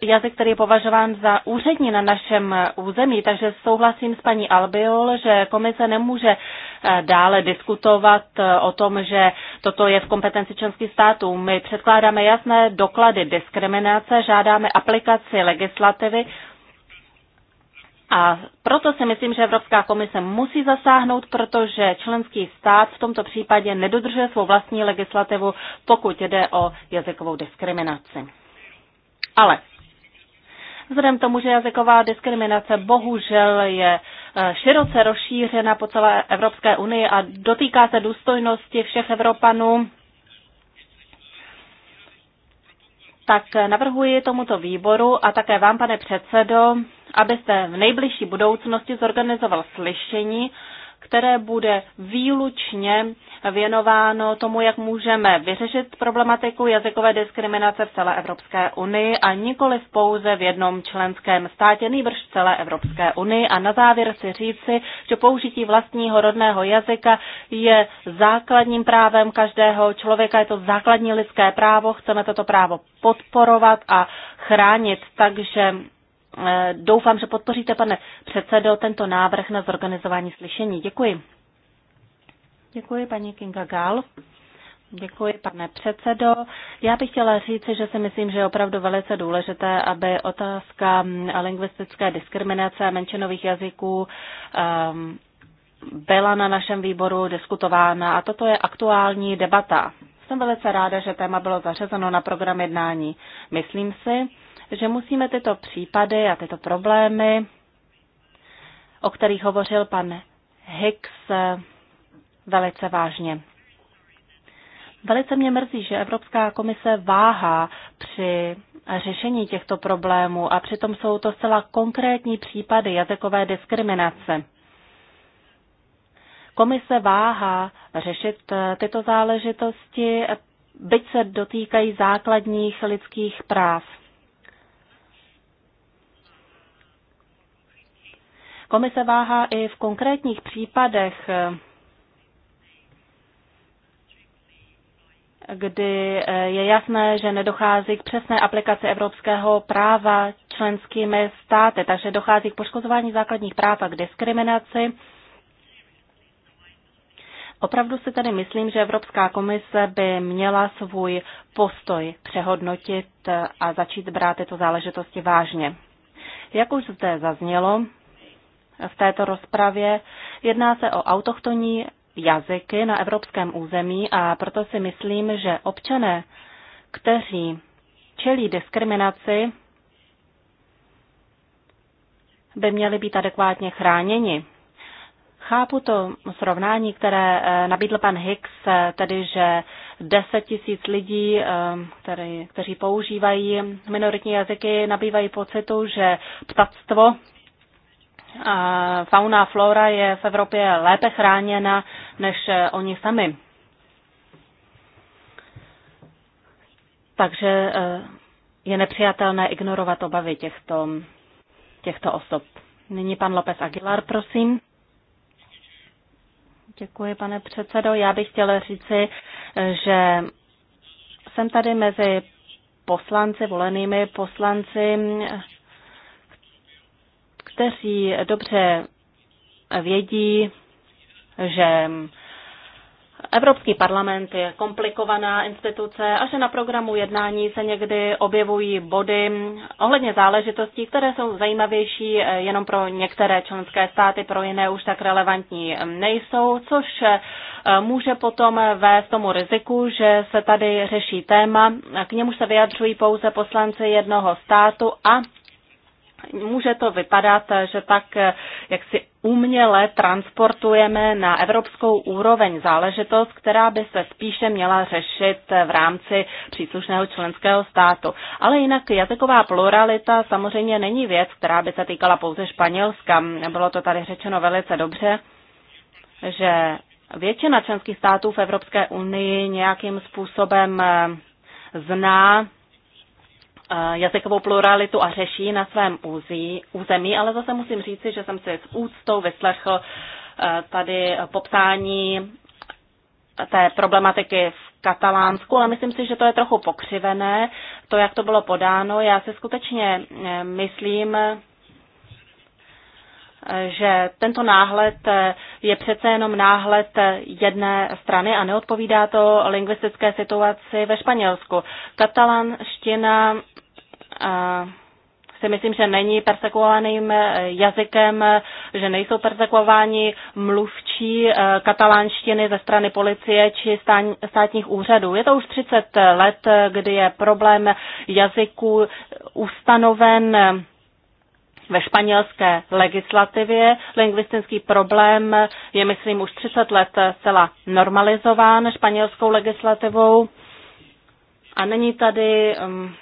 jazyk, který je považován za úřední na našem území, takže souhlasím s paní Albiol, že komise nemůže eh, dále diskutovat eh, o tom, že toto je v kompetenci členských států. My předkládáme jasné doklady diskriminace, žádáme aplikaci legislativy, a proto si myslím, že Evropská komise musí zasáhnout, protože členský stát v tomto případě nedodržuje svou vlastní legislativu, pokud jde o jazykovou diskriminaci. Ale Vzhledem tomu, že jazyková diskriminace bohužel je e, široce rozšířena po celé Evropské unii a dotýká se důstojnosti všech Evropanů, tak navrhuji tomuto výboru a také vám, pane předsedo, abyste v nejbližší budoucnosti zorganizoval slyšení, které bude výlučně věnováno tomu, jak můžeme vyřešit problematiku jazykové diskriminace v celé Evropské unii a nikoli v pouze v jednom členském státě, nejbrž v celé Evropské unii. A na závěr si říci, že použití vlastního rodného jazyka je základním právem každého člověka, je to základní lidské právo, chceme toto právo podporovat a chránit. Takže Eh, doufám, že podpoříte, pane předsedo, tento návrh na zorganizování slyšení. Děkuji. Děkuji, paní Kinga Gál. Děkuji, pane předsedo. Já bych chtěla říct, že si myslím, že je opravdu velice důležité, aby otázka lingvistické diskriminace a menšinových jazyků ehm, byla na našem výboru diskutována a toto je aktuální debata. Jsem velice ráda, že téma bylo zařazeno na program jednání. Myslím si, že musíme tyto případy a tyto problémy, o kterých hovořil pan Hicks, velice vážně. Velice mě mrzí, že Evropská komise váhá při řešení těchto problémů a přitom jsou to zcela konkrétní případy jazykové diskriminace. Komise váhá řešit tyto záležitosti, byť se dotýkají základních lidských práv. Komise váhá i v konkrétních případech, kdy eh, je jasné, že nedochází k přesné aplikaci evropského práva členskými státy, takže dochází k poškozování základních práv a k diskriminaci. Opravdu si tedy myslím, že Evropská komise by měla svůj postoj přehodnotit a začít brát tyto záležitosti vážně. Jak už zde zaznělo, v této rozpravě. Jedná se o autochtonní jazyky na evropském území a proto si myslím, že občané, kteří čelí diskriminaci, by měli být adekvátně chráněni. Chápu to srovnání, které eh, nabídl pan Hicks, eh, tedy že 10 tisíc lidí, který, eh, kteří používají minoritní jazyky, nabývají pocitu, že ptactvo fauna a flora je v Evropě lépe chráněna než eh, oni sami. Takže eh, je nepřijatelné ignorovat obavy těchto, těchto osob. Nyní pan López Aguilar, prosím. Děkuji, pane předsedo. Já bych chtěla říci, eh, že jsem tady mezi poslanci, volenými poslanci kteří dobře vědí, že Evropský parlament je komplikovaná instituce a že na programu jednání se někdy objevují body ohledně záležitostí, které jsou zajímavější jenom pro některé členské státy, pro jiné už tak relevantní nejsou, což eh, může potom vést tomu riziku, že se tady řeší téma, k němuž se vyjadřují pouze poslanci jednoho státu a může to vypadat, že tak jak si uměle transportujeme na evropskou úroveň záležitost, která by se spíše měla řešit v rámci příslušného členského státu. Ale jinak jazyková pluralita samozřejmě není věc, která by se týkala pouze Španělska. Bylo to tady řečeno velice dobře, že většina členských států v Evropské unii nějakým způsobem zná Eh, jazykovou pluralitu a řeší na svém území, ale zase musím říci, že jsem si s úctou vyslechl eh, tady popsání té problematiky v Katalánsku, ale myslím si, že to je trochu pokřivené, to, jak to bylo podáno. Já si skutečně eh, myslím, že tento náhled je přece jenom náhled jedné strany a neodpovídá to lingvistické situaci ve Španělsku. Katalanština si myslím, že není persekuovaným eh, jazykem, eh, že nejsou persekováni mluvčí eh, katalánštiny ze strany policie či státních úřadů. Je to už 30 let, kdy je problém jazyku ustanoven ve španělské legislativě. Lingvistický problém je, myslím, už 30 let zcela normalizován španělskou legislativou. A není tady um,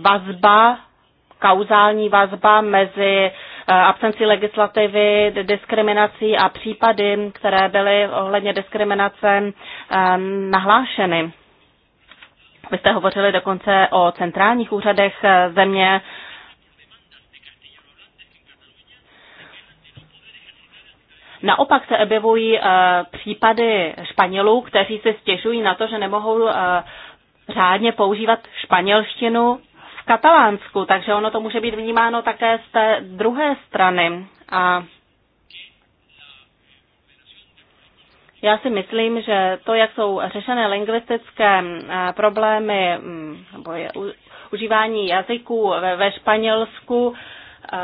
vazba, kauzální vazba mezi eh, absenci legislativy, diskriminací a případy, které byly ohledně diskriminace ehm, nahlášeny. Vy jste hovořili dokonce o centrálních úřadech eh, země. Naopak se objevují eh, případy Španělů, kteří se stěžují na to, že nemohou řádně používat španělštinu Katalánsku, takže ono to může být vnímáno také z té druhé strany. A Já si myslím, že to, jak jsou řešené lingvistické eh, problémy mm, nebo je, u, užívání jazyků ve, ve Španělsku, eh,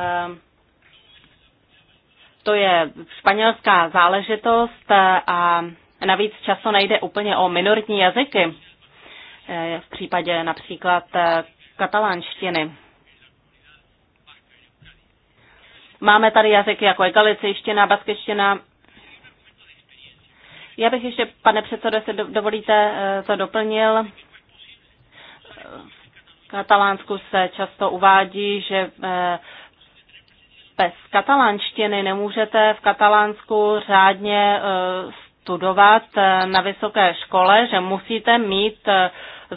to je španělská záležitost eh, a navíc často nejde úplně o minoritní jazyky. V případě například katalánštiny. Máme tady jazyky jako je galicejština, baskeština. Já bych ještě, pane předsedo, jestli dovolíte, eh, to doplnil. V Katalánsku se často uvádí, že eh, bez katalánštiny nemůžete v Katalánsku řádně eh, studovat eh, na vysoké škole, že musíte mít eh,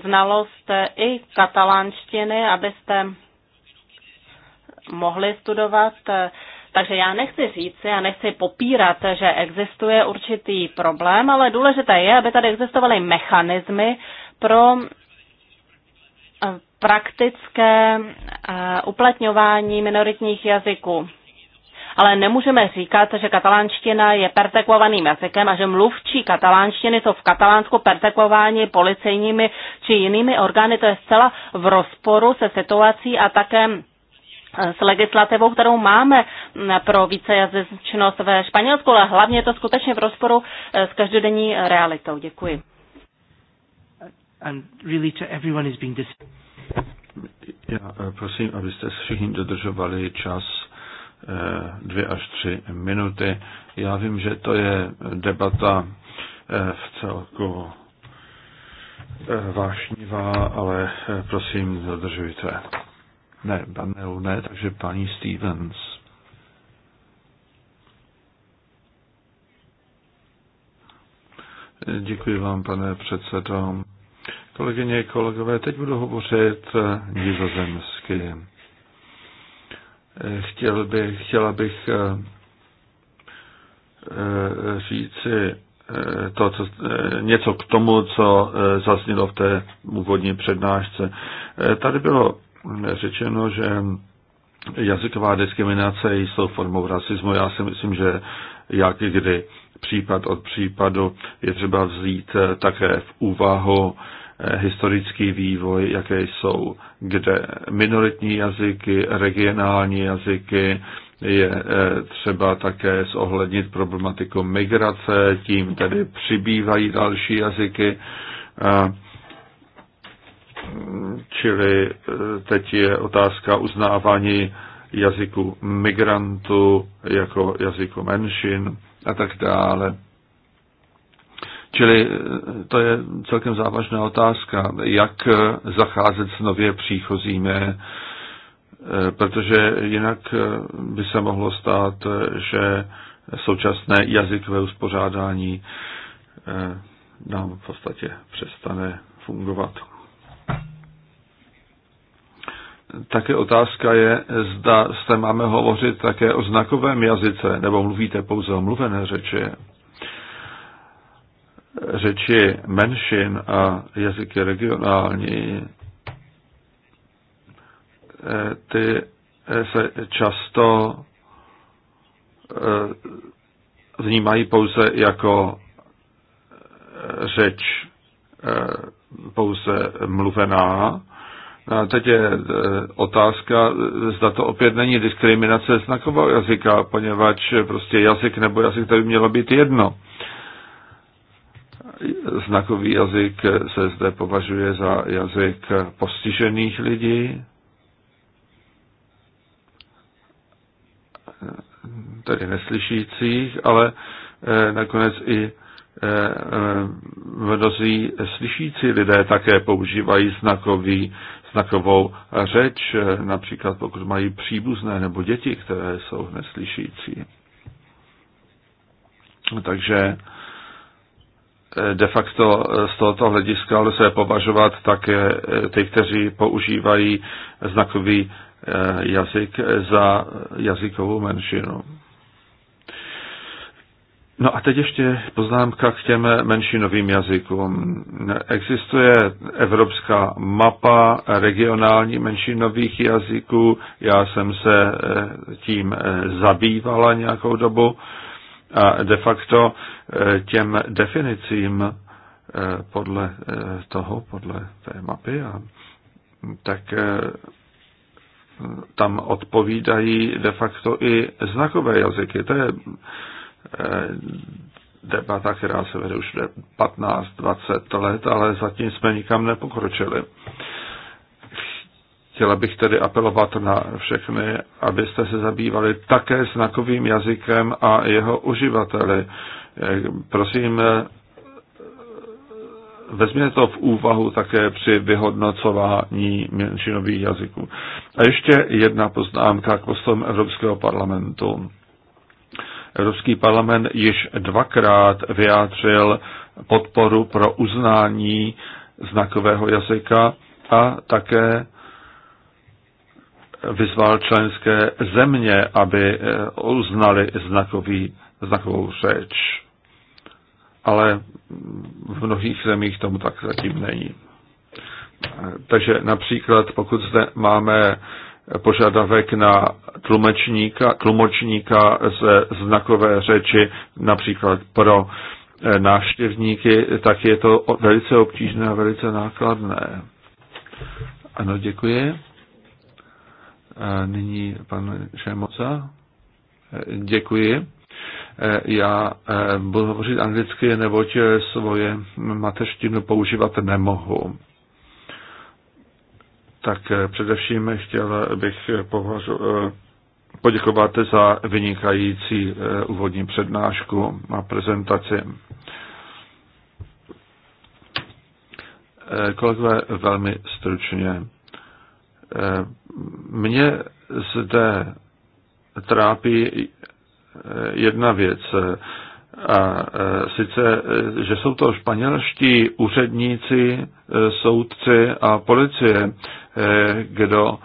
znalost eh, i katalánštiny, abyste mohli studovat. Takže já nechci říct, já nechci popírat, že existuje určitý problém, ale důležité je, aby tady existovaly mechanismy pro praktické uplatňování minoritních jazyků ale nemůžeme říkat, že katalánština je pertekovaným jazykem a že mluvčí katalánštiny jsou v Katalánsku pertekováni policejními či jinými orgány. To je zcela v rozporu se situací a také eh, s legislativou, kterou máme eh, pro vícejazyčnost ve Španělsku, ale hlavně je to skutečně v rozporu eh, s každodenní realitou. Děkuji. And really to everyone is being dis- Já prosím, abyste všichni dodržovali čas Eh, dvě až tři minuty. Já vím, že to je debata eh, v celku eh, vášnivá, ale prosím, zadržujte. Ne, panelu ne, takže paní Stevens. Děkuji vám, pane předsedo. Kolegyně, kolegové, teď budu hovořit nizozemsky chtěl by, chtěla bych eh, eh, říci eh, to, co, něco k tomu, co zaznělo v té úvodní přednášce. Tady bylo hm, řečeno, že jazyková diskriminace jsou formou rasismu. Já si myslím, že jak kdy případ od případu je třeba vzít také v úvahu Eh, historický vývoj, jaké jsou, kde minoritní jazyky, regionální jazyky, je eh, třeba také zohlednit problematiku migrace, tím tedy přibývají další jazyky, čili eh, teď je otázka uznávání jazyku migrantů jako jazyku menšin a tak dále. Čili eh, to je celkem závažná otázka, jak eh, zacházet s nově příchozími, eh, protože jinak by se mohlo stát, že současné jazykové uspořádání nám v podstatě přestane fungovat. Také otázka je, zda jste máme hovořit také o znakovém jazyce, nebo mluvíte pouze o mluvené řeči, řeči menšin a jazyky regionální, eh, ty eh, se často eh, vnímají pouze jako řeč pouze mluvená. A teď je otázka, zda to opět není diskriminace znakového jazyka, poněvadž prostě jazyk nebo jazyk, to by mělo být jedno znakový jazyk se zde považuje za jazyk postižených lidí. tedy neslyšících, ale eh, nakonec i eh, mnozí slyšící lidé také používají znakový, znakovou řeč, eh, například pokud mají příbuzné nebo děti, které jsou neslyšící. Takže de facto z tohoto hlediska lze považovat také eh, ty, kteří používají znakový eh, jazyk za jazykovou menšinu. No a teď ještě poznámka k těm menšinovým jazykům. Existuje evropská mapa regionální menšinových jazyků. Já jsem se eh, tím zabývala nějakou dobu a de facto eh, těm definicím eh, podle eh, toho, podle té mapy, a tak tam odpovídají de facto i znakové jazyky. To je debata, která se vede už 15-20 let, ale zatím jsme nikam nepokročili. Chtěla bych tedy apelovat na všechny, abyste se zabývali také znakovým jazykem a jeho uživateli. Prosím, vezměte to v úvahu také při vyhodnocování menšinových jazyků. A ještě jedna poznámka k postům Evropského parlamentu. Evropský parlament již dvakrát vyjádřil podporu pro uznání znakového jazyka a také vyzval členské země, aby eh, uznali znakový, znakovou řeč. Ale v mnohých zemích tomu tak zatím není. Takže například, pokud zde máme požadavek na tlumočníka, tlumočníka ze znakové řeči, například pro eh, návštěvníky, tak je to velice obtížné a velice nákladné. Ano, děkuji. A nyní pan Šemoca. Děkuji. E, já e, budu hovořit anglicky, neboť e, svoje mateřštinu používat nemohu. Tak především chtěl bych považu, poděkovat za vynikající úvodní přednášku a prezentaci. Kolegové, velmi stručně. Eh, Mě zde trápí eh, jedna věc. Eh, a sice, že jsou to španělští úředníci, soudci a policie, kdo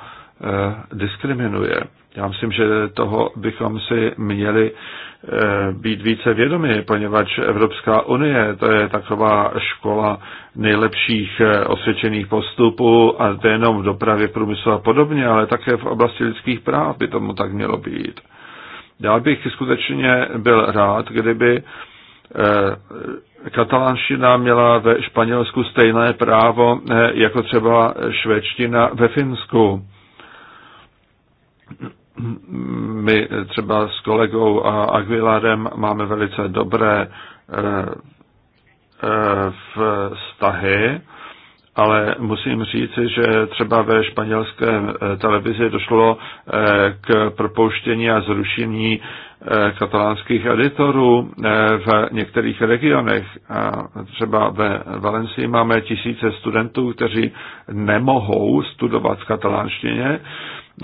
diskriminuje. Já myslím, že toho bychom si měli eh, být více vědomi, poněvadž Evropská unie to je taková škola nejlepších eh, osvědčených postupů a to je jenom v dopravě, průmyslu a podobně, ale také v oblasti lidských práv by tomu tak mělo být. Já bych skutečně byl rád, kdyby eh, katalánština měla ve Španělsku stejné právo jako třeba švédština ve Finsku my třeba s kolegou Aguilarem máme velice dobré eh, eh, vztahy, ale musím říci, že třeba ve španělské eh, televizi došlo k propouštění a zrušení katalánských editorů v některých regionech. A třeba ve Valencii máme tisíce studentů, kteří nemohou studovat v katalánštině,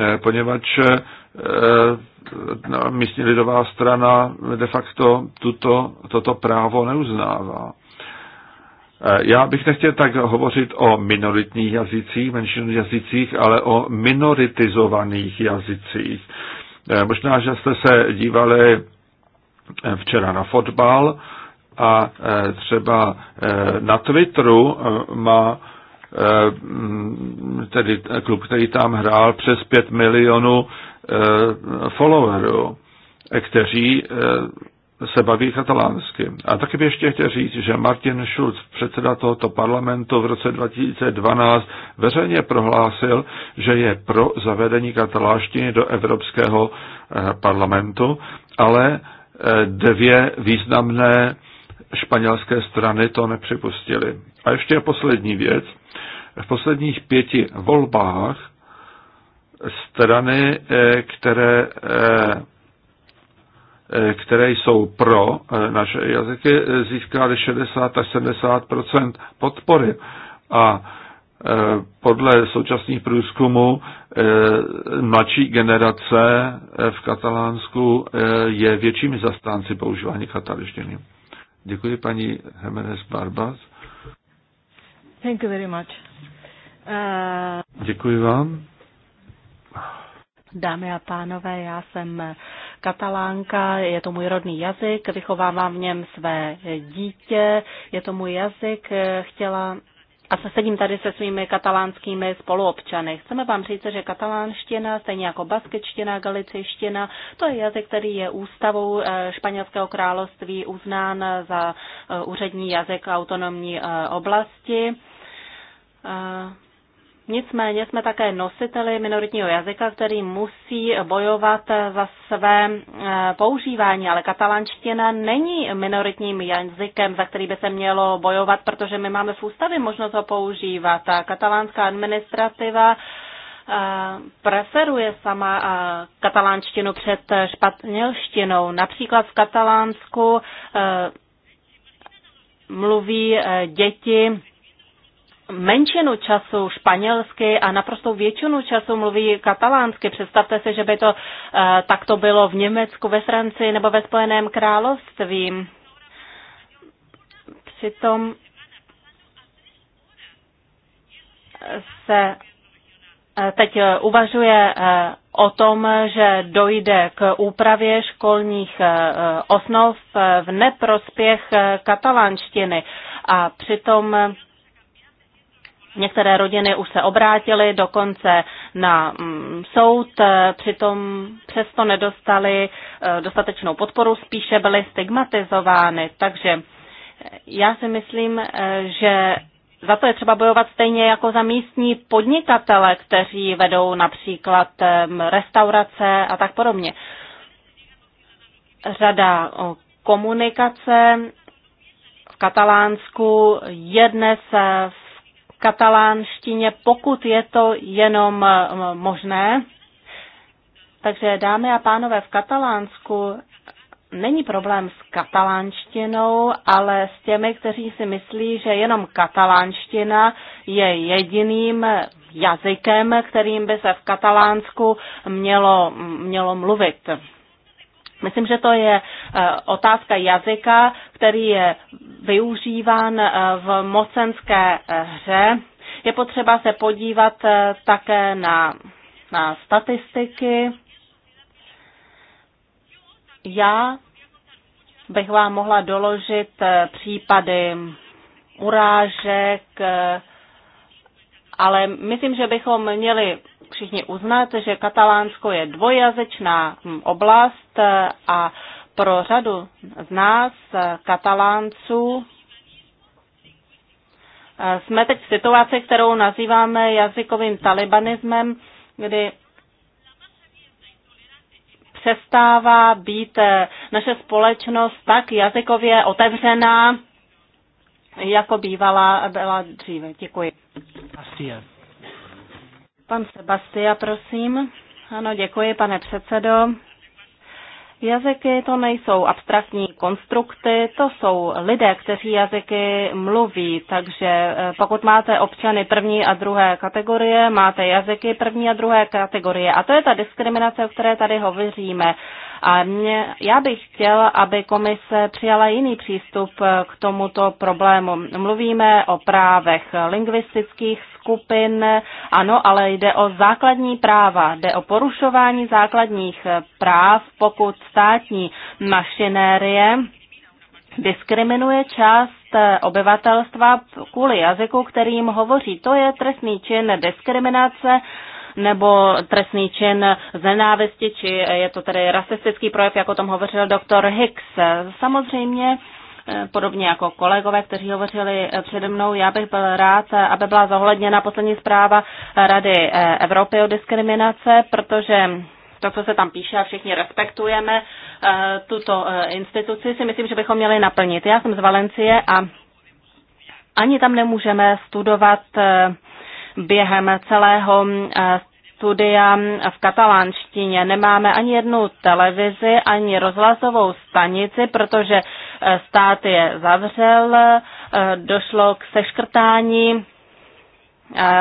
Eh, poněvadž eh, no, místní lidová strana de facto tuto, toto právo neuznává. Eh, já bych nechtěl tak hovořit o minoritních jazycích, menšinových jazycích, ale o minoritizovaných jazycích. Možná, že jste se dívali včera na fotbal a třeba na Twitteru má Eh, tedy eh, klub, který tam hrál přes 5 milionů eh, followerů, kteří se baví katalánsky. A taky bych ještě chtěl říct, že Martin Schulz, předseda tohoto parlamentu v roce 2012, veřejně prohlásil, že je pro zavedení kataláštiny do Evropského parlamentu, ale dvě významné španělské strany to nepřipustily. A ještě poslední věc v posledních pěti volbách strany, eh, které, eh, eh, které jsou pro naše jazyky, získaly 60 až 70 podpory. A podle současných průzkumů mladší generace v Katalánsku je většími zastánci používání katalštiny. Děkuji paní Hemenes Barbas. Thank you very much. Uh... Děkuji vám. Dámy a pánové, já jsem katalánka, je to můj rodný jazyk, vychovávám v něm své dítě, je to můj jazyk, chtěla a se sedím tady se svými katalánskými spoluobčany. Chceme vám říct, že katalánština, stejně jako baskečtina, galicejština, to je jazyk, který je ústavou eh, španělského království uznán za eh, úřední jazyk autonomní eh, oblasti. Nicméně jsme také nositeli minoritního jazyka, který musí bojovat za své e, používání, ale katalanština není minoritním jazykem, za který by se mělo bojovat, protože my máme v ústavě možnost ho používat. A katalánská administrativa e, preferuje sama e, katalánštinu před španělštinou. Například v Katalánsku mluví děti menšinu času španělsky a naprostou většinu času mluví katalánsky. Představte si, že by to eh, takto bylo v Německu, ve Francii nebo ve Spojeném království. Přitom se eh, teď eh, uvažuje o tom, že dojde k úpravě školních osnov v neprospěch katalánštiny. A přitom Některé rodiny už se obrátily dokonce na mm, soud, eh, přitom přesto nedostali eh, dostatečnou podporu, spíše byly stigmatizovány. Takže eh, já si myslím, že za to je třeba bojovat stejně jako za místní podnikatele, kteří vedou například restaurace a tak podobně. Řada komunikace v Katalánsku je dnes v katalánštině, pokud je to jenom eh, možné. Takže dámy a pánové, v Katalánsku není problém s katalánštinou, ale s těmi, kteří si myslí, že jenom katalánština je jediným jazykem, kterým by se v Katalánsku mělo, mělo mluvit. Myslím, že to je eh, otázka jazyka, který je využíván eh, v mocenské eh, hře. Je potřeba se podívat také na, na statistiky. Já bych vám mohla doložit případy urážek, ale myslím, že bychom měli všichni uznat, že Katalánsko je dvojazečná hm, oblast eh, a pro řadu z nás, eh, Katalánců, eh, jsme teď v situaci, kterou nazýváme jazykovým talibanismem, kdy přestává být naše společnost tak jazykově otevřená, jako bývala byla dříve. Děkuji. je. Pan Sebastia, prosím. Ano, děkuji, pane předsedo. Jazyky to nejsou abstraktní konstrukty, to jsou lidé, kteří jazyky mluví. Takže eh, pokud máte občany první a druhé kategorie, máte jazyky první a druhé kategorie. A to je ta diskriminace, o které tady hovoříme. A mě, já bych chtěl, aby komise přijala jiný přístup eh, k tomuto problému. Mluvíme o právech lingvistických skupin, ano, ale jde o základní práva, jde o porušování základních eh, práv, pokud státní mašinérie diskriminuje část eh, obyvatelstva kvůli jazyku, kterým hovoří. To je trestný čin diskriminace nebo trestný čin z nenávisti, či je to tedy rasistický projev, jako o tom hovořil doktor Hicks. Samozřejmě eh, podobně jako kolegové, kteří hovořili eh, přede mnou, já bych byl rád, eh, aby byla zohledněna poslední zpráva Rady Evropy o diskriminace, protože to, co se tam píše a všichni respektujeme tuto instituci, si myslím, že bychom měli naplnit. Já jsem z Valencie a ani tam nemůžeme studovat během celého eh, studia v katalánštině. Nemáme ani jednu televizi, ani rozhlasovou stanici, protože eh, stát je zavřel, eh, došlo k seškrtání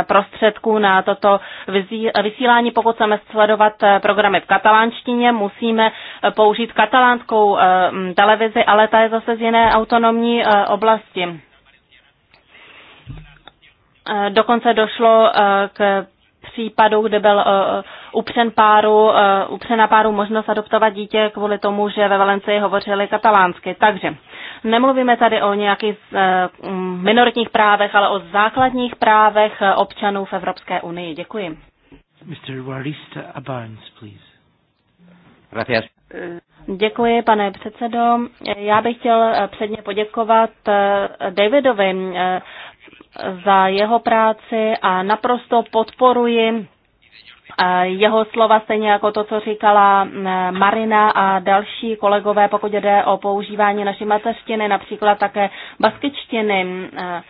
prostředků na toto vysílání. Pokud chceme sledovat programy v katalánštině, musíme použít katalánskou televizi, ale ta je zase z jiné autonomní oblasti. Eh, dokonce došlo eh, k případu, kde byl eh, upřen páru, upřena páru možnost adoptovat dítě kvůli tomu, že ve Valencii hovořili katalánsky. Takže nemluvíme tady o nějakých minoritních právech, ale o základních právech občanů v Evropské unii. Děkuji. Mr. Warista Abans, please. Gracias. Děkuji, pane předsedo. Já bych chtěl předně poděkovat Davidovi, za jeho práci a naprosto podporuji eh, jeho slova, stejně jako to, co říkala mm, Marina a další kolegové, pokud jde o používání naší mateřštiny, například také baskyčtiny. Mm, eh.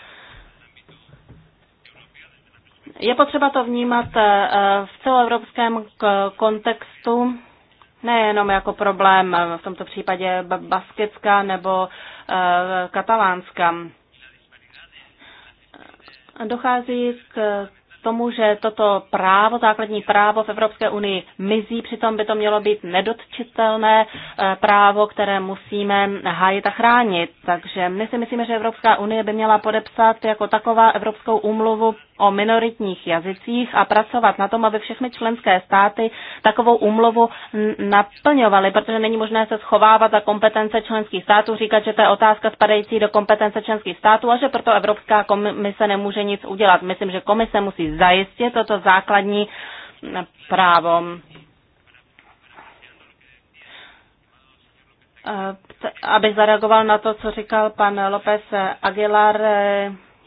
Je potřeba to vnímat eh, v celoevropském kontextu, nejenom jako problém v tomto případě baskická nebo katalánská dochází k tomu, že toto právo, základní právo v Evropské unii mizí, přitom by to mělo být nedotčitelné eh, právo, které musíme hájit a chránit. Takže my si myslíme, že Evropská unie by měla podepsat jako taková Evropskou úmluvu o minoritních jazycích a pracovat na tom, aby všechny členské státy takovou úmluvu naplňovaly, protože není možné se schovávat za kompetence členských států, říkat, že to je otázka spadající do kompetence členských států a že proto Evropská komise nemůže nic udělat. Myslím, že komise musí zajistit toto základní právo. Aby zareagoval na to, co říkal pan López Aguilar,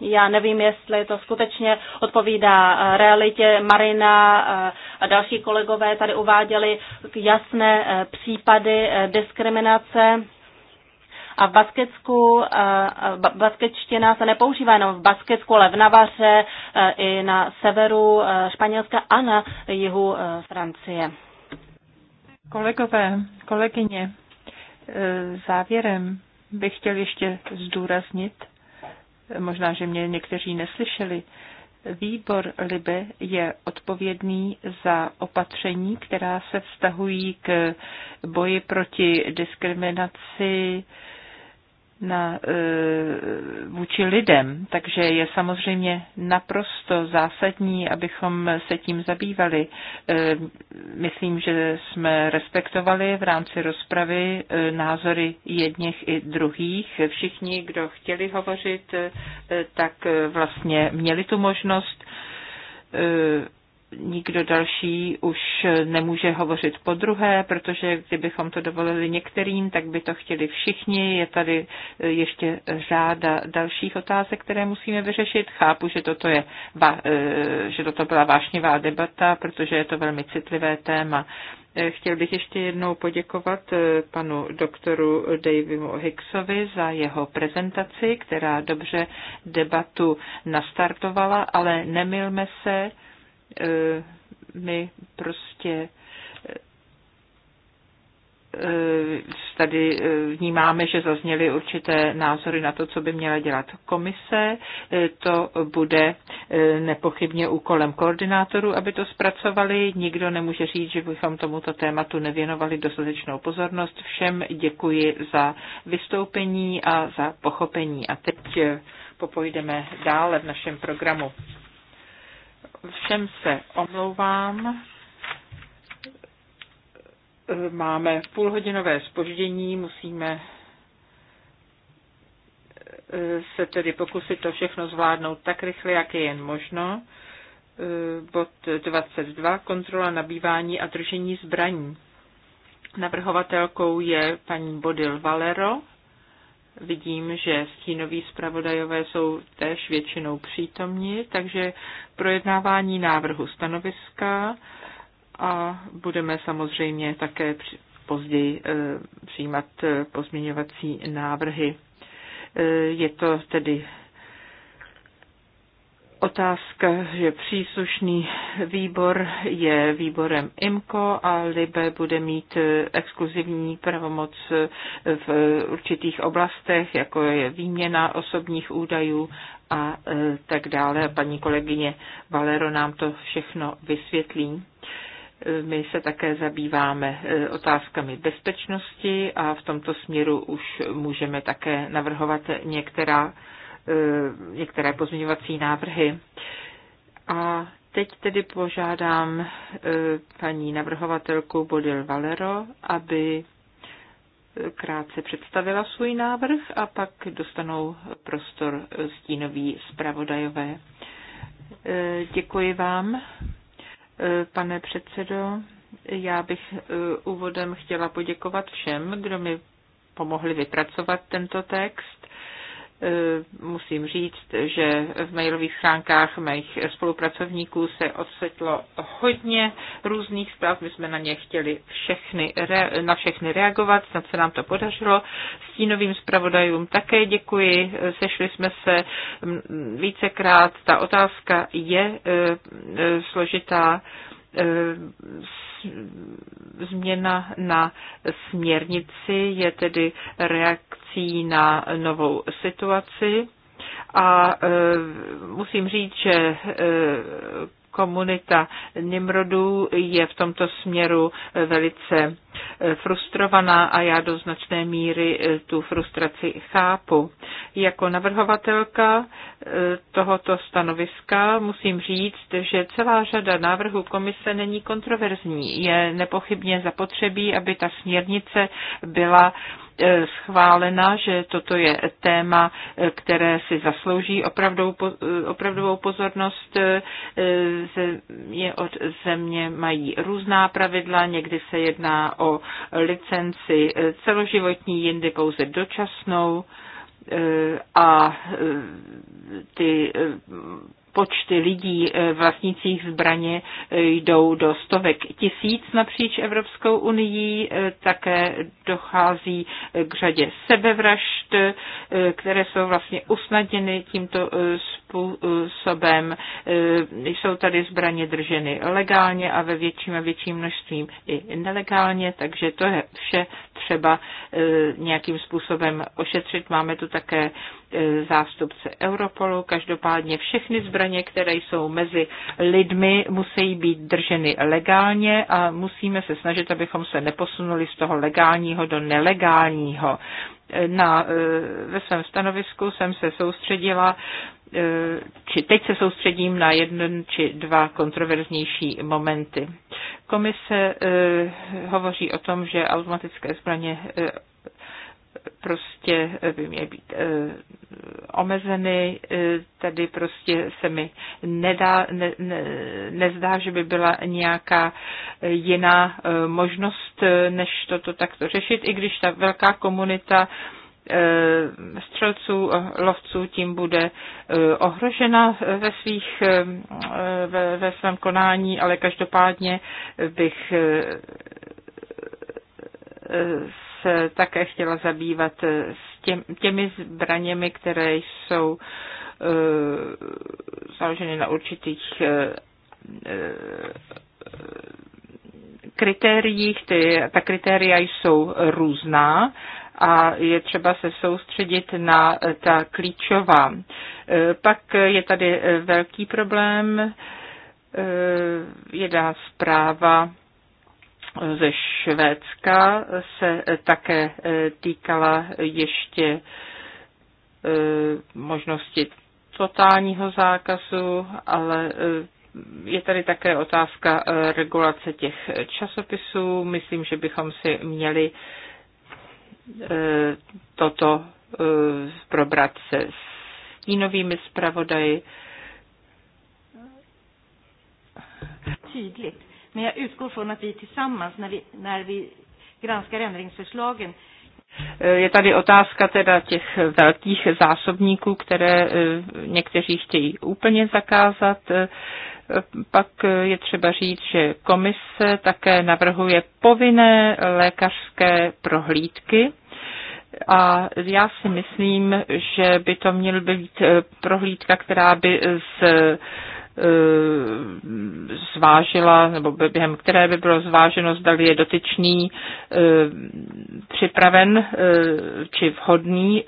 já nevím, jestli to skutečně odpovídá realitě. Marina a další kolegové tady uváděli jasné případy diskriminace. A v Basketsku, eh, basketština se nepoužívá jenom v Basketsku, ale v Navaře eh, i na severu eh, Španělska a na jihu Francie. Kolegové, kolegyně, závěrem bych chtěl ještě zdůraznit, možná, že mě někteří neslyšeli, Výbor Libe je odpovědný za opatření, která se vztahují k boji proti diskriminaci, na, e, vůči lidem. Takže je samozřejmě naprosto zásadní, abychom se tím zabývali. E, myslím, že jsme respektovali v rámci rozpravy e, názory jedněch i druhých. Všichni, kdo chtěli hovořit, tak vlastně měli tu možnost nikdo další už nemůže hovořit po druhé, protože kdybychom to dovolili některým, tak by to chtěli všichni. Je tady eh, ještě řáda dalších otázek, které musíme vyřešit. Chápu, že toto, je, eh, že toto byla vášnivá debata, protože je to velmi citlivé téma. Eh, chtěl bych ještě jednou poděkovat panu doktoru Davimu Hicksovi za jeho prezentaci, která dobře debatu nastartovala, ale nemilme se, Eh, my prostě eh, tady eh, vnímáme, že zazněly určité názory na to, co by měla dělat komise. To bude nepochybně úkolem koordinátorů, aby to zpracovali. Nikdo nemůže říct, že bychom tomuto tématu nevěnovali dostatečnou pozornost. Všem děkuji za vystoupení a za pochopení. A teď popojdeme dále v našem programu. Všem se omlouvám. Máme půlhodinové spoždění, musíme eh, se tedy pokusit to všechno zvládnout tak rychle, jak je jen možno. Eh, bod 22. Kontrola nabývání a držení zbraní. Navrhovatelkou je paní Bodil Valero. Vidím, že stínoví zpravodajové jsou též většinou přítomni, takže projednávání návrhu stanoviska a budeme samozřejmě také později eh, přijímat eh, pozměňovací návrhy. Eh, je to tedy otázka, že příslušný výbor je výborem IMCO a LIBE bude mít eh, exkluzivní pravomoc eh, v určitých oblastech, jako je výměna osobních údajů a eh, tak dále. Paní kolegyně Valero nám to všechno vysvětlí. My se také zabýváme otázkami bezpečnosti a v tomto směru už můžeme také navrhovat některá Eh, některé pozměňovací návrhy. A teď tedy požádám eh, paní navrhovatelku Bodil Valero, aby eh, krátce představila svůj návrh a pak dostanou prostor stínoví zpravodajové. Děkuji vám, pane předsedo. Já bych úvodem chtěla poděkovat všem, kdo mi pomohli vypracovat tento text. E, musím říct, že v mailových schránkách mých spolupracovníků se odsetlo hodně různých zpráv. My jsme na ně chtěli všechny, na všechny reagovat, snad se nám to podařilo. Stínovým zpravodajům také děkuji, sešli jsme se vícekrát. Ta otázka je e, e, složitá Eh, změna na směrnici je tedy reakcí na novou situaci. A eh, musím říct, že eh, komunita Nimrodů je v tomto směru velice frustrovaná a já do značné míry eh, tu frustraci chápu. Jako navrhovatelka eh, tohoto stanoviska musím říct, že celá řada návrhů komise není kontroverzní. Je nepochybně zapotřebí, aby ta směrnice byla E, schválena, že toto je téma, e, které si zaslouží e, opravdovou pozornost. Je od země mají různá pravidla, někdy se jedná o licenci celoživotní, jindy pouze dočasnou a ty počty lidí eh, vlastnících zbraně eh, jdou do stovek tisíc napříč Evropskou unii. Eh, také dochází k řadě sebevražd, které jsou vlastně usnadněny tímto způsobem. Jsou tady zbraně drženy legálně a ve větším a větším množstvím i nelegálně, takže to je vše třeba nějakým způsobem ošetřit. Máme tu také zástupce Europolu. Každopádně všechny zbraně zbraně, které jsou mezi lidmi, musí být drženy legálně a musíme se snažit, abychom se neposunuli z toho legálního do nelegálního. Na, e, ve svém stanovisku jsem se soustředila e, či teď se soustředím na jeden či dva kontroverznější momenty. Komise e, hovoří o tom, že automatické zbraně prostě eh, by měly být eh, omezeny. Eh, Tady prostě se mi nedá, ne, ne, nezdá, že by byla nějaká jiná možnost, než toto takto řešit, i když ta velká komunita střelců, lovců tím bude ohrožena ve, svých, ve, ve svém konání, ale každopádně bych se také chtěla zabývat s těm, těmi zbraněmi, které jsou eh, založeny na určitých eh, eh, kritériích. Ty, ta kritéria jsou různá a je třeba se soustředit na ta klíčová. Pak je tady velký problém, jedna zpráva ze Švédska se eh, také eh, týkala ještě eh, možnosti totálního zákazu, ale je tady také otázka regulace těch časopisů. Myslím, že bychom si měli toto probrat se stínovými zpravodaji. Tydligt. Men jag utgår från att vi tillsammans, när vi, när vi granskar ändringsförslagen, eh, je tady otázka teda těch velkých zásobníků, které eh, někteří chtějí úplně zakázat. Eh, pak je třeba říct, že komise také navrhuje povinné lékařské prohlídky. A já si myslím, že by to měl být prohlídka, která by z Eh, zvážila, nebo během které by bylo zváženo, zda je dotyčný eh, připraven eh, či vhodný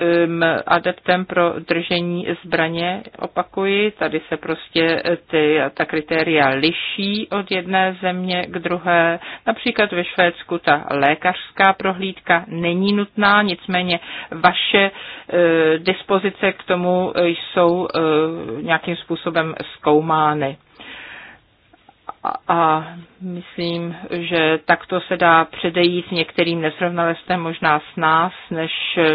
adeptem pro držení zbraně. Opakuji, tady se prostě ty, ta kritéria liší od jedné země k druhé. Například ve Švédsku ta lékařská prohlídka není nutná, nicméně vaše dispozice k tomu jsou nějakým způsobem zkoumány plány. A myslím, že takto se dá předejít některým nesrovnalostem možná s nás, než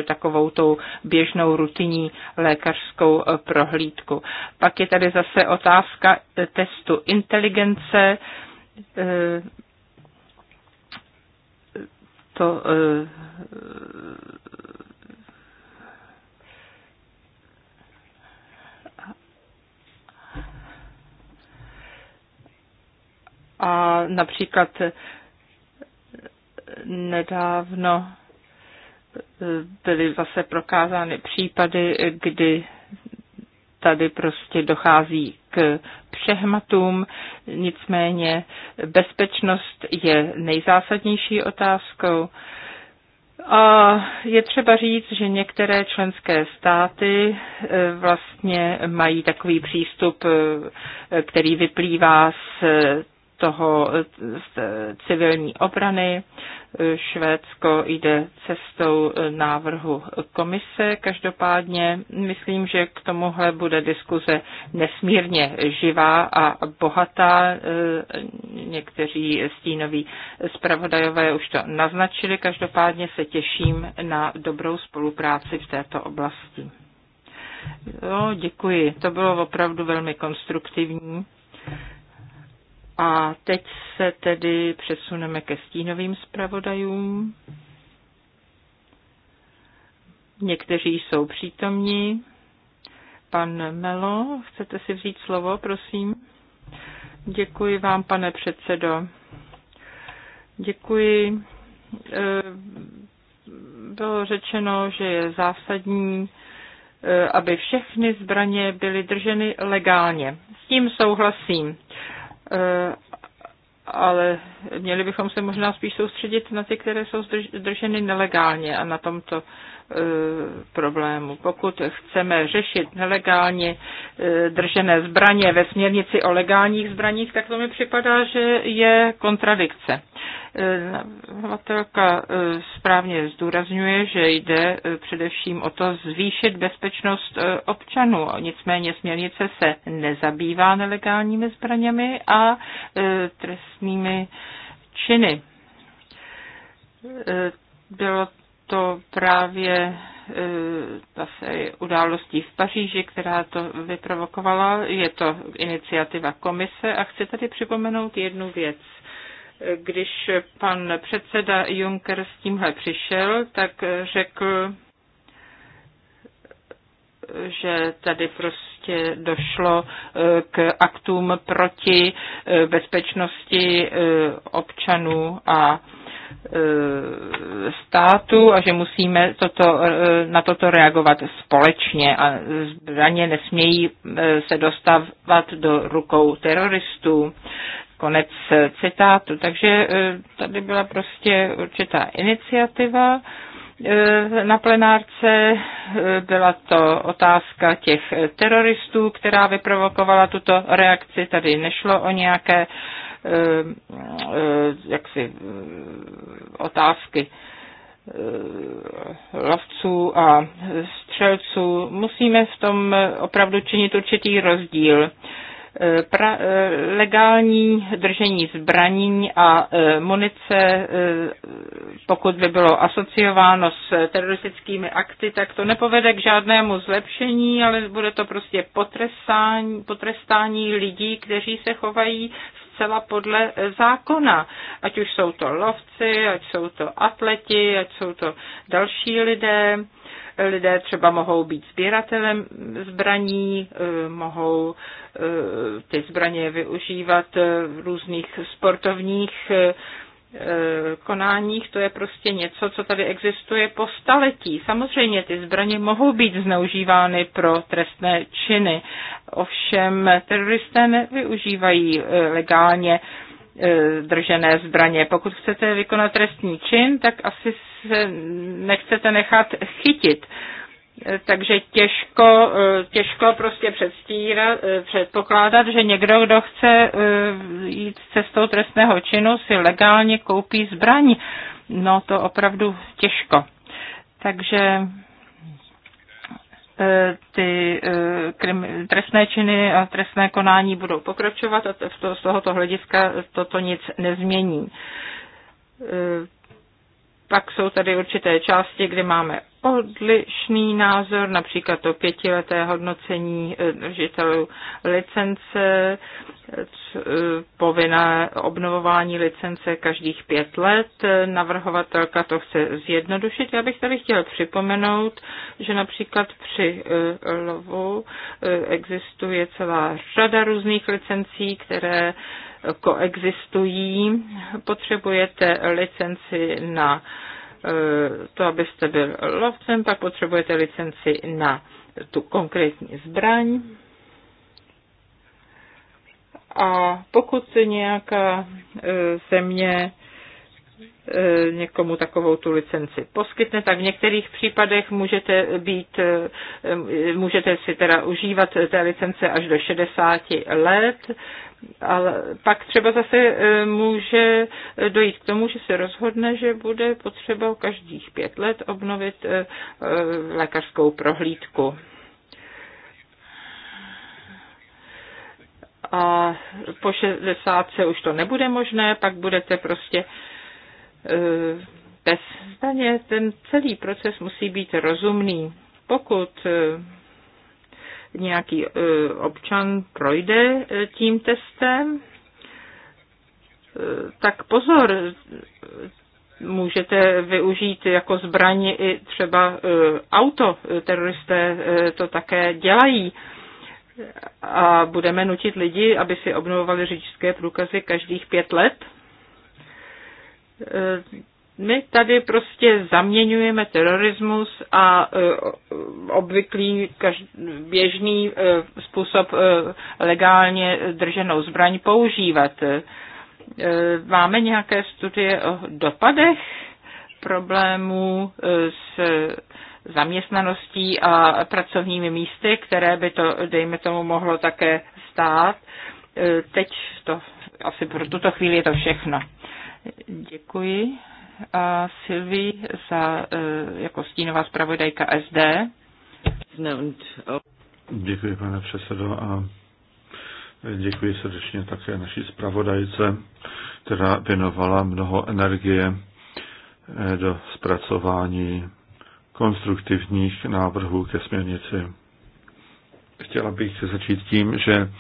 takovou tou běžnou rutinní lékařskou e, prohlídku. Pak je tady zase otázka e, testu inteligence. E, to A například nedávno e, byly zase prokázány případy, kdy tady prostě dochází k přehmatům, nicméně bezpečnost je nejzásadnější otázkou. A je třeba říct, že některé členské státy e, vlastně mají takový přístup, e, který vyplývá z toho eh, eh, civilní obrany. Eh, Švédsko jde cestou návrhu komise. Každopádně myslím, že k tomuhle bude diskuze nesmírně živá a bohatá. Někteří stínoví zpravodajové už to naznačili. Každopádně se těším na dobrou spolupráci v této oblasti. Jo, děkuji. To bylo opravdu velmi konstruktivní. A teď se tedy přesuneme ke stínovým zpravodajům. Někteří jsou přítomní. Pan Melo, chcete si vzít slovo, prosím? Děkuji vám, pane předsedo. Děkuji. Eh, bylo řečeno, že je zásadní, eh, aby všechny zbraně byly drženy legálně. S tím souhlasím Eh, ale měli bychom se možná spíš soustředit na ty, které jsou drženy nelegálně a na tomto E, problému. Pokud chceme řešit nelegálně e, držené zbraně ve směrnici o legálních zbraních, tak to mi připadá, že je kontradikce. Navrhovatelka e, správně zdůrazňuje, že jde především o to zvýšit bezpečnost občanů. Nicméně směrnice se nezabývá nelegálními zbraněmi a trestnými činy. Bylo to právě e, zase událostí v Paříži, která to vyprovokovala. Je to iniciativa komise a chci tady připomenout jednu věc. Když pan předseda Juncker s tímhle přišel, tak řekl, že tady prostě došlo e, k aktům proti e, bezpečnosti občanů a Eh, státu a že musíme toto, eh, na toto reagovat společně a zbraně nesmějí eh, se dostávat do rukou teroristů. Konec citátu. Takže tady byla prostě určitá iniciativa na plenárce. Byla to otázka těch teroristů, která vyprovokovala tuto reakci. Tady nešlo o nějaké Eh, eh, jaksi eh, otázky lovců a střelců, musíme v tom opravdu činit určitý rozdíl. Pra, legální držení zbraní a munice, pokud by bylo asociováno s teroristickými akty, tak to nepovede k žádnému zlepšení, ale bude to prostě potrestání, potrestání lidí, kteří se chovají zcela podle zákona. Ať už jsou to lovci, ať jsou to atleti, ať jsou to další lidé. Lidé třeba mohou být sběratelem zbraní, eh, mohou eh, ty zbraně využívat v různých sportovních eh, Eh, konáních, to je prostě něco, co tady existuje po staletí. Samozřejmě ty zbraně mohou být zneužívány pro trestné činy, ovšem teroristé nevyužívají eh, legálně eh, držené zbraně. Pokud chcete vykonat trestní čin, tak asi se nechcete nechat chytit takže těžko, eh, těžko prostě předstírat, eh, předpokládat, že někdo, kdo chce eh, jít cestou trestného činu, si legálně koupí zbraň. No to opravdu těžko. Takže ty trestné činy a trestné konání budou pokračovat a z tohoto hlediska toto nic nezmění pak jsou tady určité části, kdy máme odlišný názor, například to pětileté hodnocení eh, držitelů licence, eh, povinné obnovování licence každých pět let. Navrhovatelka to chce zjednodušit. Já bych tady chtěla připomenout, že například při eh, lovu existuje celá řada různých licencí, které koexistují. Potřebujete licenci na eh, to, abyste byl lovcem, pak potřebujete licenci na tu konkrétní zbraň. A pokud nějaká eh, země eh, někomu takovou tu licenci poskytne, tak v některých případech můžete být, můžete si teda užívat té licence až do 60 let ale pak třeba zase e, může dojít k tomu, že se rozhodne, že bude potřeba každých pět let obnovit e, e, lékařskou prohlídku. A po 60 už to nebude možné, pak budete prostě bez zdaně. Ten celý proces musí být rozumný. Pokud nějaký e, občan projde e, tím testem, e, tak pozor, můžete využít jako zbraň i třeba auto. Teroristé to také dělají a budeme nutit lidi, aby si obnovovali řidičské průkazy každých pět let. My tady prostě zaměňujeme terorismus a e, obvyklý běžný e, způsob e, legálně drženou zbraň používat. Máme nějaké studie o dopadech problémů s zaměstnaností a pracovními místy, které by to, dejme tomu, mohlo také stát. Teď to asi pro tuto chvíli je to všechno. Děkuji a Silvi za, e, jako stínová zpravodajka SD. Děkuji, pane předsedo, a děkuji srdečně také naší zpravodajce, která věnovala mnoho energie e, do zpracování konstruktivních návrhů ke směrnici. Chtěla bych začít tím, že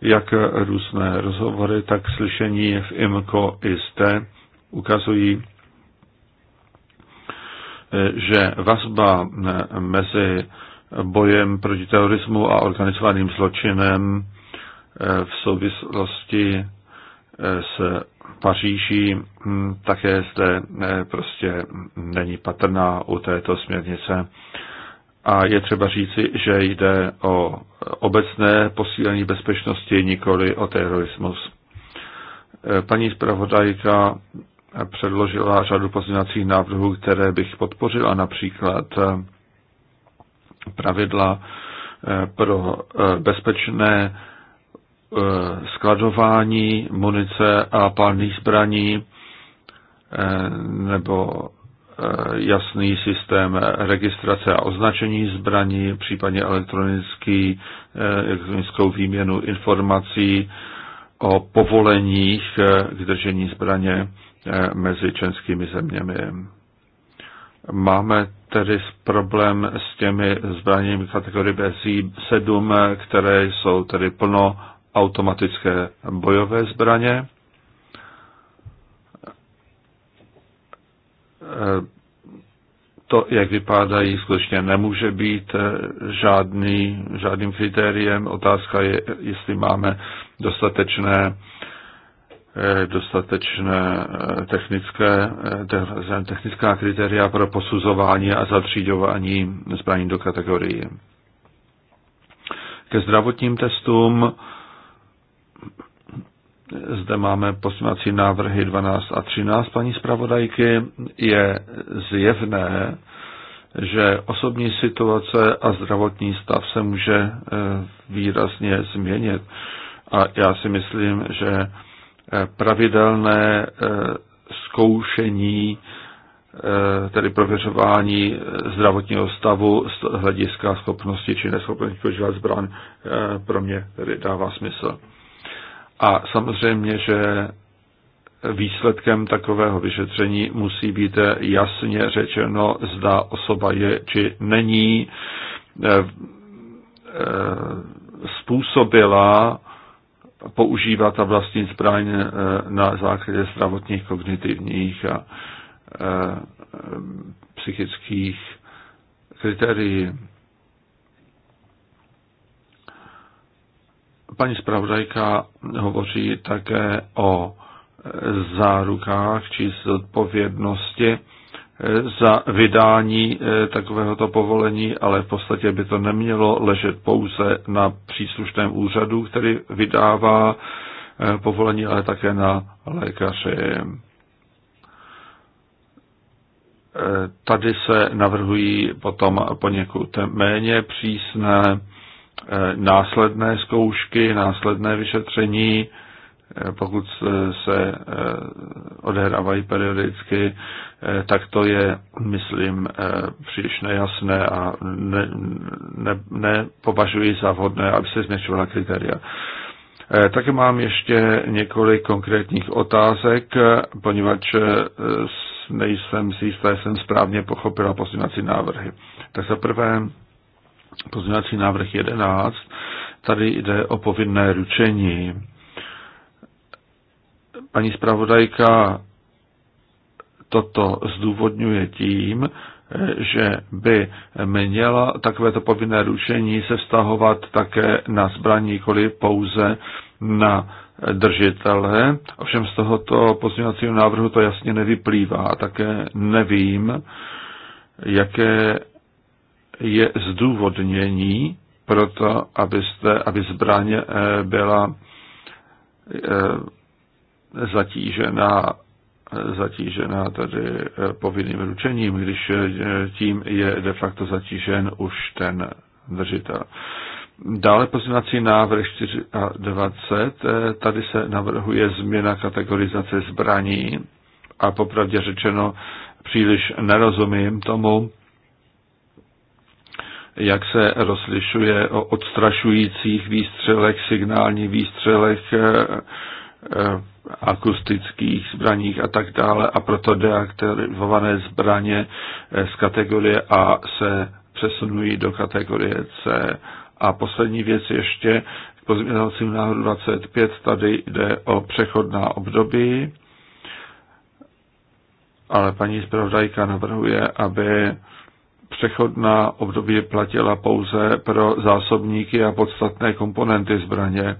jak různé rozhovory, tak slyšení v IMCO i zde ukazují, že vazba eh, mezi bojem proti terorismu a organizovaným zločinem eh, v souvislosti eh, s Paříží hm, také zde prostě není patrná u této směrnice. A je třeba říci, že jde o obecné posílení bezpečnosti, nikoli o terorismus. Paní zpravodajka předložila řadu pozměňovacích návrhů, které bych podpořila, například eh, pravidla eh, pro eh, bezpečné skladování munice a palných zbraní nebo jasný systém registrace a označení zbraní, případně elektronický, elektronickou výměnu informací o povoleních k držení zbraně. Eh, mezi členskými zeměmi. Máme tedy problém s těmi zbraněmi kategorie B7, které jsou tedy plno automatické bojové zbraně. Eh, to, jak vypadají, skutečně nemůže být eh, žádný, žádným kritériem. Otázka je, jestli máme dostatečné dostatečné eh, technické, eh, technická kritéria pro posuzování a zatřídování zbraní do kategorii. Ke zdravotním testům zde máme posunací návrhy 12 a 13 paní zpravodajky. Je zjevné, že osobní situace a zdravotní stav se může eh, výrazně změnit. A já si myslím, že Eh, pravidelné eh, zkoušení, eh, tedy prověřování zdravotního stavu z hlediska schopnosti či neschopnosti používat zbraň, pro mě tedy dává smysl. A samozřejmě, že výsledkem takového vyšetření musí být jasně řečeno, zda osoba je či není způsobila používat a vlastnit zbraň eh, na základě zdravotních, kognitivních a eh, psychických kritérií. Paní zpravodajka hovoří také o eh, zárukách či zodpovědnosti za vydání eh, takovéhoto povolení, ale v podstatě by to nemělo ležet pouze na příslušném úřadu, který vydává eh, povolení, ale také na lékaři. Eh, tady se navrhují potom poněkud méně přísné následné zkoušky, následné vyšetření, pokud se eh, odehrávají periodicky, eh, tak to je, myslím, eh, příliš nejasné a ne, ne, za vhodné, aby se změřovala kritéria. Taky mám ještě několik konkrétních otázek, poněvadž nejsem si jistá, jsem správně pochopila pozměňovací návrhy. Tak za prvé pozměňovací návrh 11, tady jde o povinné ručení paní zpravodajka toto zdůvodňuje tím, že by měla takovéto povinné ručení se vztahovat také na zbraní, nikoli pouze na držitele. Ovšem z tohoto pozměňovacího návrhu to jasně nevyplývá a také nevím, jaké je zdůvodnění pro to, abyste, aby zbraně eh, byla eh, zatížena, zatížena tady eh, povinným ručením, když eh, tím je de facto zatížen už ten držitel. Dále pozměňovací návrh 24. Eh, tady se navrhuje změna kategorizace zbraní a popravdě řečeno příliš nerozumím tomu, jak se rozlišuje o odstrašujících výstřelech, signálních výstřelech, akustických zbraních a tak dále a proto deaktivované zbraně z kategorie A se přesunují do kategorie C. A poslední věc ještě k pozměňovacímu návrhu 25. Tady jde o přechodná období, ale paní zpravodajka navrhuje, aby přechodná období platila pouze pro zásobníky a podstatné komponenty zbraně,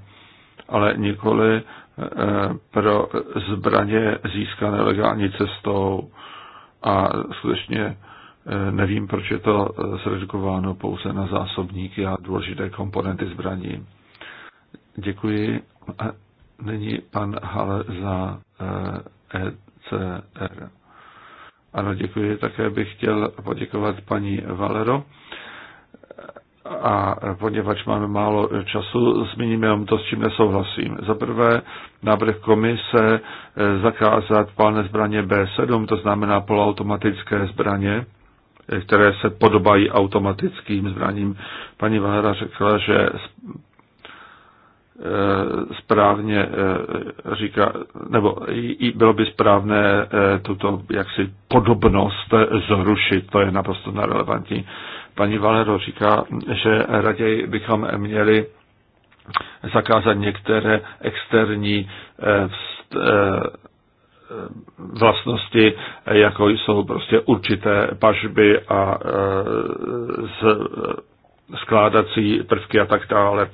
ale nikoli pro zbraně získané legální cestou a skutečně eh, nevím, proč je to eh, zredukováno pouze na zásobníky a důležité komponenty zbraní. Děkuji. nyní pan Hale za ECR. Eh, e ano, děkuji. Také bych chtěl poděkovat paní Valero a poněvadž máme málo času, zmíním jenom to, s čím nesouhlasím. Za prvé, návrh komise eh, zakázat palné zbraně B7, to znamená poloautomatické zbraně, eh, které se podobají automatickým zbraním. Paní Vahra řekla, že eh, správně říká, nebo i bylo by správné tuto jaksi podobnost zrušit, to je naprosto nerelevantní paní Valero říká, že raději bychom měli zakázat některé externí eh, eh, eh, vlastnosti, jako jsou prostě určité pažby a skládací prvky a tak dále.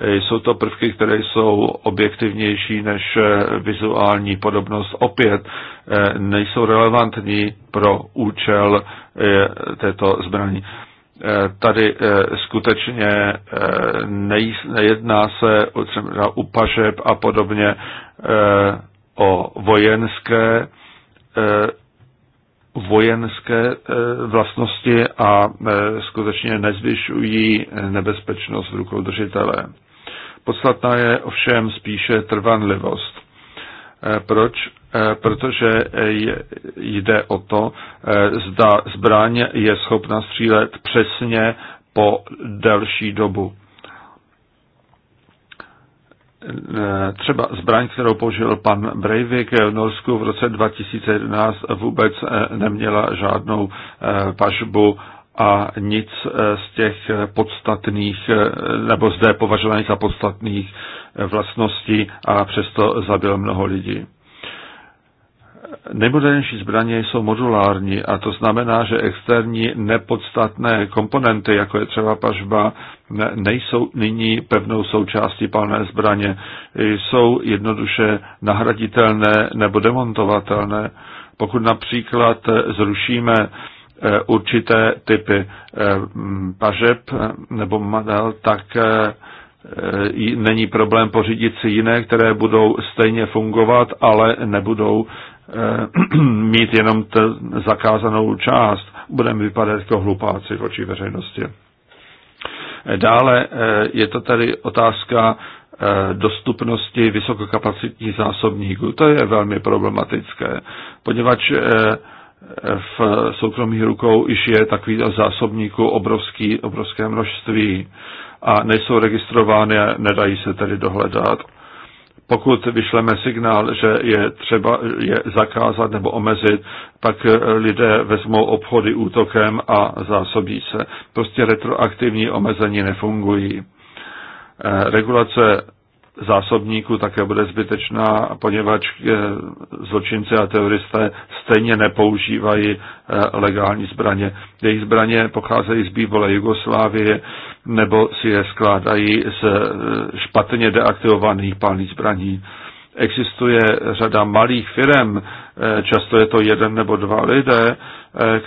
Jsou to prvky, které jsou objektivnější než vizuální podobnost. Opět nejsou relevantní pro účel této zbraní. Eh, tady eh, skutečně eh, nejedná se třeba u pažeb a podobně o vojenské vojenské vlastnosti a skutečně nezvyšují nebezpečnost v rukou držitele. Podstatná je ovšem spíše trvanlivost. Proč? Eh, protože eh, jde o to, eh, zda zbraň je schopna střílet přesně po delší dobu. Třeba zbraň, kterou použil pan Breivik v Norsku v roce 2011, vůbec neměla žádnou pažbu a nic z těch podstatných, nebo zde považovaných za podstatných vlastností a přesto zabil mnoho lidí. Nejmodernější zbraně jsou modulární a to znamená, že externí nepodstatné komponenty, jako je třeba pažba, nejsou nyní pevnou součástí palné zbraně. Jsou jednoduše nahraditelné nebo demontovatelné. Pokud například zrušíme eh, určité typy eh, pažeb nebo model, tak eh, není problém pořídit si jiné, které budou stejně fungovat, ale nebudou Eh, mít jenom tu zakázanou část, budeme vypadat jako hlupáci v oči veřejnosti. Eh, dále eh, je to tady otázka dostupnosti vysokokapacitních zásobníků. To je velmi problematické, poněvadž v soukromých rukou již je takový zásobníků obrovské množství a nejsou registrovány a nedají se tedy dohledat pokud vyšleme signál, že je třeba je zakázat nebo omezit, pak eh, lidé vezmou obchody útokem a zásobí se. Prostě retroaktivní omezení nefungují. Eh, regulace zásobníku také bude zbytečná, poněvadž eh, zločinci a teroristé stejně nepoužívají eh, legální zbraně. Jejich zbraně pocházejí z bývalé Jugoslávie nebo si je skládají z eh, špatně deaktivovaných pálných zbraní. Existuje řada malých firm, často je to jeden nebo dva lidé,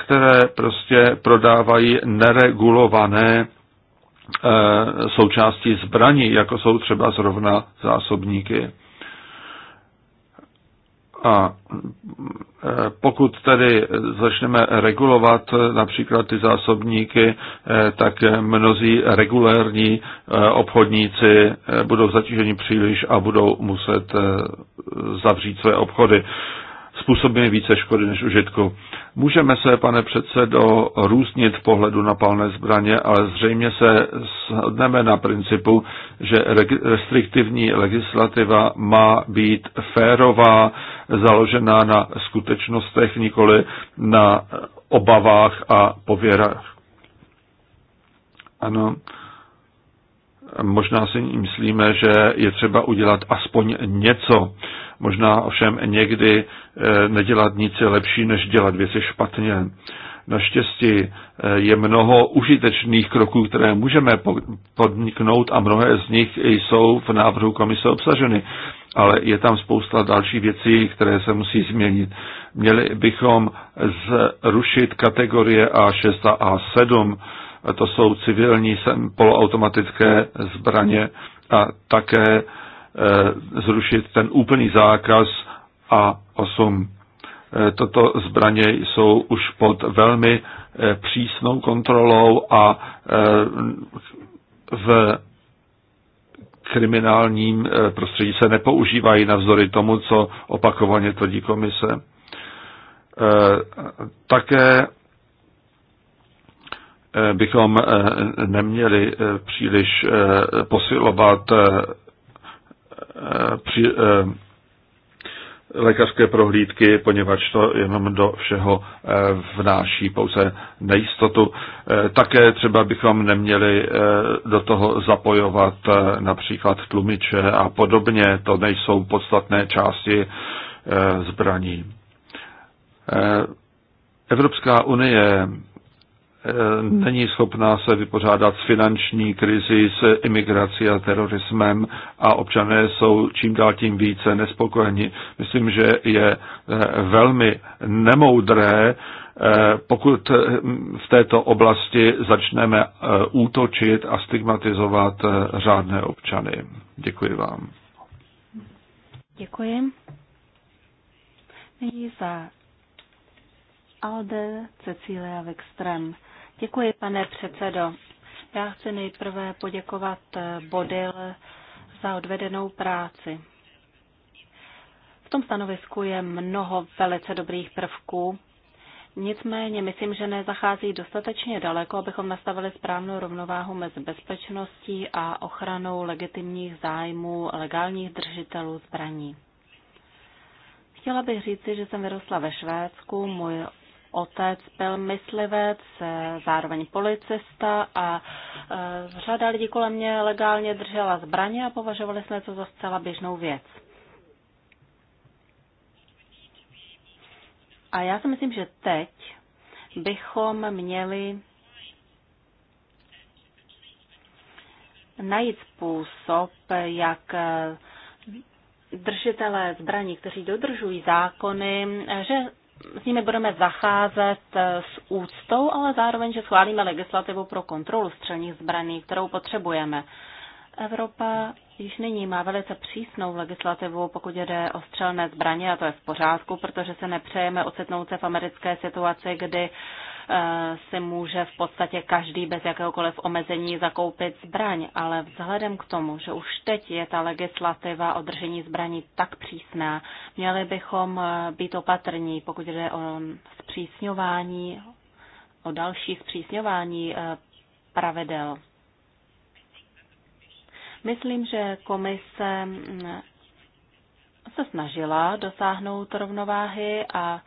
které prostě prodávají neregulované Eh, součástí zbraní, jako jsou třeba zrovna zásobníky. A eh, pokud tedy začneme regulovat eh, například ty zásobníky, tak mnozí regulérní obchodníci budou zatíženi příliš a budou muset zavřít své obchody. Způsobíme více škody než užitku. Můžeme se, pane předsedo, různit v pohledu na palné zbraně, ale zřejmě se shodneme na principu, že restriktivní legislativa má být férová, založená na skutečnostech, nikoli na obavách a pověrách. Ano, možná si myslíme, že je třeba udělat aspoň něco. Možná ovšem někdy Eh, nedělat nic lepší, než dělat věci špatně. Naštěstí eh, je mnoho užitečných kroků, které můžeme podniknout a mnohé z nich jsou v návrhu komise obsaženy. Ale je tam spousta dalších věcí, které se musí změnit. Měli bychom zrušit kategorie A6 a A7, to jsou civilní poloautomatické zbraně a také eh, zrušit ten úplný zákaz a 8. E, toto zbraně jsou už pod velmi e, přísnou kontrolou a e, v kriminálním prostředí se nepoužívají vzory tomu, co opakovaně tvrdí komise. Také bychom neměli příliš posilovat lékařské prohlídky, poněvadž to jenom do všeho eh, vnáší pouze nejistotu. Eh, také třeba bychom neměli eh, do toho zapojovat například tlumiče a podobně, to nejsou podstatné části zbraní. Evropská unie Eh, není schopná se vypořádat s finanční krizi, s imigrací a terorismem a občané jsou čím dál tím více nespokojeni. Myslím, že je eh, velmi nemoudré, eh, pokud v této oblasti začneme útočit a stigmatizovat řádné občany. Děkuji vám. Děkuji. Nyní za Alde Cecília Wikström. Děkuji, pane předsedo. Já chci nejprve poděkovat eh, Bodil za odvedenou práci. V tom stanovisku je mnoho velice dobrých prvků, nicméně myslím, že nezachází dostatečně daleko, abychom nastavili správnou rovnováhu mezi bezpečností a ochranou legitimních zájmů legálních držitelů zbraní. Chtěla bych říci, že jsem vyrostla ve Švédsku, můj otec byl myslivec, zároveň policista a e, řada lidí kolem mě legálně držela zbraně a považovali jsme to za zcela běžnou věc. A já si myslím, že teď bychom měli najít způsob, jak e, držitelé zbraní, kteří dodržují zákony, e, že s nimi budeme zacházet eh, s úctou, ale zároveň, že schválíme legislativu pro kontrolu střelních zbraní, kterou potřebujeme. Evropa již nyní má velice přísnou legislativu, pokud jde o střelné zbraně, a to je v pořádku, protože se nepřejeme ocitnout se v americké situaci, kdy uh, Eh, si může v podstatě každý bez jakéhokoliv omezení zakoupit zbraň, ale vzhledem k tomu, že už teď je ta legislativa o držení zbraní tak přísná, měli bychom eh, být opatrní, pokud jde o zpřísňování, o další zpřísňování eh, pravidel. Myslím, že komise mm, se snažila dosáhnout rovnováhy a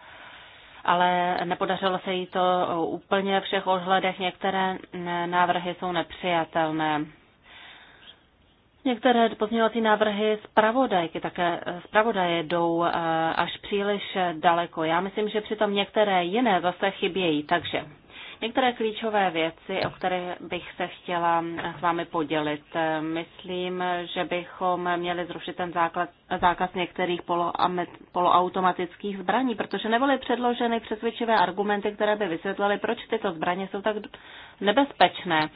ale nepodařilo se jí to úplně v všech ohledech. Některé návrhy jsou nepřijatelné. Některé pozměňovací návrhy zpravodajky, také zpravodaje jdou eh, až příliš daleko. Já myslím, že přitom některé jiné zase chybějí. Takže některé klíčové věci, o které bych se chtěla s vámi podělit. Myslím, že bychom měli zrušit ten základ, zákaz některých poloautomatických zbraní, protože nebyly předloženy přesvědčivé argumenty, které by vysvětlily, proč tyto zbraně jsou tak nebezpečné.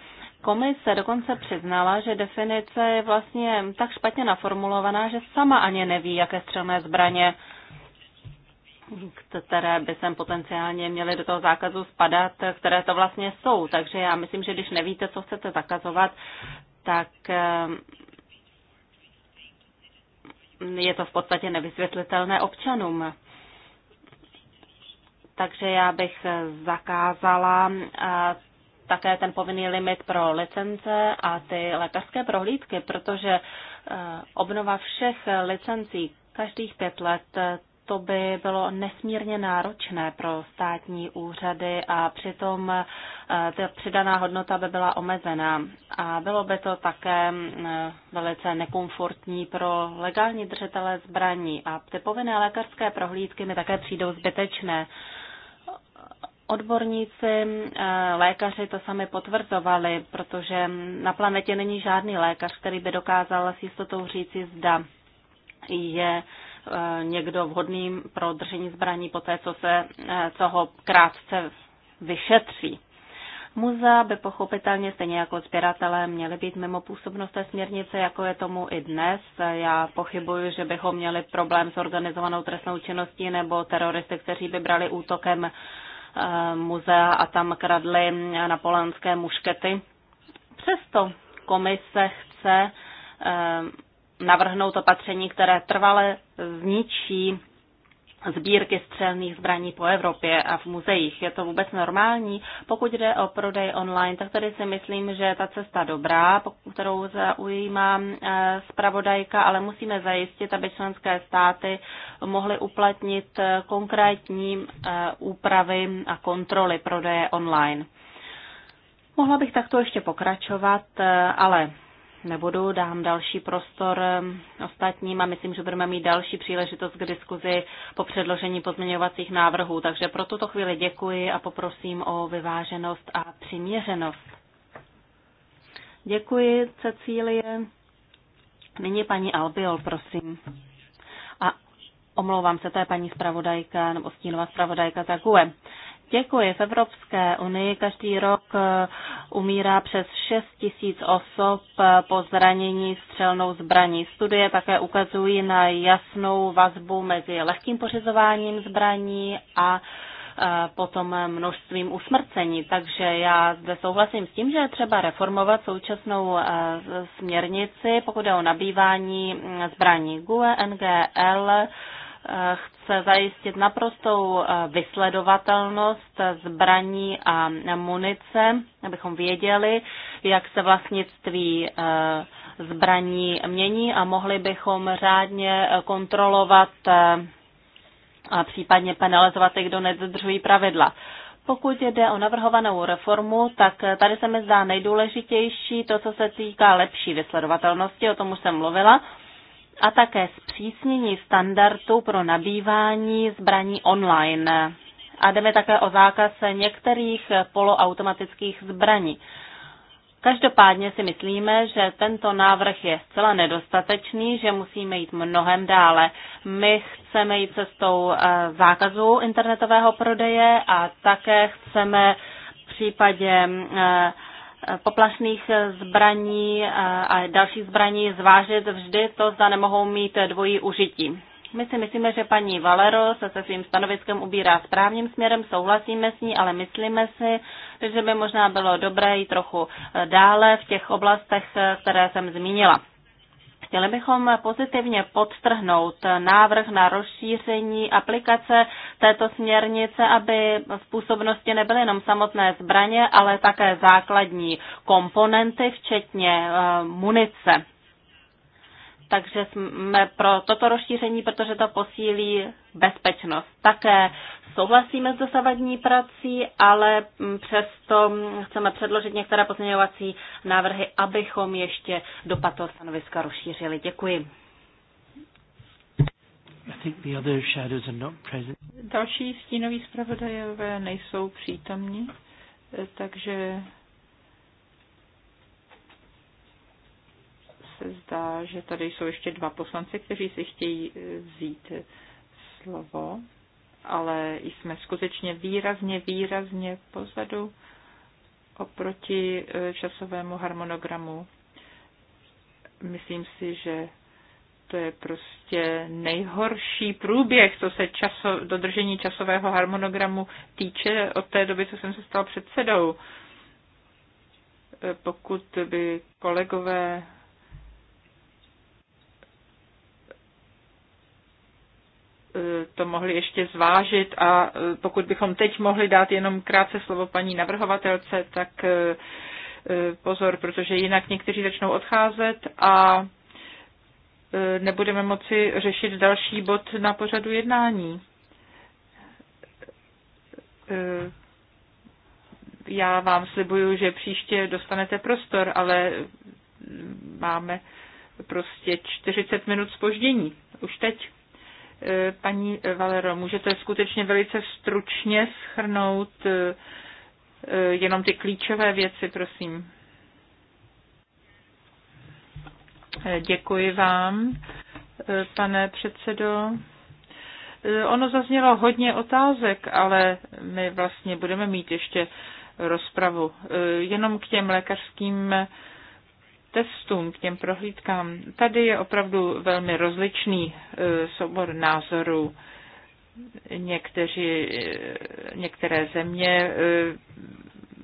Komise dokonce přiznala, že definice je vlastně tak špatně naformulovaná, že sama ani neví, jaké střelné zbraně které by sem potenciálně měly do toho zákazu spadat, které to vlastně jsou. Takže já myslím, že když nevíte, co chcete zakazovat, tak ehm, je to v podstatě nevysvětlitelné občanům. Takže já bych zakázala eh, také ten povinný limit pro licence a ty lékařské prohlídky, protože eh, obnova všech licencí každých pět let, to by bylo nesmírně náročné pro státní úřady a přitom eh, ta přidaná hodnota by byla omezená. A bylo by to také mm, velice nekomfortní pro legální držitele zbraní. A ty povinné lékařské prohlídky mi také přijdou zbytečné. Odborníci, eh, lékaři to sami potvrzovali, protože na planetě není žádný lékař, který by dokázal s jistotou říci, zda je uh, Eh, někdo vhodný pro držení zbraní po té, co se eh, co ho krátce vyšetří. Muzea by pochopitelně stejně jako sběratelé měly být mimo působnost té směrnice, jako je tomu i dnes. Já pochybuji, že bychom měli problém s organizovanou trestnou činností nebo teroristy, kteří by brali útokem eh, muzea a tam kradli napoleonské muškety. Přesto komise chce navrhnout opatření, které trvale zničí sbírky střelných zbraní po Evropě a v muzeích. Je to vůbec normální? Pokud jde o prodej online, tak tady si myslím, že je ta cesta dobrá, kterou zaujímá eh, zpravodajka, ale musíme zajistit, aby členské státy mohly uplatnit eh, konkrétní eh, úpravy a kontroly prodeje online. Mohla bych takto ještě pokračovat, ale nebudu, dám další prostor um, ostatním a myslím, že budeme mít další příležitost k diskuzi po předložení pozměňovacích návrhů. Takže pro tuto chvíli děkuji a poprosím o vyváženost a přiměřenost. Děkuji, Cecílie. Nyní paní Albiol, prosím. A omlouvám se, to je paní zpravodajka nebo stínová zpravodajka za GUE. Děkuji. V Evropské unii každý rok eh, umírá přes 6 tisíc osob eh, po zranění střelnou zbraní. Studie také ukazují na jasnou vazbu mezi lehkým pořizováním zbraní a eh, potom množstvím usmrcení. Takže já zde souhlasím s tím, že je třeba reformovat současnou směrnici, pokud je o nabývání mm, zbraní GUE, NGL, chce zajistit naprostou eh, vysledovatelnost zbraní a munice, abychom věděli, jak se vlastnictví eh, zbraní mění a mohli bychom řádně kontrolovat eh, a případně penalizovat ty, kdo nedodržují pravidla. Pokud jde o navrhovanou reformu, tak tady se mi zdá nejdůležitější to, co se týká lepší vysledovatelnosti, o tom už jsem mluvila a také zpřísnění standardů pro nabývání zbraní online. A jdeme také o zákaz některých poloautomatických zbraní. Každopádně si myslíme, že tento návrh je zcela nedostatečný, že musíme jít mnohem dále. My chceme jít cestou eh, zákazu internetového prodeje a také chceme v případě eh, poplašných zbraní a dalších zbraní zvážit vždy to, zda nemohou mít dvojí užití. My si myslíme, že paní Valero se se svým stanoviskem ubírá správným směrem, souhlasíme s ní, ale myslíme si, že by možná bylo dobré i trochu dále v těch oblastech, které jsem zmínila. Chtěli bychom pozitivně podtrhnout návrh na rozšíření aplikace této směrnice, aby v působnosti nebyly jenom samotné zbraně, ale také základní komponenty, včetně eh, munice takže jsme pro toto rozšíření, protože to posílí bezpečnost. Také souhlasíme s dosavadní prací, ale mm, přesto chceme předložit některé pozměňovací návrhy, abychom ještě do toho stanoviska rozšířili. Děkuji. Další stínoví zpravodajové nejsou přítomni, takže se zdá, že tady jsou ještě dva poslanci, kteří si chtějí eh, vzít eh, slovo, ale jsme skutečně výrazně, výrazně pozadu oproti eh, časovému harmonogramu. Myslím si, že to je prostě nejhorší průběh, co se časo, dodržení časového harmonogramu týče od té doby, co jsem se stal předsedou. Pokud by kolegové to mohli ještě zvážit a e, pokud bychom teď mohli dát jenom krátce slovo paní navrhovatelce, tak e, e, pozor, protože jinak někteří začnou odcházet a nebudeme moci řešit další bod na pořadu jednání. Já vám slibuju, že příště dostanete prostor, ale máme prostě 40 minut spoždění. Už teď. Eh, paní eh, Valero, můžete skutečně velice stručně schrnout eh, jenom ty klíčové věci, prosím. Děkuji vám, pane předsedo. Ono zaznělo hodně otázek, ale my vlastně budeme mít ještě rozpravu. Jenom k těm lékařským testům, k těm prohlídkám, tady je opravdu velmi rozličný e, soubor názorů. Někteří, e, některé země e,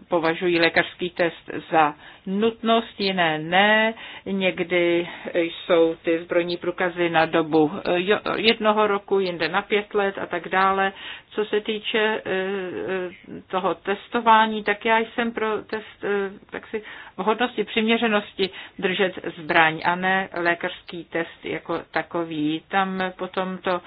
považují lékařský test za nutnost, jiné ne. Někdy jsou ty zbrojní průkazy na dobu eh, jednoho roku, jinde na pět let a tak dále. Co se týče eh, eh, toho testování, tak já jsem pro test tak si vhodnosti, přiměřenosti držet zbraň a ne lékařský test jako takový. Tam potom to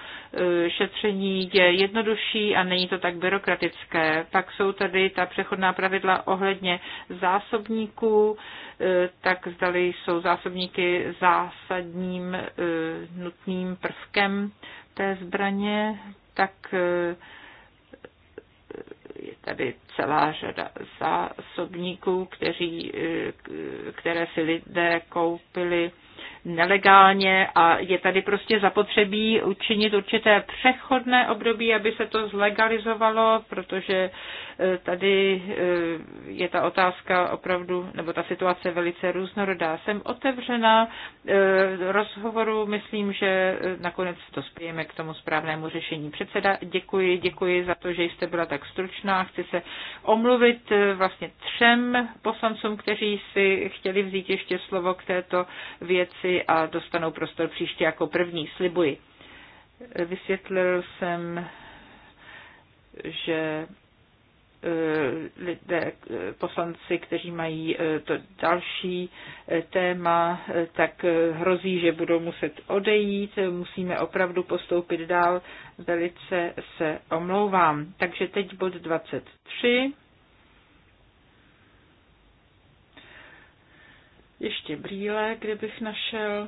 šetření je jednodušší a není to tak byrokratické. Pak jsou tady ta přechodná pravidla ohledně zásobníků, Eh, tak zdali jsou zásobníky zásadním eh, nutným prvkem té zbraně, tak eh, je tady celá řada zásobníků, kteří, které si lidé koupili nelegálně a je tady prostě zapotřebí učinit určité přechodné období, aby se to zlegalizovalo, protože Eh, tady eh, je ta otázka opravdu, nebo ta situace velice různorodá. Jsem otevřená eh, rozhovoru, myslím, že nakonec spějeme k tomu správnému řešení. Předseda, děkuji, děkuji za to, že jste byla tak stručná. Chci se omluvit vlastně třem poslancům, kteří si chtěli vzít ještě slovo k této věci a dostanou prostor příště jako první. Slibuji. Vysvětlil jsem že Eh, lidé, eh, poslanci, kteří mají eh, to další téma, tak hrozí, že budou muset odejít. Musíme opravdu postoupit dál. Velice se omlouvám. Takže teď bod 23. Ještě brýle, kdybych našel.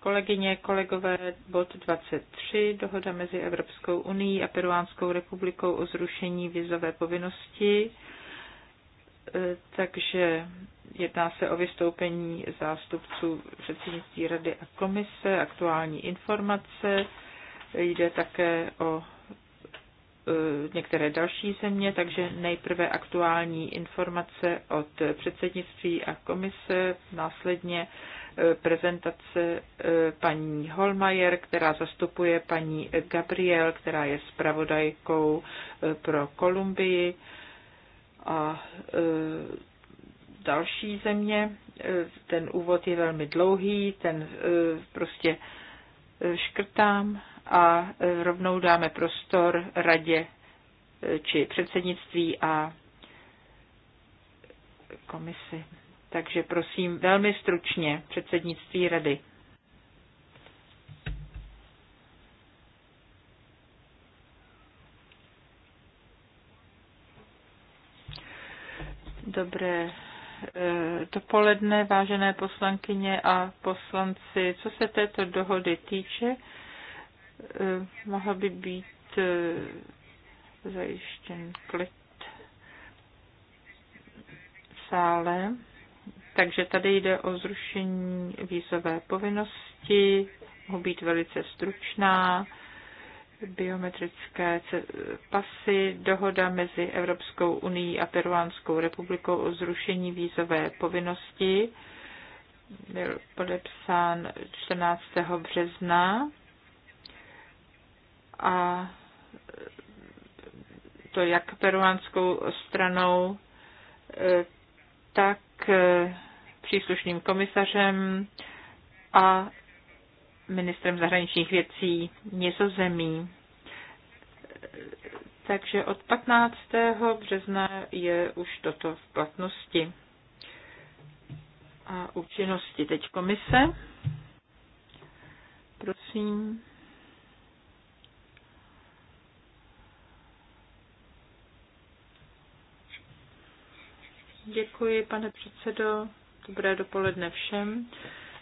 Kolegyně, kolegové, bod 23, dohoda mezi Evropskou unii a Peruánskou republikou o zrušení vizové povinnosti. E, takže jedná se o vystoupení zástupců předsednictví Rady a komise, aktuální informace. Jde také o e, některé další země, takže nejprve aktuální informace od předsednictví a komise, následně Eh, prezentace eh, paní Holmajer, která zastupuje paní Gabriel, která je zpravodajkou eh, pro Kolumbii a další země. Ten úvod je velmi dlouhý, ten prostě škrtám a rovnou dáme prostor radě či předsednictví a komisi. Takže prosím velmi stručně předsednictví rady. Dobré eh, dopoledne, vážené poslankyně a poslanci. Co se této dohody týče, eh, mohla by být eh, zajištěn klid v sále. Takže tady jde o zrušení vízové povinnosti, mohu být velice stručná, biometrické pasy, dohoda mezi Evropskou unii a Peruánskou republikou o zrušení vízové povinnosti byl podepsán 14. března a to jak peruánskou stranou, eh, tak eh, příslušným komisařem a ministrem zahraničních věcí Nizozemí. Takže od 15. března je už toto v platnosti a účinnosti. Teď komise. Prosím. Děkuji, pane předsedo. Dobré dopoledne všem.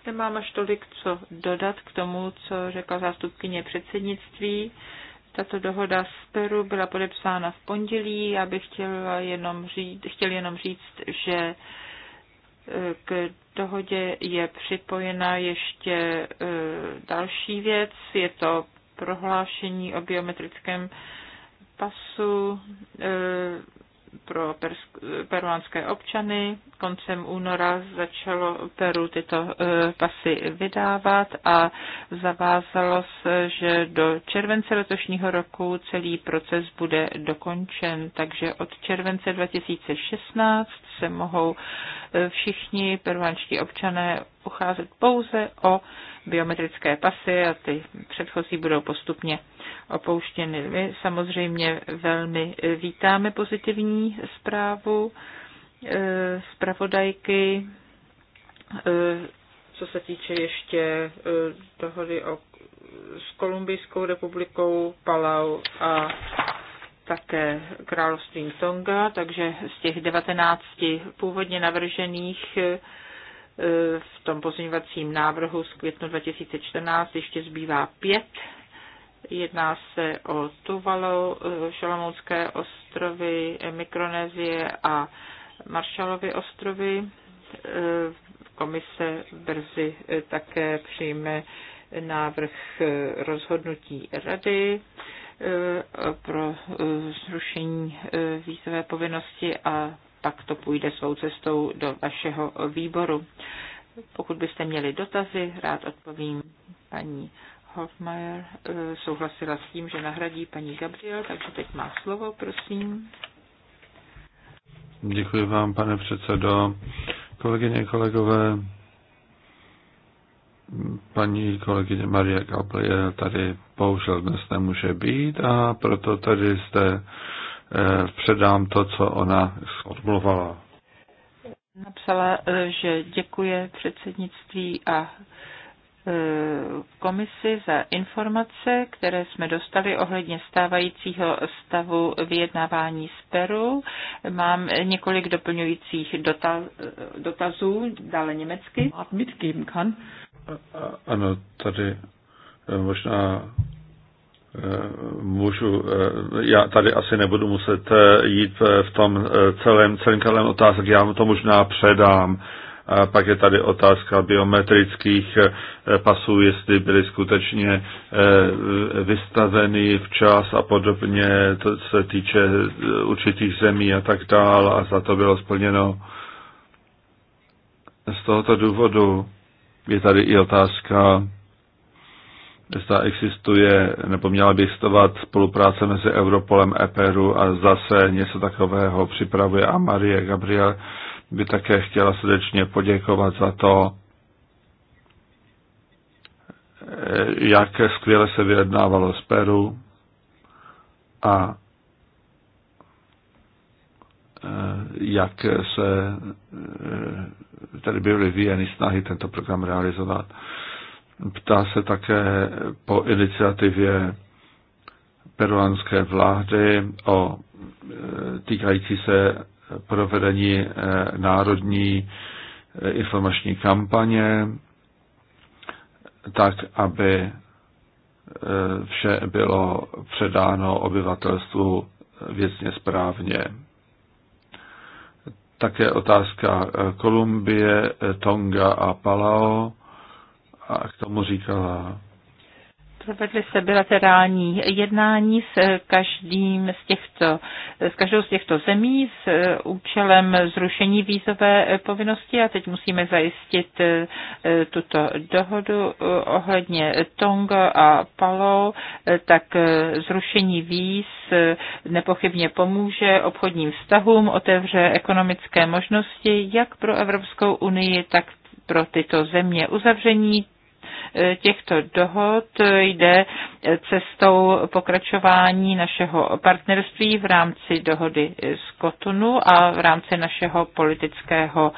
Nemám až tolik co dodat k tomu, co řekla zástupkyně předsednictví. Tato dohoda z Peru byla podepsána v pondělí. Já bych chtěla jenom říct, chtěl jenom říct, že e, k dohodě je připojena ještě e, další věc. Je to prohlášení o biometrickém pasu e, pro peruánské občany. Koncem února začalo Peru tyto e, pasy vydávat a zavázalo se, že do července letošního roku celý proces bude dokončen. Takže od července 2016 se mohou e, všichni peruánští občané ucházet pouze o biometrické pasy a ty předchozí budou postupně opouštěny. My samozřejmě velmi eh, vítáme pozitivní zprávu eh, zpravodajky, eh, co se týče ještě dohody o, s Kolumbijskou republikou, Palau a také královstvím Tonga, takže z těch 19 původně navržených v tom pozměňovacím návrhu z květnu 2014 ještě zbývá pět Jedná se o Tuvalu, eh, Šalamounské ostrovy, eh, Mikronézie a Maršalovy ostrovy. Eh, komise brzy také přijme návrh rozhodnutí rady pro zrušení výzové povinnosti a pak to půjde svou cestou do vašeho výboru. Pokud byste měli dotazy, rád odpovím paní Hofmeier eh, souhlasila s tím, že nahradí paní Gabriel, takže teď má slovo, prosím. Děkuji vám, pane předsedo. Kolegyně, kolegové, paní kolegyně Maria Gabriel tady bohužel dnes nemůže být a proto tady zde eh, předám to, co ona odmluvala. Napsala, eh, že děkuje předsednictví a Eh, komisi za informace, které jsme dostali ohledně stávajícího stavu vyjednávání z Peru. Mám několik doplňujících dotaz, eh, dotazů, dále německy. Mitgeben kann. Ano, tady eh, možná můžu, já tady asi nebudu muset jít v tom celém, celém otázek, já vám to možná předám a pak je tady otázka biometrických eh, pasů, jestli byly skutečně eh, vystaveny včas a podobně, to se týče eh, určitých zemí a tak dál a za to bylo splněno. Z tohoto důvodu je tady i otázka, zda existuje, nebo měla by existovat spolupráce mezi Europolem, EPERu a zase něco takového připravuje a Marie Gabriel by také chtěla srdečně poděkovat za to, eh, jak skvěle se vyjednávalo z Peru a eh, jak se eh, tady byly vyvíjeny snahy tento program realizovat. Ptá se také po iniciativě peruanské vlády o týkající se provedení eh, národní eh, informační kampaně, tak, aby eh, vše bylo předáno obyvatelstvu věcně správně. Také otázka Kolumbie, Tonga a Palau. A k tomu říkala Provedli se bilaterální jednání s, každým z těchto, s každou z těchto zemí s účelem zrušení výzové povinnosti a teď musíme zajistit eh, tuto dohodu eh, ohledně Tonga a Palou, eh, tak zrušení víz nepochybně pomůže obchodním vztahům, otevře ekonomické možnosti jak pro Evropskou unii, tak pro tyto země. Uzavření E, těchto dohod jde cestou pokračování našeho partnerství v rámci dohody z Kotonu a v rámci našeho politického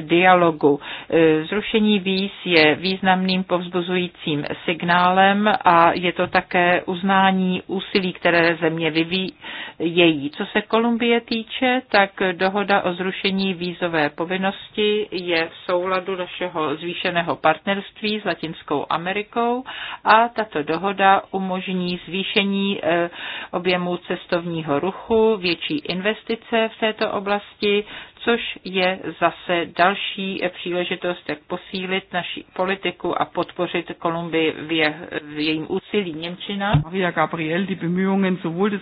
dialogu. E, zrušení víz je významným povzbuzujícím signálem a je to také uznání úsilí, které země vyvíjejí. Co se Kolumbie týče, tak dohoda o zrušení vízové povinnosti je v souladu našeho zvýšeného partnerství s Latinskou Latinskou Amerikou a tato dohoda umožní zvýšení eh, objemu cestovního ruchu, větší investice v této oblasti, což je zase další eh, příležitost, jak posílit naši politiku a podpořit Kolumbii v, je, v jejím úsilí Němčina. Maria Gabriel, die Bemühungen sowohl des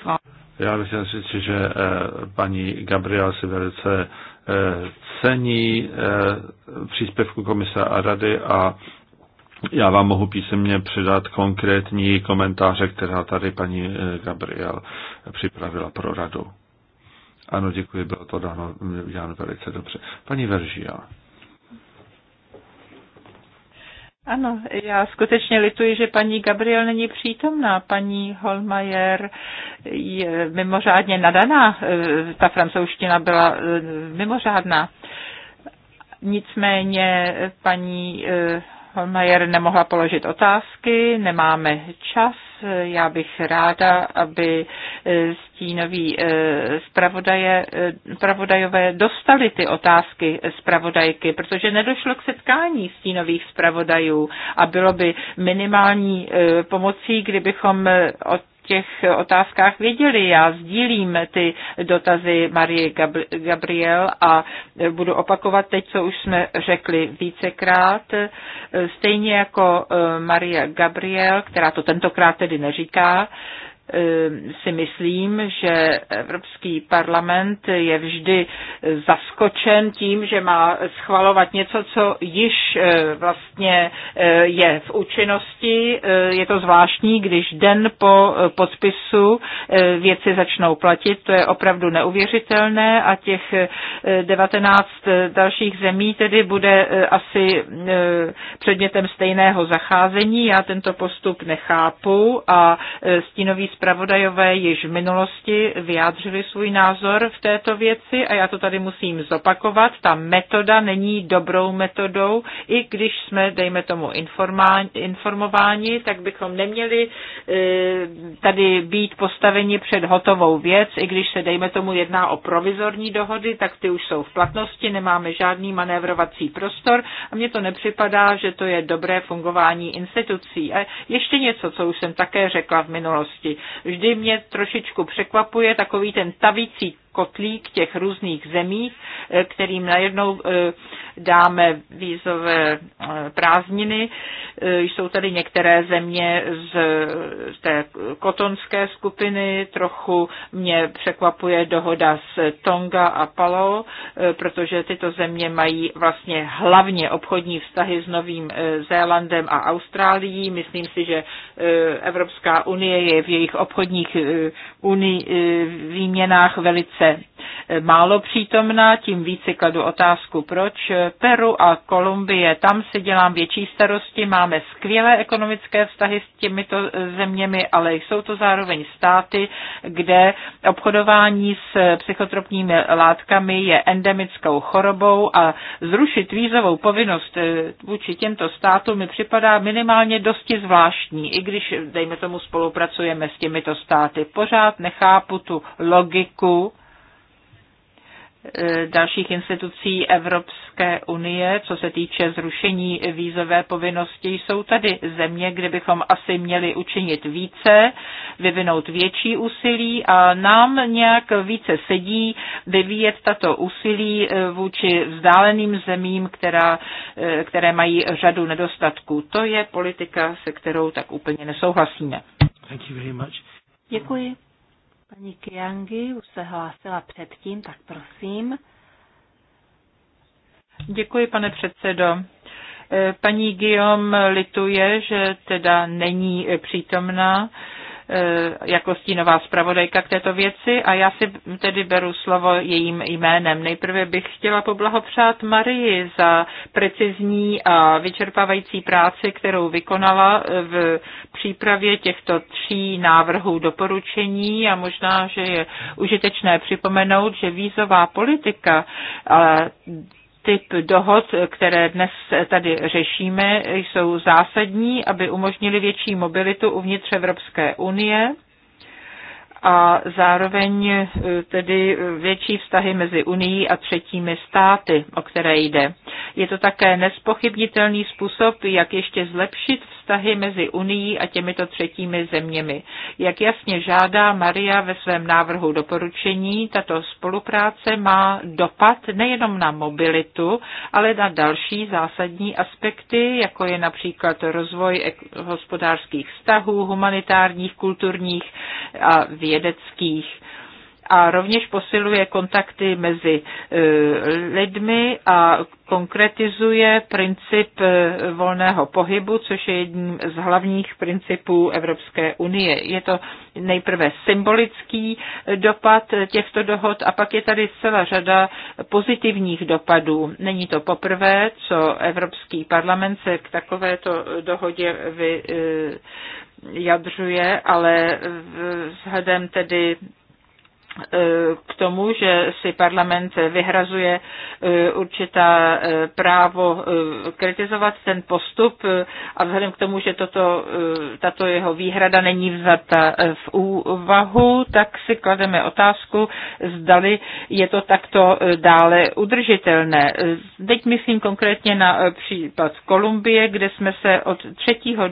já bych chtěl říct, že eh, paní Gabriel si velice cení příspěvku komise a rady a já vám mohu písemně předat konkrétní komentáře, která tady paní eh, Gabriel připravila pro radu. Ano, děkuji, bylo to dáno, Jan velice dobře. Paní Veržia. Ano, já skutečně lituji, že paní Gabriel není přítomná. Paní Holmajer je mimořádně nadaná. Eh, ta francouzština byla eh, mimořádná. Nicméně paní Majer nemohla položit otázky, nemáme čas. Já bych ráda, aby eh, stínoví eh, eh, zpravodajové dostali ty otázky zpravodajky, protože nedošlo k setkání stínových zpravodajů a bylo by minimální pomocí, kdybychom od těch otázkách věděli. Já sdílím ty dotazy Marie Gabriel a budu opakovat teď, co už jsme řekli vícekrát. Stejně jako eh, Marie Gabriel, která to tentokrát tedy neříká, Ehm, si myslím, že Evropský parlament je vždy zaskočen tím, že má schvalovat něco, co již ehm, vlastně ehm, je v účinnosti. Je to zvláštní, když den po eh, podpisu věci začnou platit. To je opravdu neuvěřitelné a těch 19 eh, dalších zemí tedy bude eh, asi předmětem stejného zacházení. Já tento postup nechápu a stínový zpravodajové již v minulosti vyjádřili svůj názor v této věci a já to tady musím zopakovat. Ta metoda není dobrou metodou, i když jsme, dejme tomu, informováni, tak bychom neměli e, tady být postaveni před hotovou věc, i když se, dejme tomu, jedná o provizorní dohody, tak ty už jsou v platnosti, nemáme žádný manévrovací prostor a mně to nepřipadá, že to je dobré fungování institucí. A ještě něco, co už jsem také řekla v minulosti vždy mě trošičku překvapuje takový ten stavící kotlík těch různých zemí, eh, kterým najednou eh, dáme vízové eh, prázdniny. Jsou tady některé země z té kotonské skupiny, trochu mě překvapuje dohoda s Tonga a Palau, protože tyto země mají vlastně hlavně obchodní vztahy s Novým Zélandem a Austrálií. Myslím si, že Evropská unie je v jejich obchodních unii, výměnách velice více málo přítomná, tím více kladu otázku, proč Peru a Kolumbie, tam si dělám větší starosti, máme skvělé ekonomické vztahy s těmito zeměmi, ale jsou to zároveň státy, kde obchodování s psychotropními látkami je endemickou chorobou a zrušit vízovou povinnost eh, vůči těmto státům mi připadá minimálně dosti zvláštní, i když, dejme tomu, spolupracujeme s těmito státy. Pořád nechápu tu logiku, Eh, dalších institucí Evropské unie, co se týče zrušení vízové povinnosti, jsou tady země, kde bychom asi měli učinit více, vyvinout větší úsilí a nám nějak více sedí vyvíjet tato úsilí eh, vůči vzdáleným zemím, která, eh, které mají řadu nedostatků. To je politika, se kterou tak úplně nesouhlasíme. Děkuji. Paní Kiangi už se hlásila předtím, tak prosím. Děkuji, pane předsedo. Eh, paní Guillaume lituje, že teda není eh, přítomná Eh, jako stínová zpravodajka k této věci a já si tedy beru slovo jejím jménem. Nejprve bych chtěla poblahopřát Marii za precizní a vyčerpávající práci, kterou vykonala eh, v přípravě těchto tří návrhů doporučení a možná, že je užitečné připomenout, že vízová politika typ dohod, které dnes tady řešíme, jsou zásadní, aby umožnili větší mobilitu uvnitř Evropské unie a zároveň e, tedy větší vztahy mezi Unii a třetími státy, o které jde. Je to také nespochybnitelný způsob, jak ještě zlepšit vztahy mezi Unii a těmito třetími zeměmi. Jak jasně žádá Maria ve svém návrhu doporučení, tato spolupráce má dopad nejenom na mobilitu, ale na další zásadní aspekty, jako je například rozvoj hospodářských vztahů, humanitárních, kulturních a vědeckých a rovněž posiluje kontakty mezi e, lidmi a konkretizuje princip e, volného pohybu, což je jedním z hlavních principů Evropské unie. Je to nejprve symbolický dopad těchto dohod a pak je tady celá řada pozitivních dopadů. Není to poprvé, co Evropský parlament se k takovéto dohodě vyjadřuje, e, ale vzhledem tedy E, k tomu, že si parlament vyhrazuje e, určitá e, právo kritizovat ten postup a vzhledem k tomu, že toto, tato jeho výhrada není vzata v úvahu, tak si klademe otázku, zdali je to takto dále udržitelné. Teď myslím konkrétně na případ Kolumbie, kde jsme se od třetího,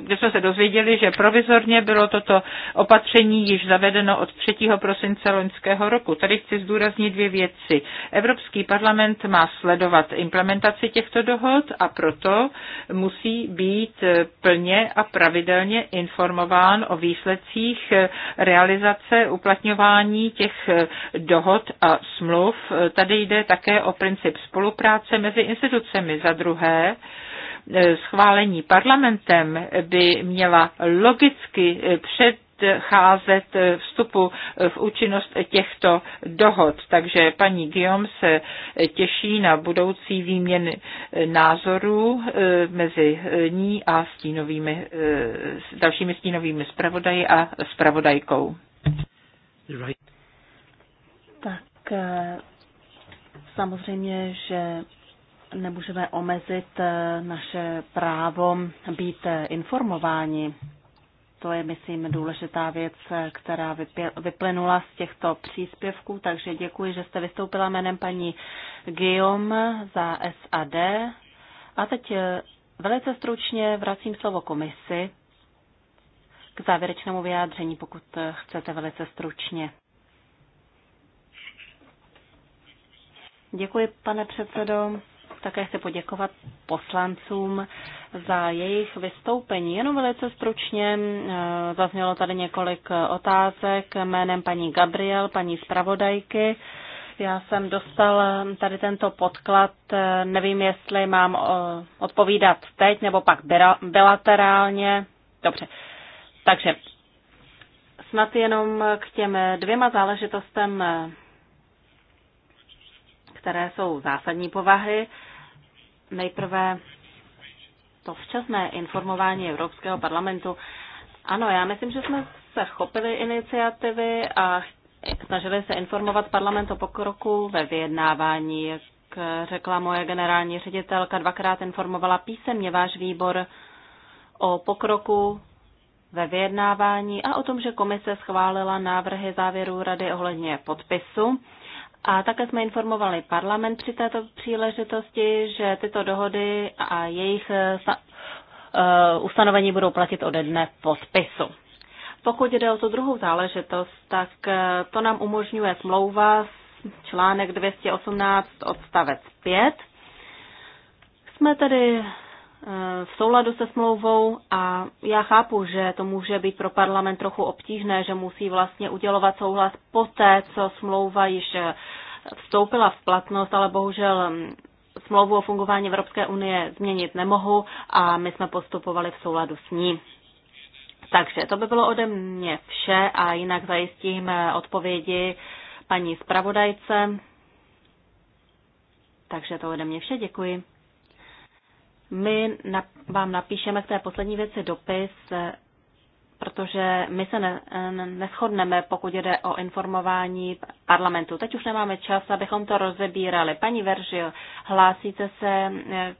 kde jsme se dozvěděli, že provizorně bylo toto opatření již zavedeno od 3. prosince prosince loňského roku. Tady chci zdůraznit dvě věci. Evropský parlament má sledovat implementaci těchto dohod a proto musí být plně a pravidelně informován o výsledcích realizace uplatňování těch dohod a smluv. Tady jde také o princip spolupráce mezi institucemi. Za druhé, schválení parlamentem by měla logicky před předcházet eh, vstupu eh, v účinnost těchto dohod. Takže paní Guillaume se eh, těší na budoucí výměny názorů mezi ní a stínovými, dalšími stínovými zpravodaji a zpravodajkou. Tak samozřejmě, že nemůžeme omezit naše právo být informováni to je, myslím, důležitá věc, která vyplynula z těchto příspěvků, takže děkuji, že jste vystoupila jménem paní Guillaume za SAD. A teď eh, velice stručně vracím slovo komisi k závěrečnému vyjádření, pokud eh, chcete velice stručně. Děkuji, pane předsedo. Také chci poděkovat poslancům za jejich vystoupení. Jenom velice stručně eh, zaznělo tady několik otázek jménem paní Gabriel, paní zpravodajky. Já jsem dostal tady tento podklad, eh, nevím, jestli mám eh, odpovídat teď nebo pak bilaterálně. Dobře, takže snad jenom k těm dvěma záležitostem, které jsou zásadní povahy. Nejprve to včasné informování Evropského parlamentu. Ano, já myslím, že jsme se chopili iniciativy a snažili se informovat parlament o pokroku ve vyjednávání. Jak řekla moje generální ředitelka, dvakrát informovala písemně váš výbor o pokroku ve vyjednávání a o tom, že komise schválila návrhy závěrů rady ohledně podpisu. A také jsme informovali parlament při této příležitosti, že tyto dohody a jejich eh, eh, ustanovení budou platit ode dne podpisu. Pokud jde o tu druhou záležitost, tak eh, to nám umožňuje smlouva článek 218 odstavec 5. Jsme tedy v souladu se smlouvou a já chápu, že to může být pro parlament trochu obtížné, že musí vlastně udělovat souhlas poté, co smlouva již vstoupila v platnost, ale bohužel mm, smlouvu o fungování Evropské unie změnit nemohu a my jsme postupovali v souladu s ní. Takže to by bylo ode mě vše a jinak zajistím odpovědi paní zpravodajce. Takže to ode mě vše, děkuji. My na, vám napíšeme k té poslední věci dopis, eh, protože my se ne, eh, neschodneme, pokud jde o informování parlamentu. Teď už nemáme čas, abychom to rozebírali. Paní Veržil, hlásíte se eh,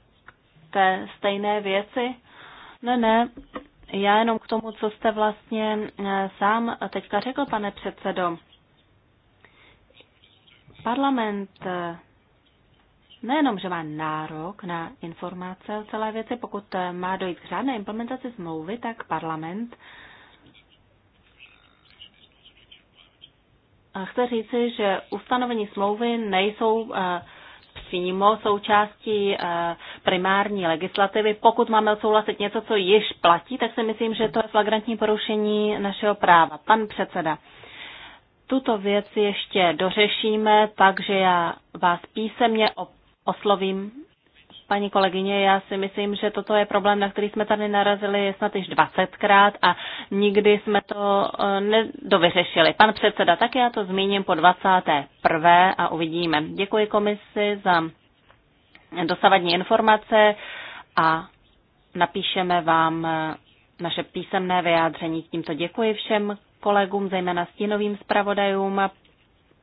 k té stejné věci? Ne, ne. Já jenom k tomu, co jste vlastně sám teďka řekl, pane předsedo. Parlament nejenom, že má nárok na informace o celé věci, pokud eh, má dojít k řádné implementaci smlouvy, tak parlament eh, chce říci, že ustanovení smlouvy nejsou eh, přímo součástí primární legislativy. Pokud máme odsouhlasit něco, co již platí, tak si myslím, že to je flagrantní porušení našeho práva. Pan předseda, tuto věc ještě dořešíme, takže já vás písemně o oslovím. Paní kolegyně, já si myslím, že toto je problém, na který jsme tady narazili snad již 20krát a nikdy jsme to eh, nedovyřešili. Pan předseda, tak já to zmíním po 21. a uvidíme. Děkuji komisi za dosavadní informace a napíšeme vám eh, naše písemné vyjádření. Tímto děkuji všem kolegům, zejména stínovým zpravodajům,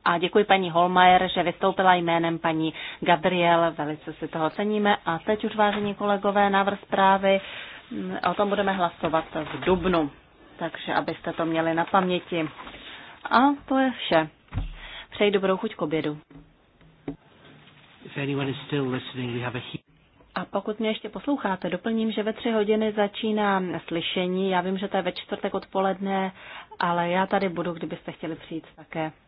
a děkuji paní Holmajer, že vystoupila jménem paní Gabriel, velice si toho ceníme. A teď už, vážení kolegové, návrh zprávy, o tom budeme hlasovat v Dubnu, takže abyste to měli na paměti. A to je vše. Přeji dobrou chuť k obědu. A pokud mě ještě posloucháte, doplním, že ve tři hodiny začíná slyšení. Já vím, že to je ve čtvrtek odpoledne, ale já tady budu, kdybyste chtěli přijít také.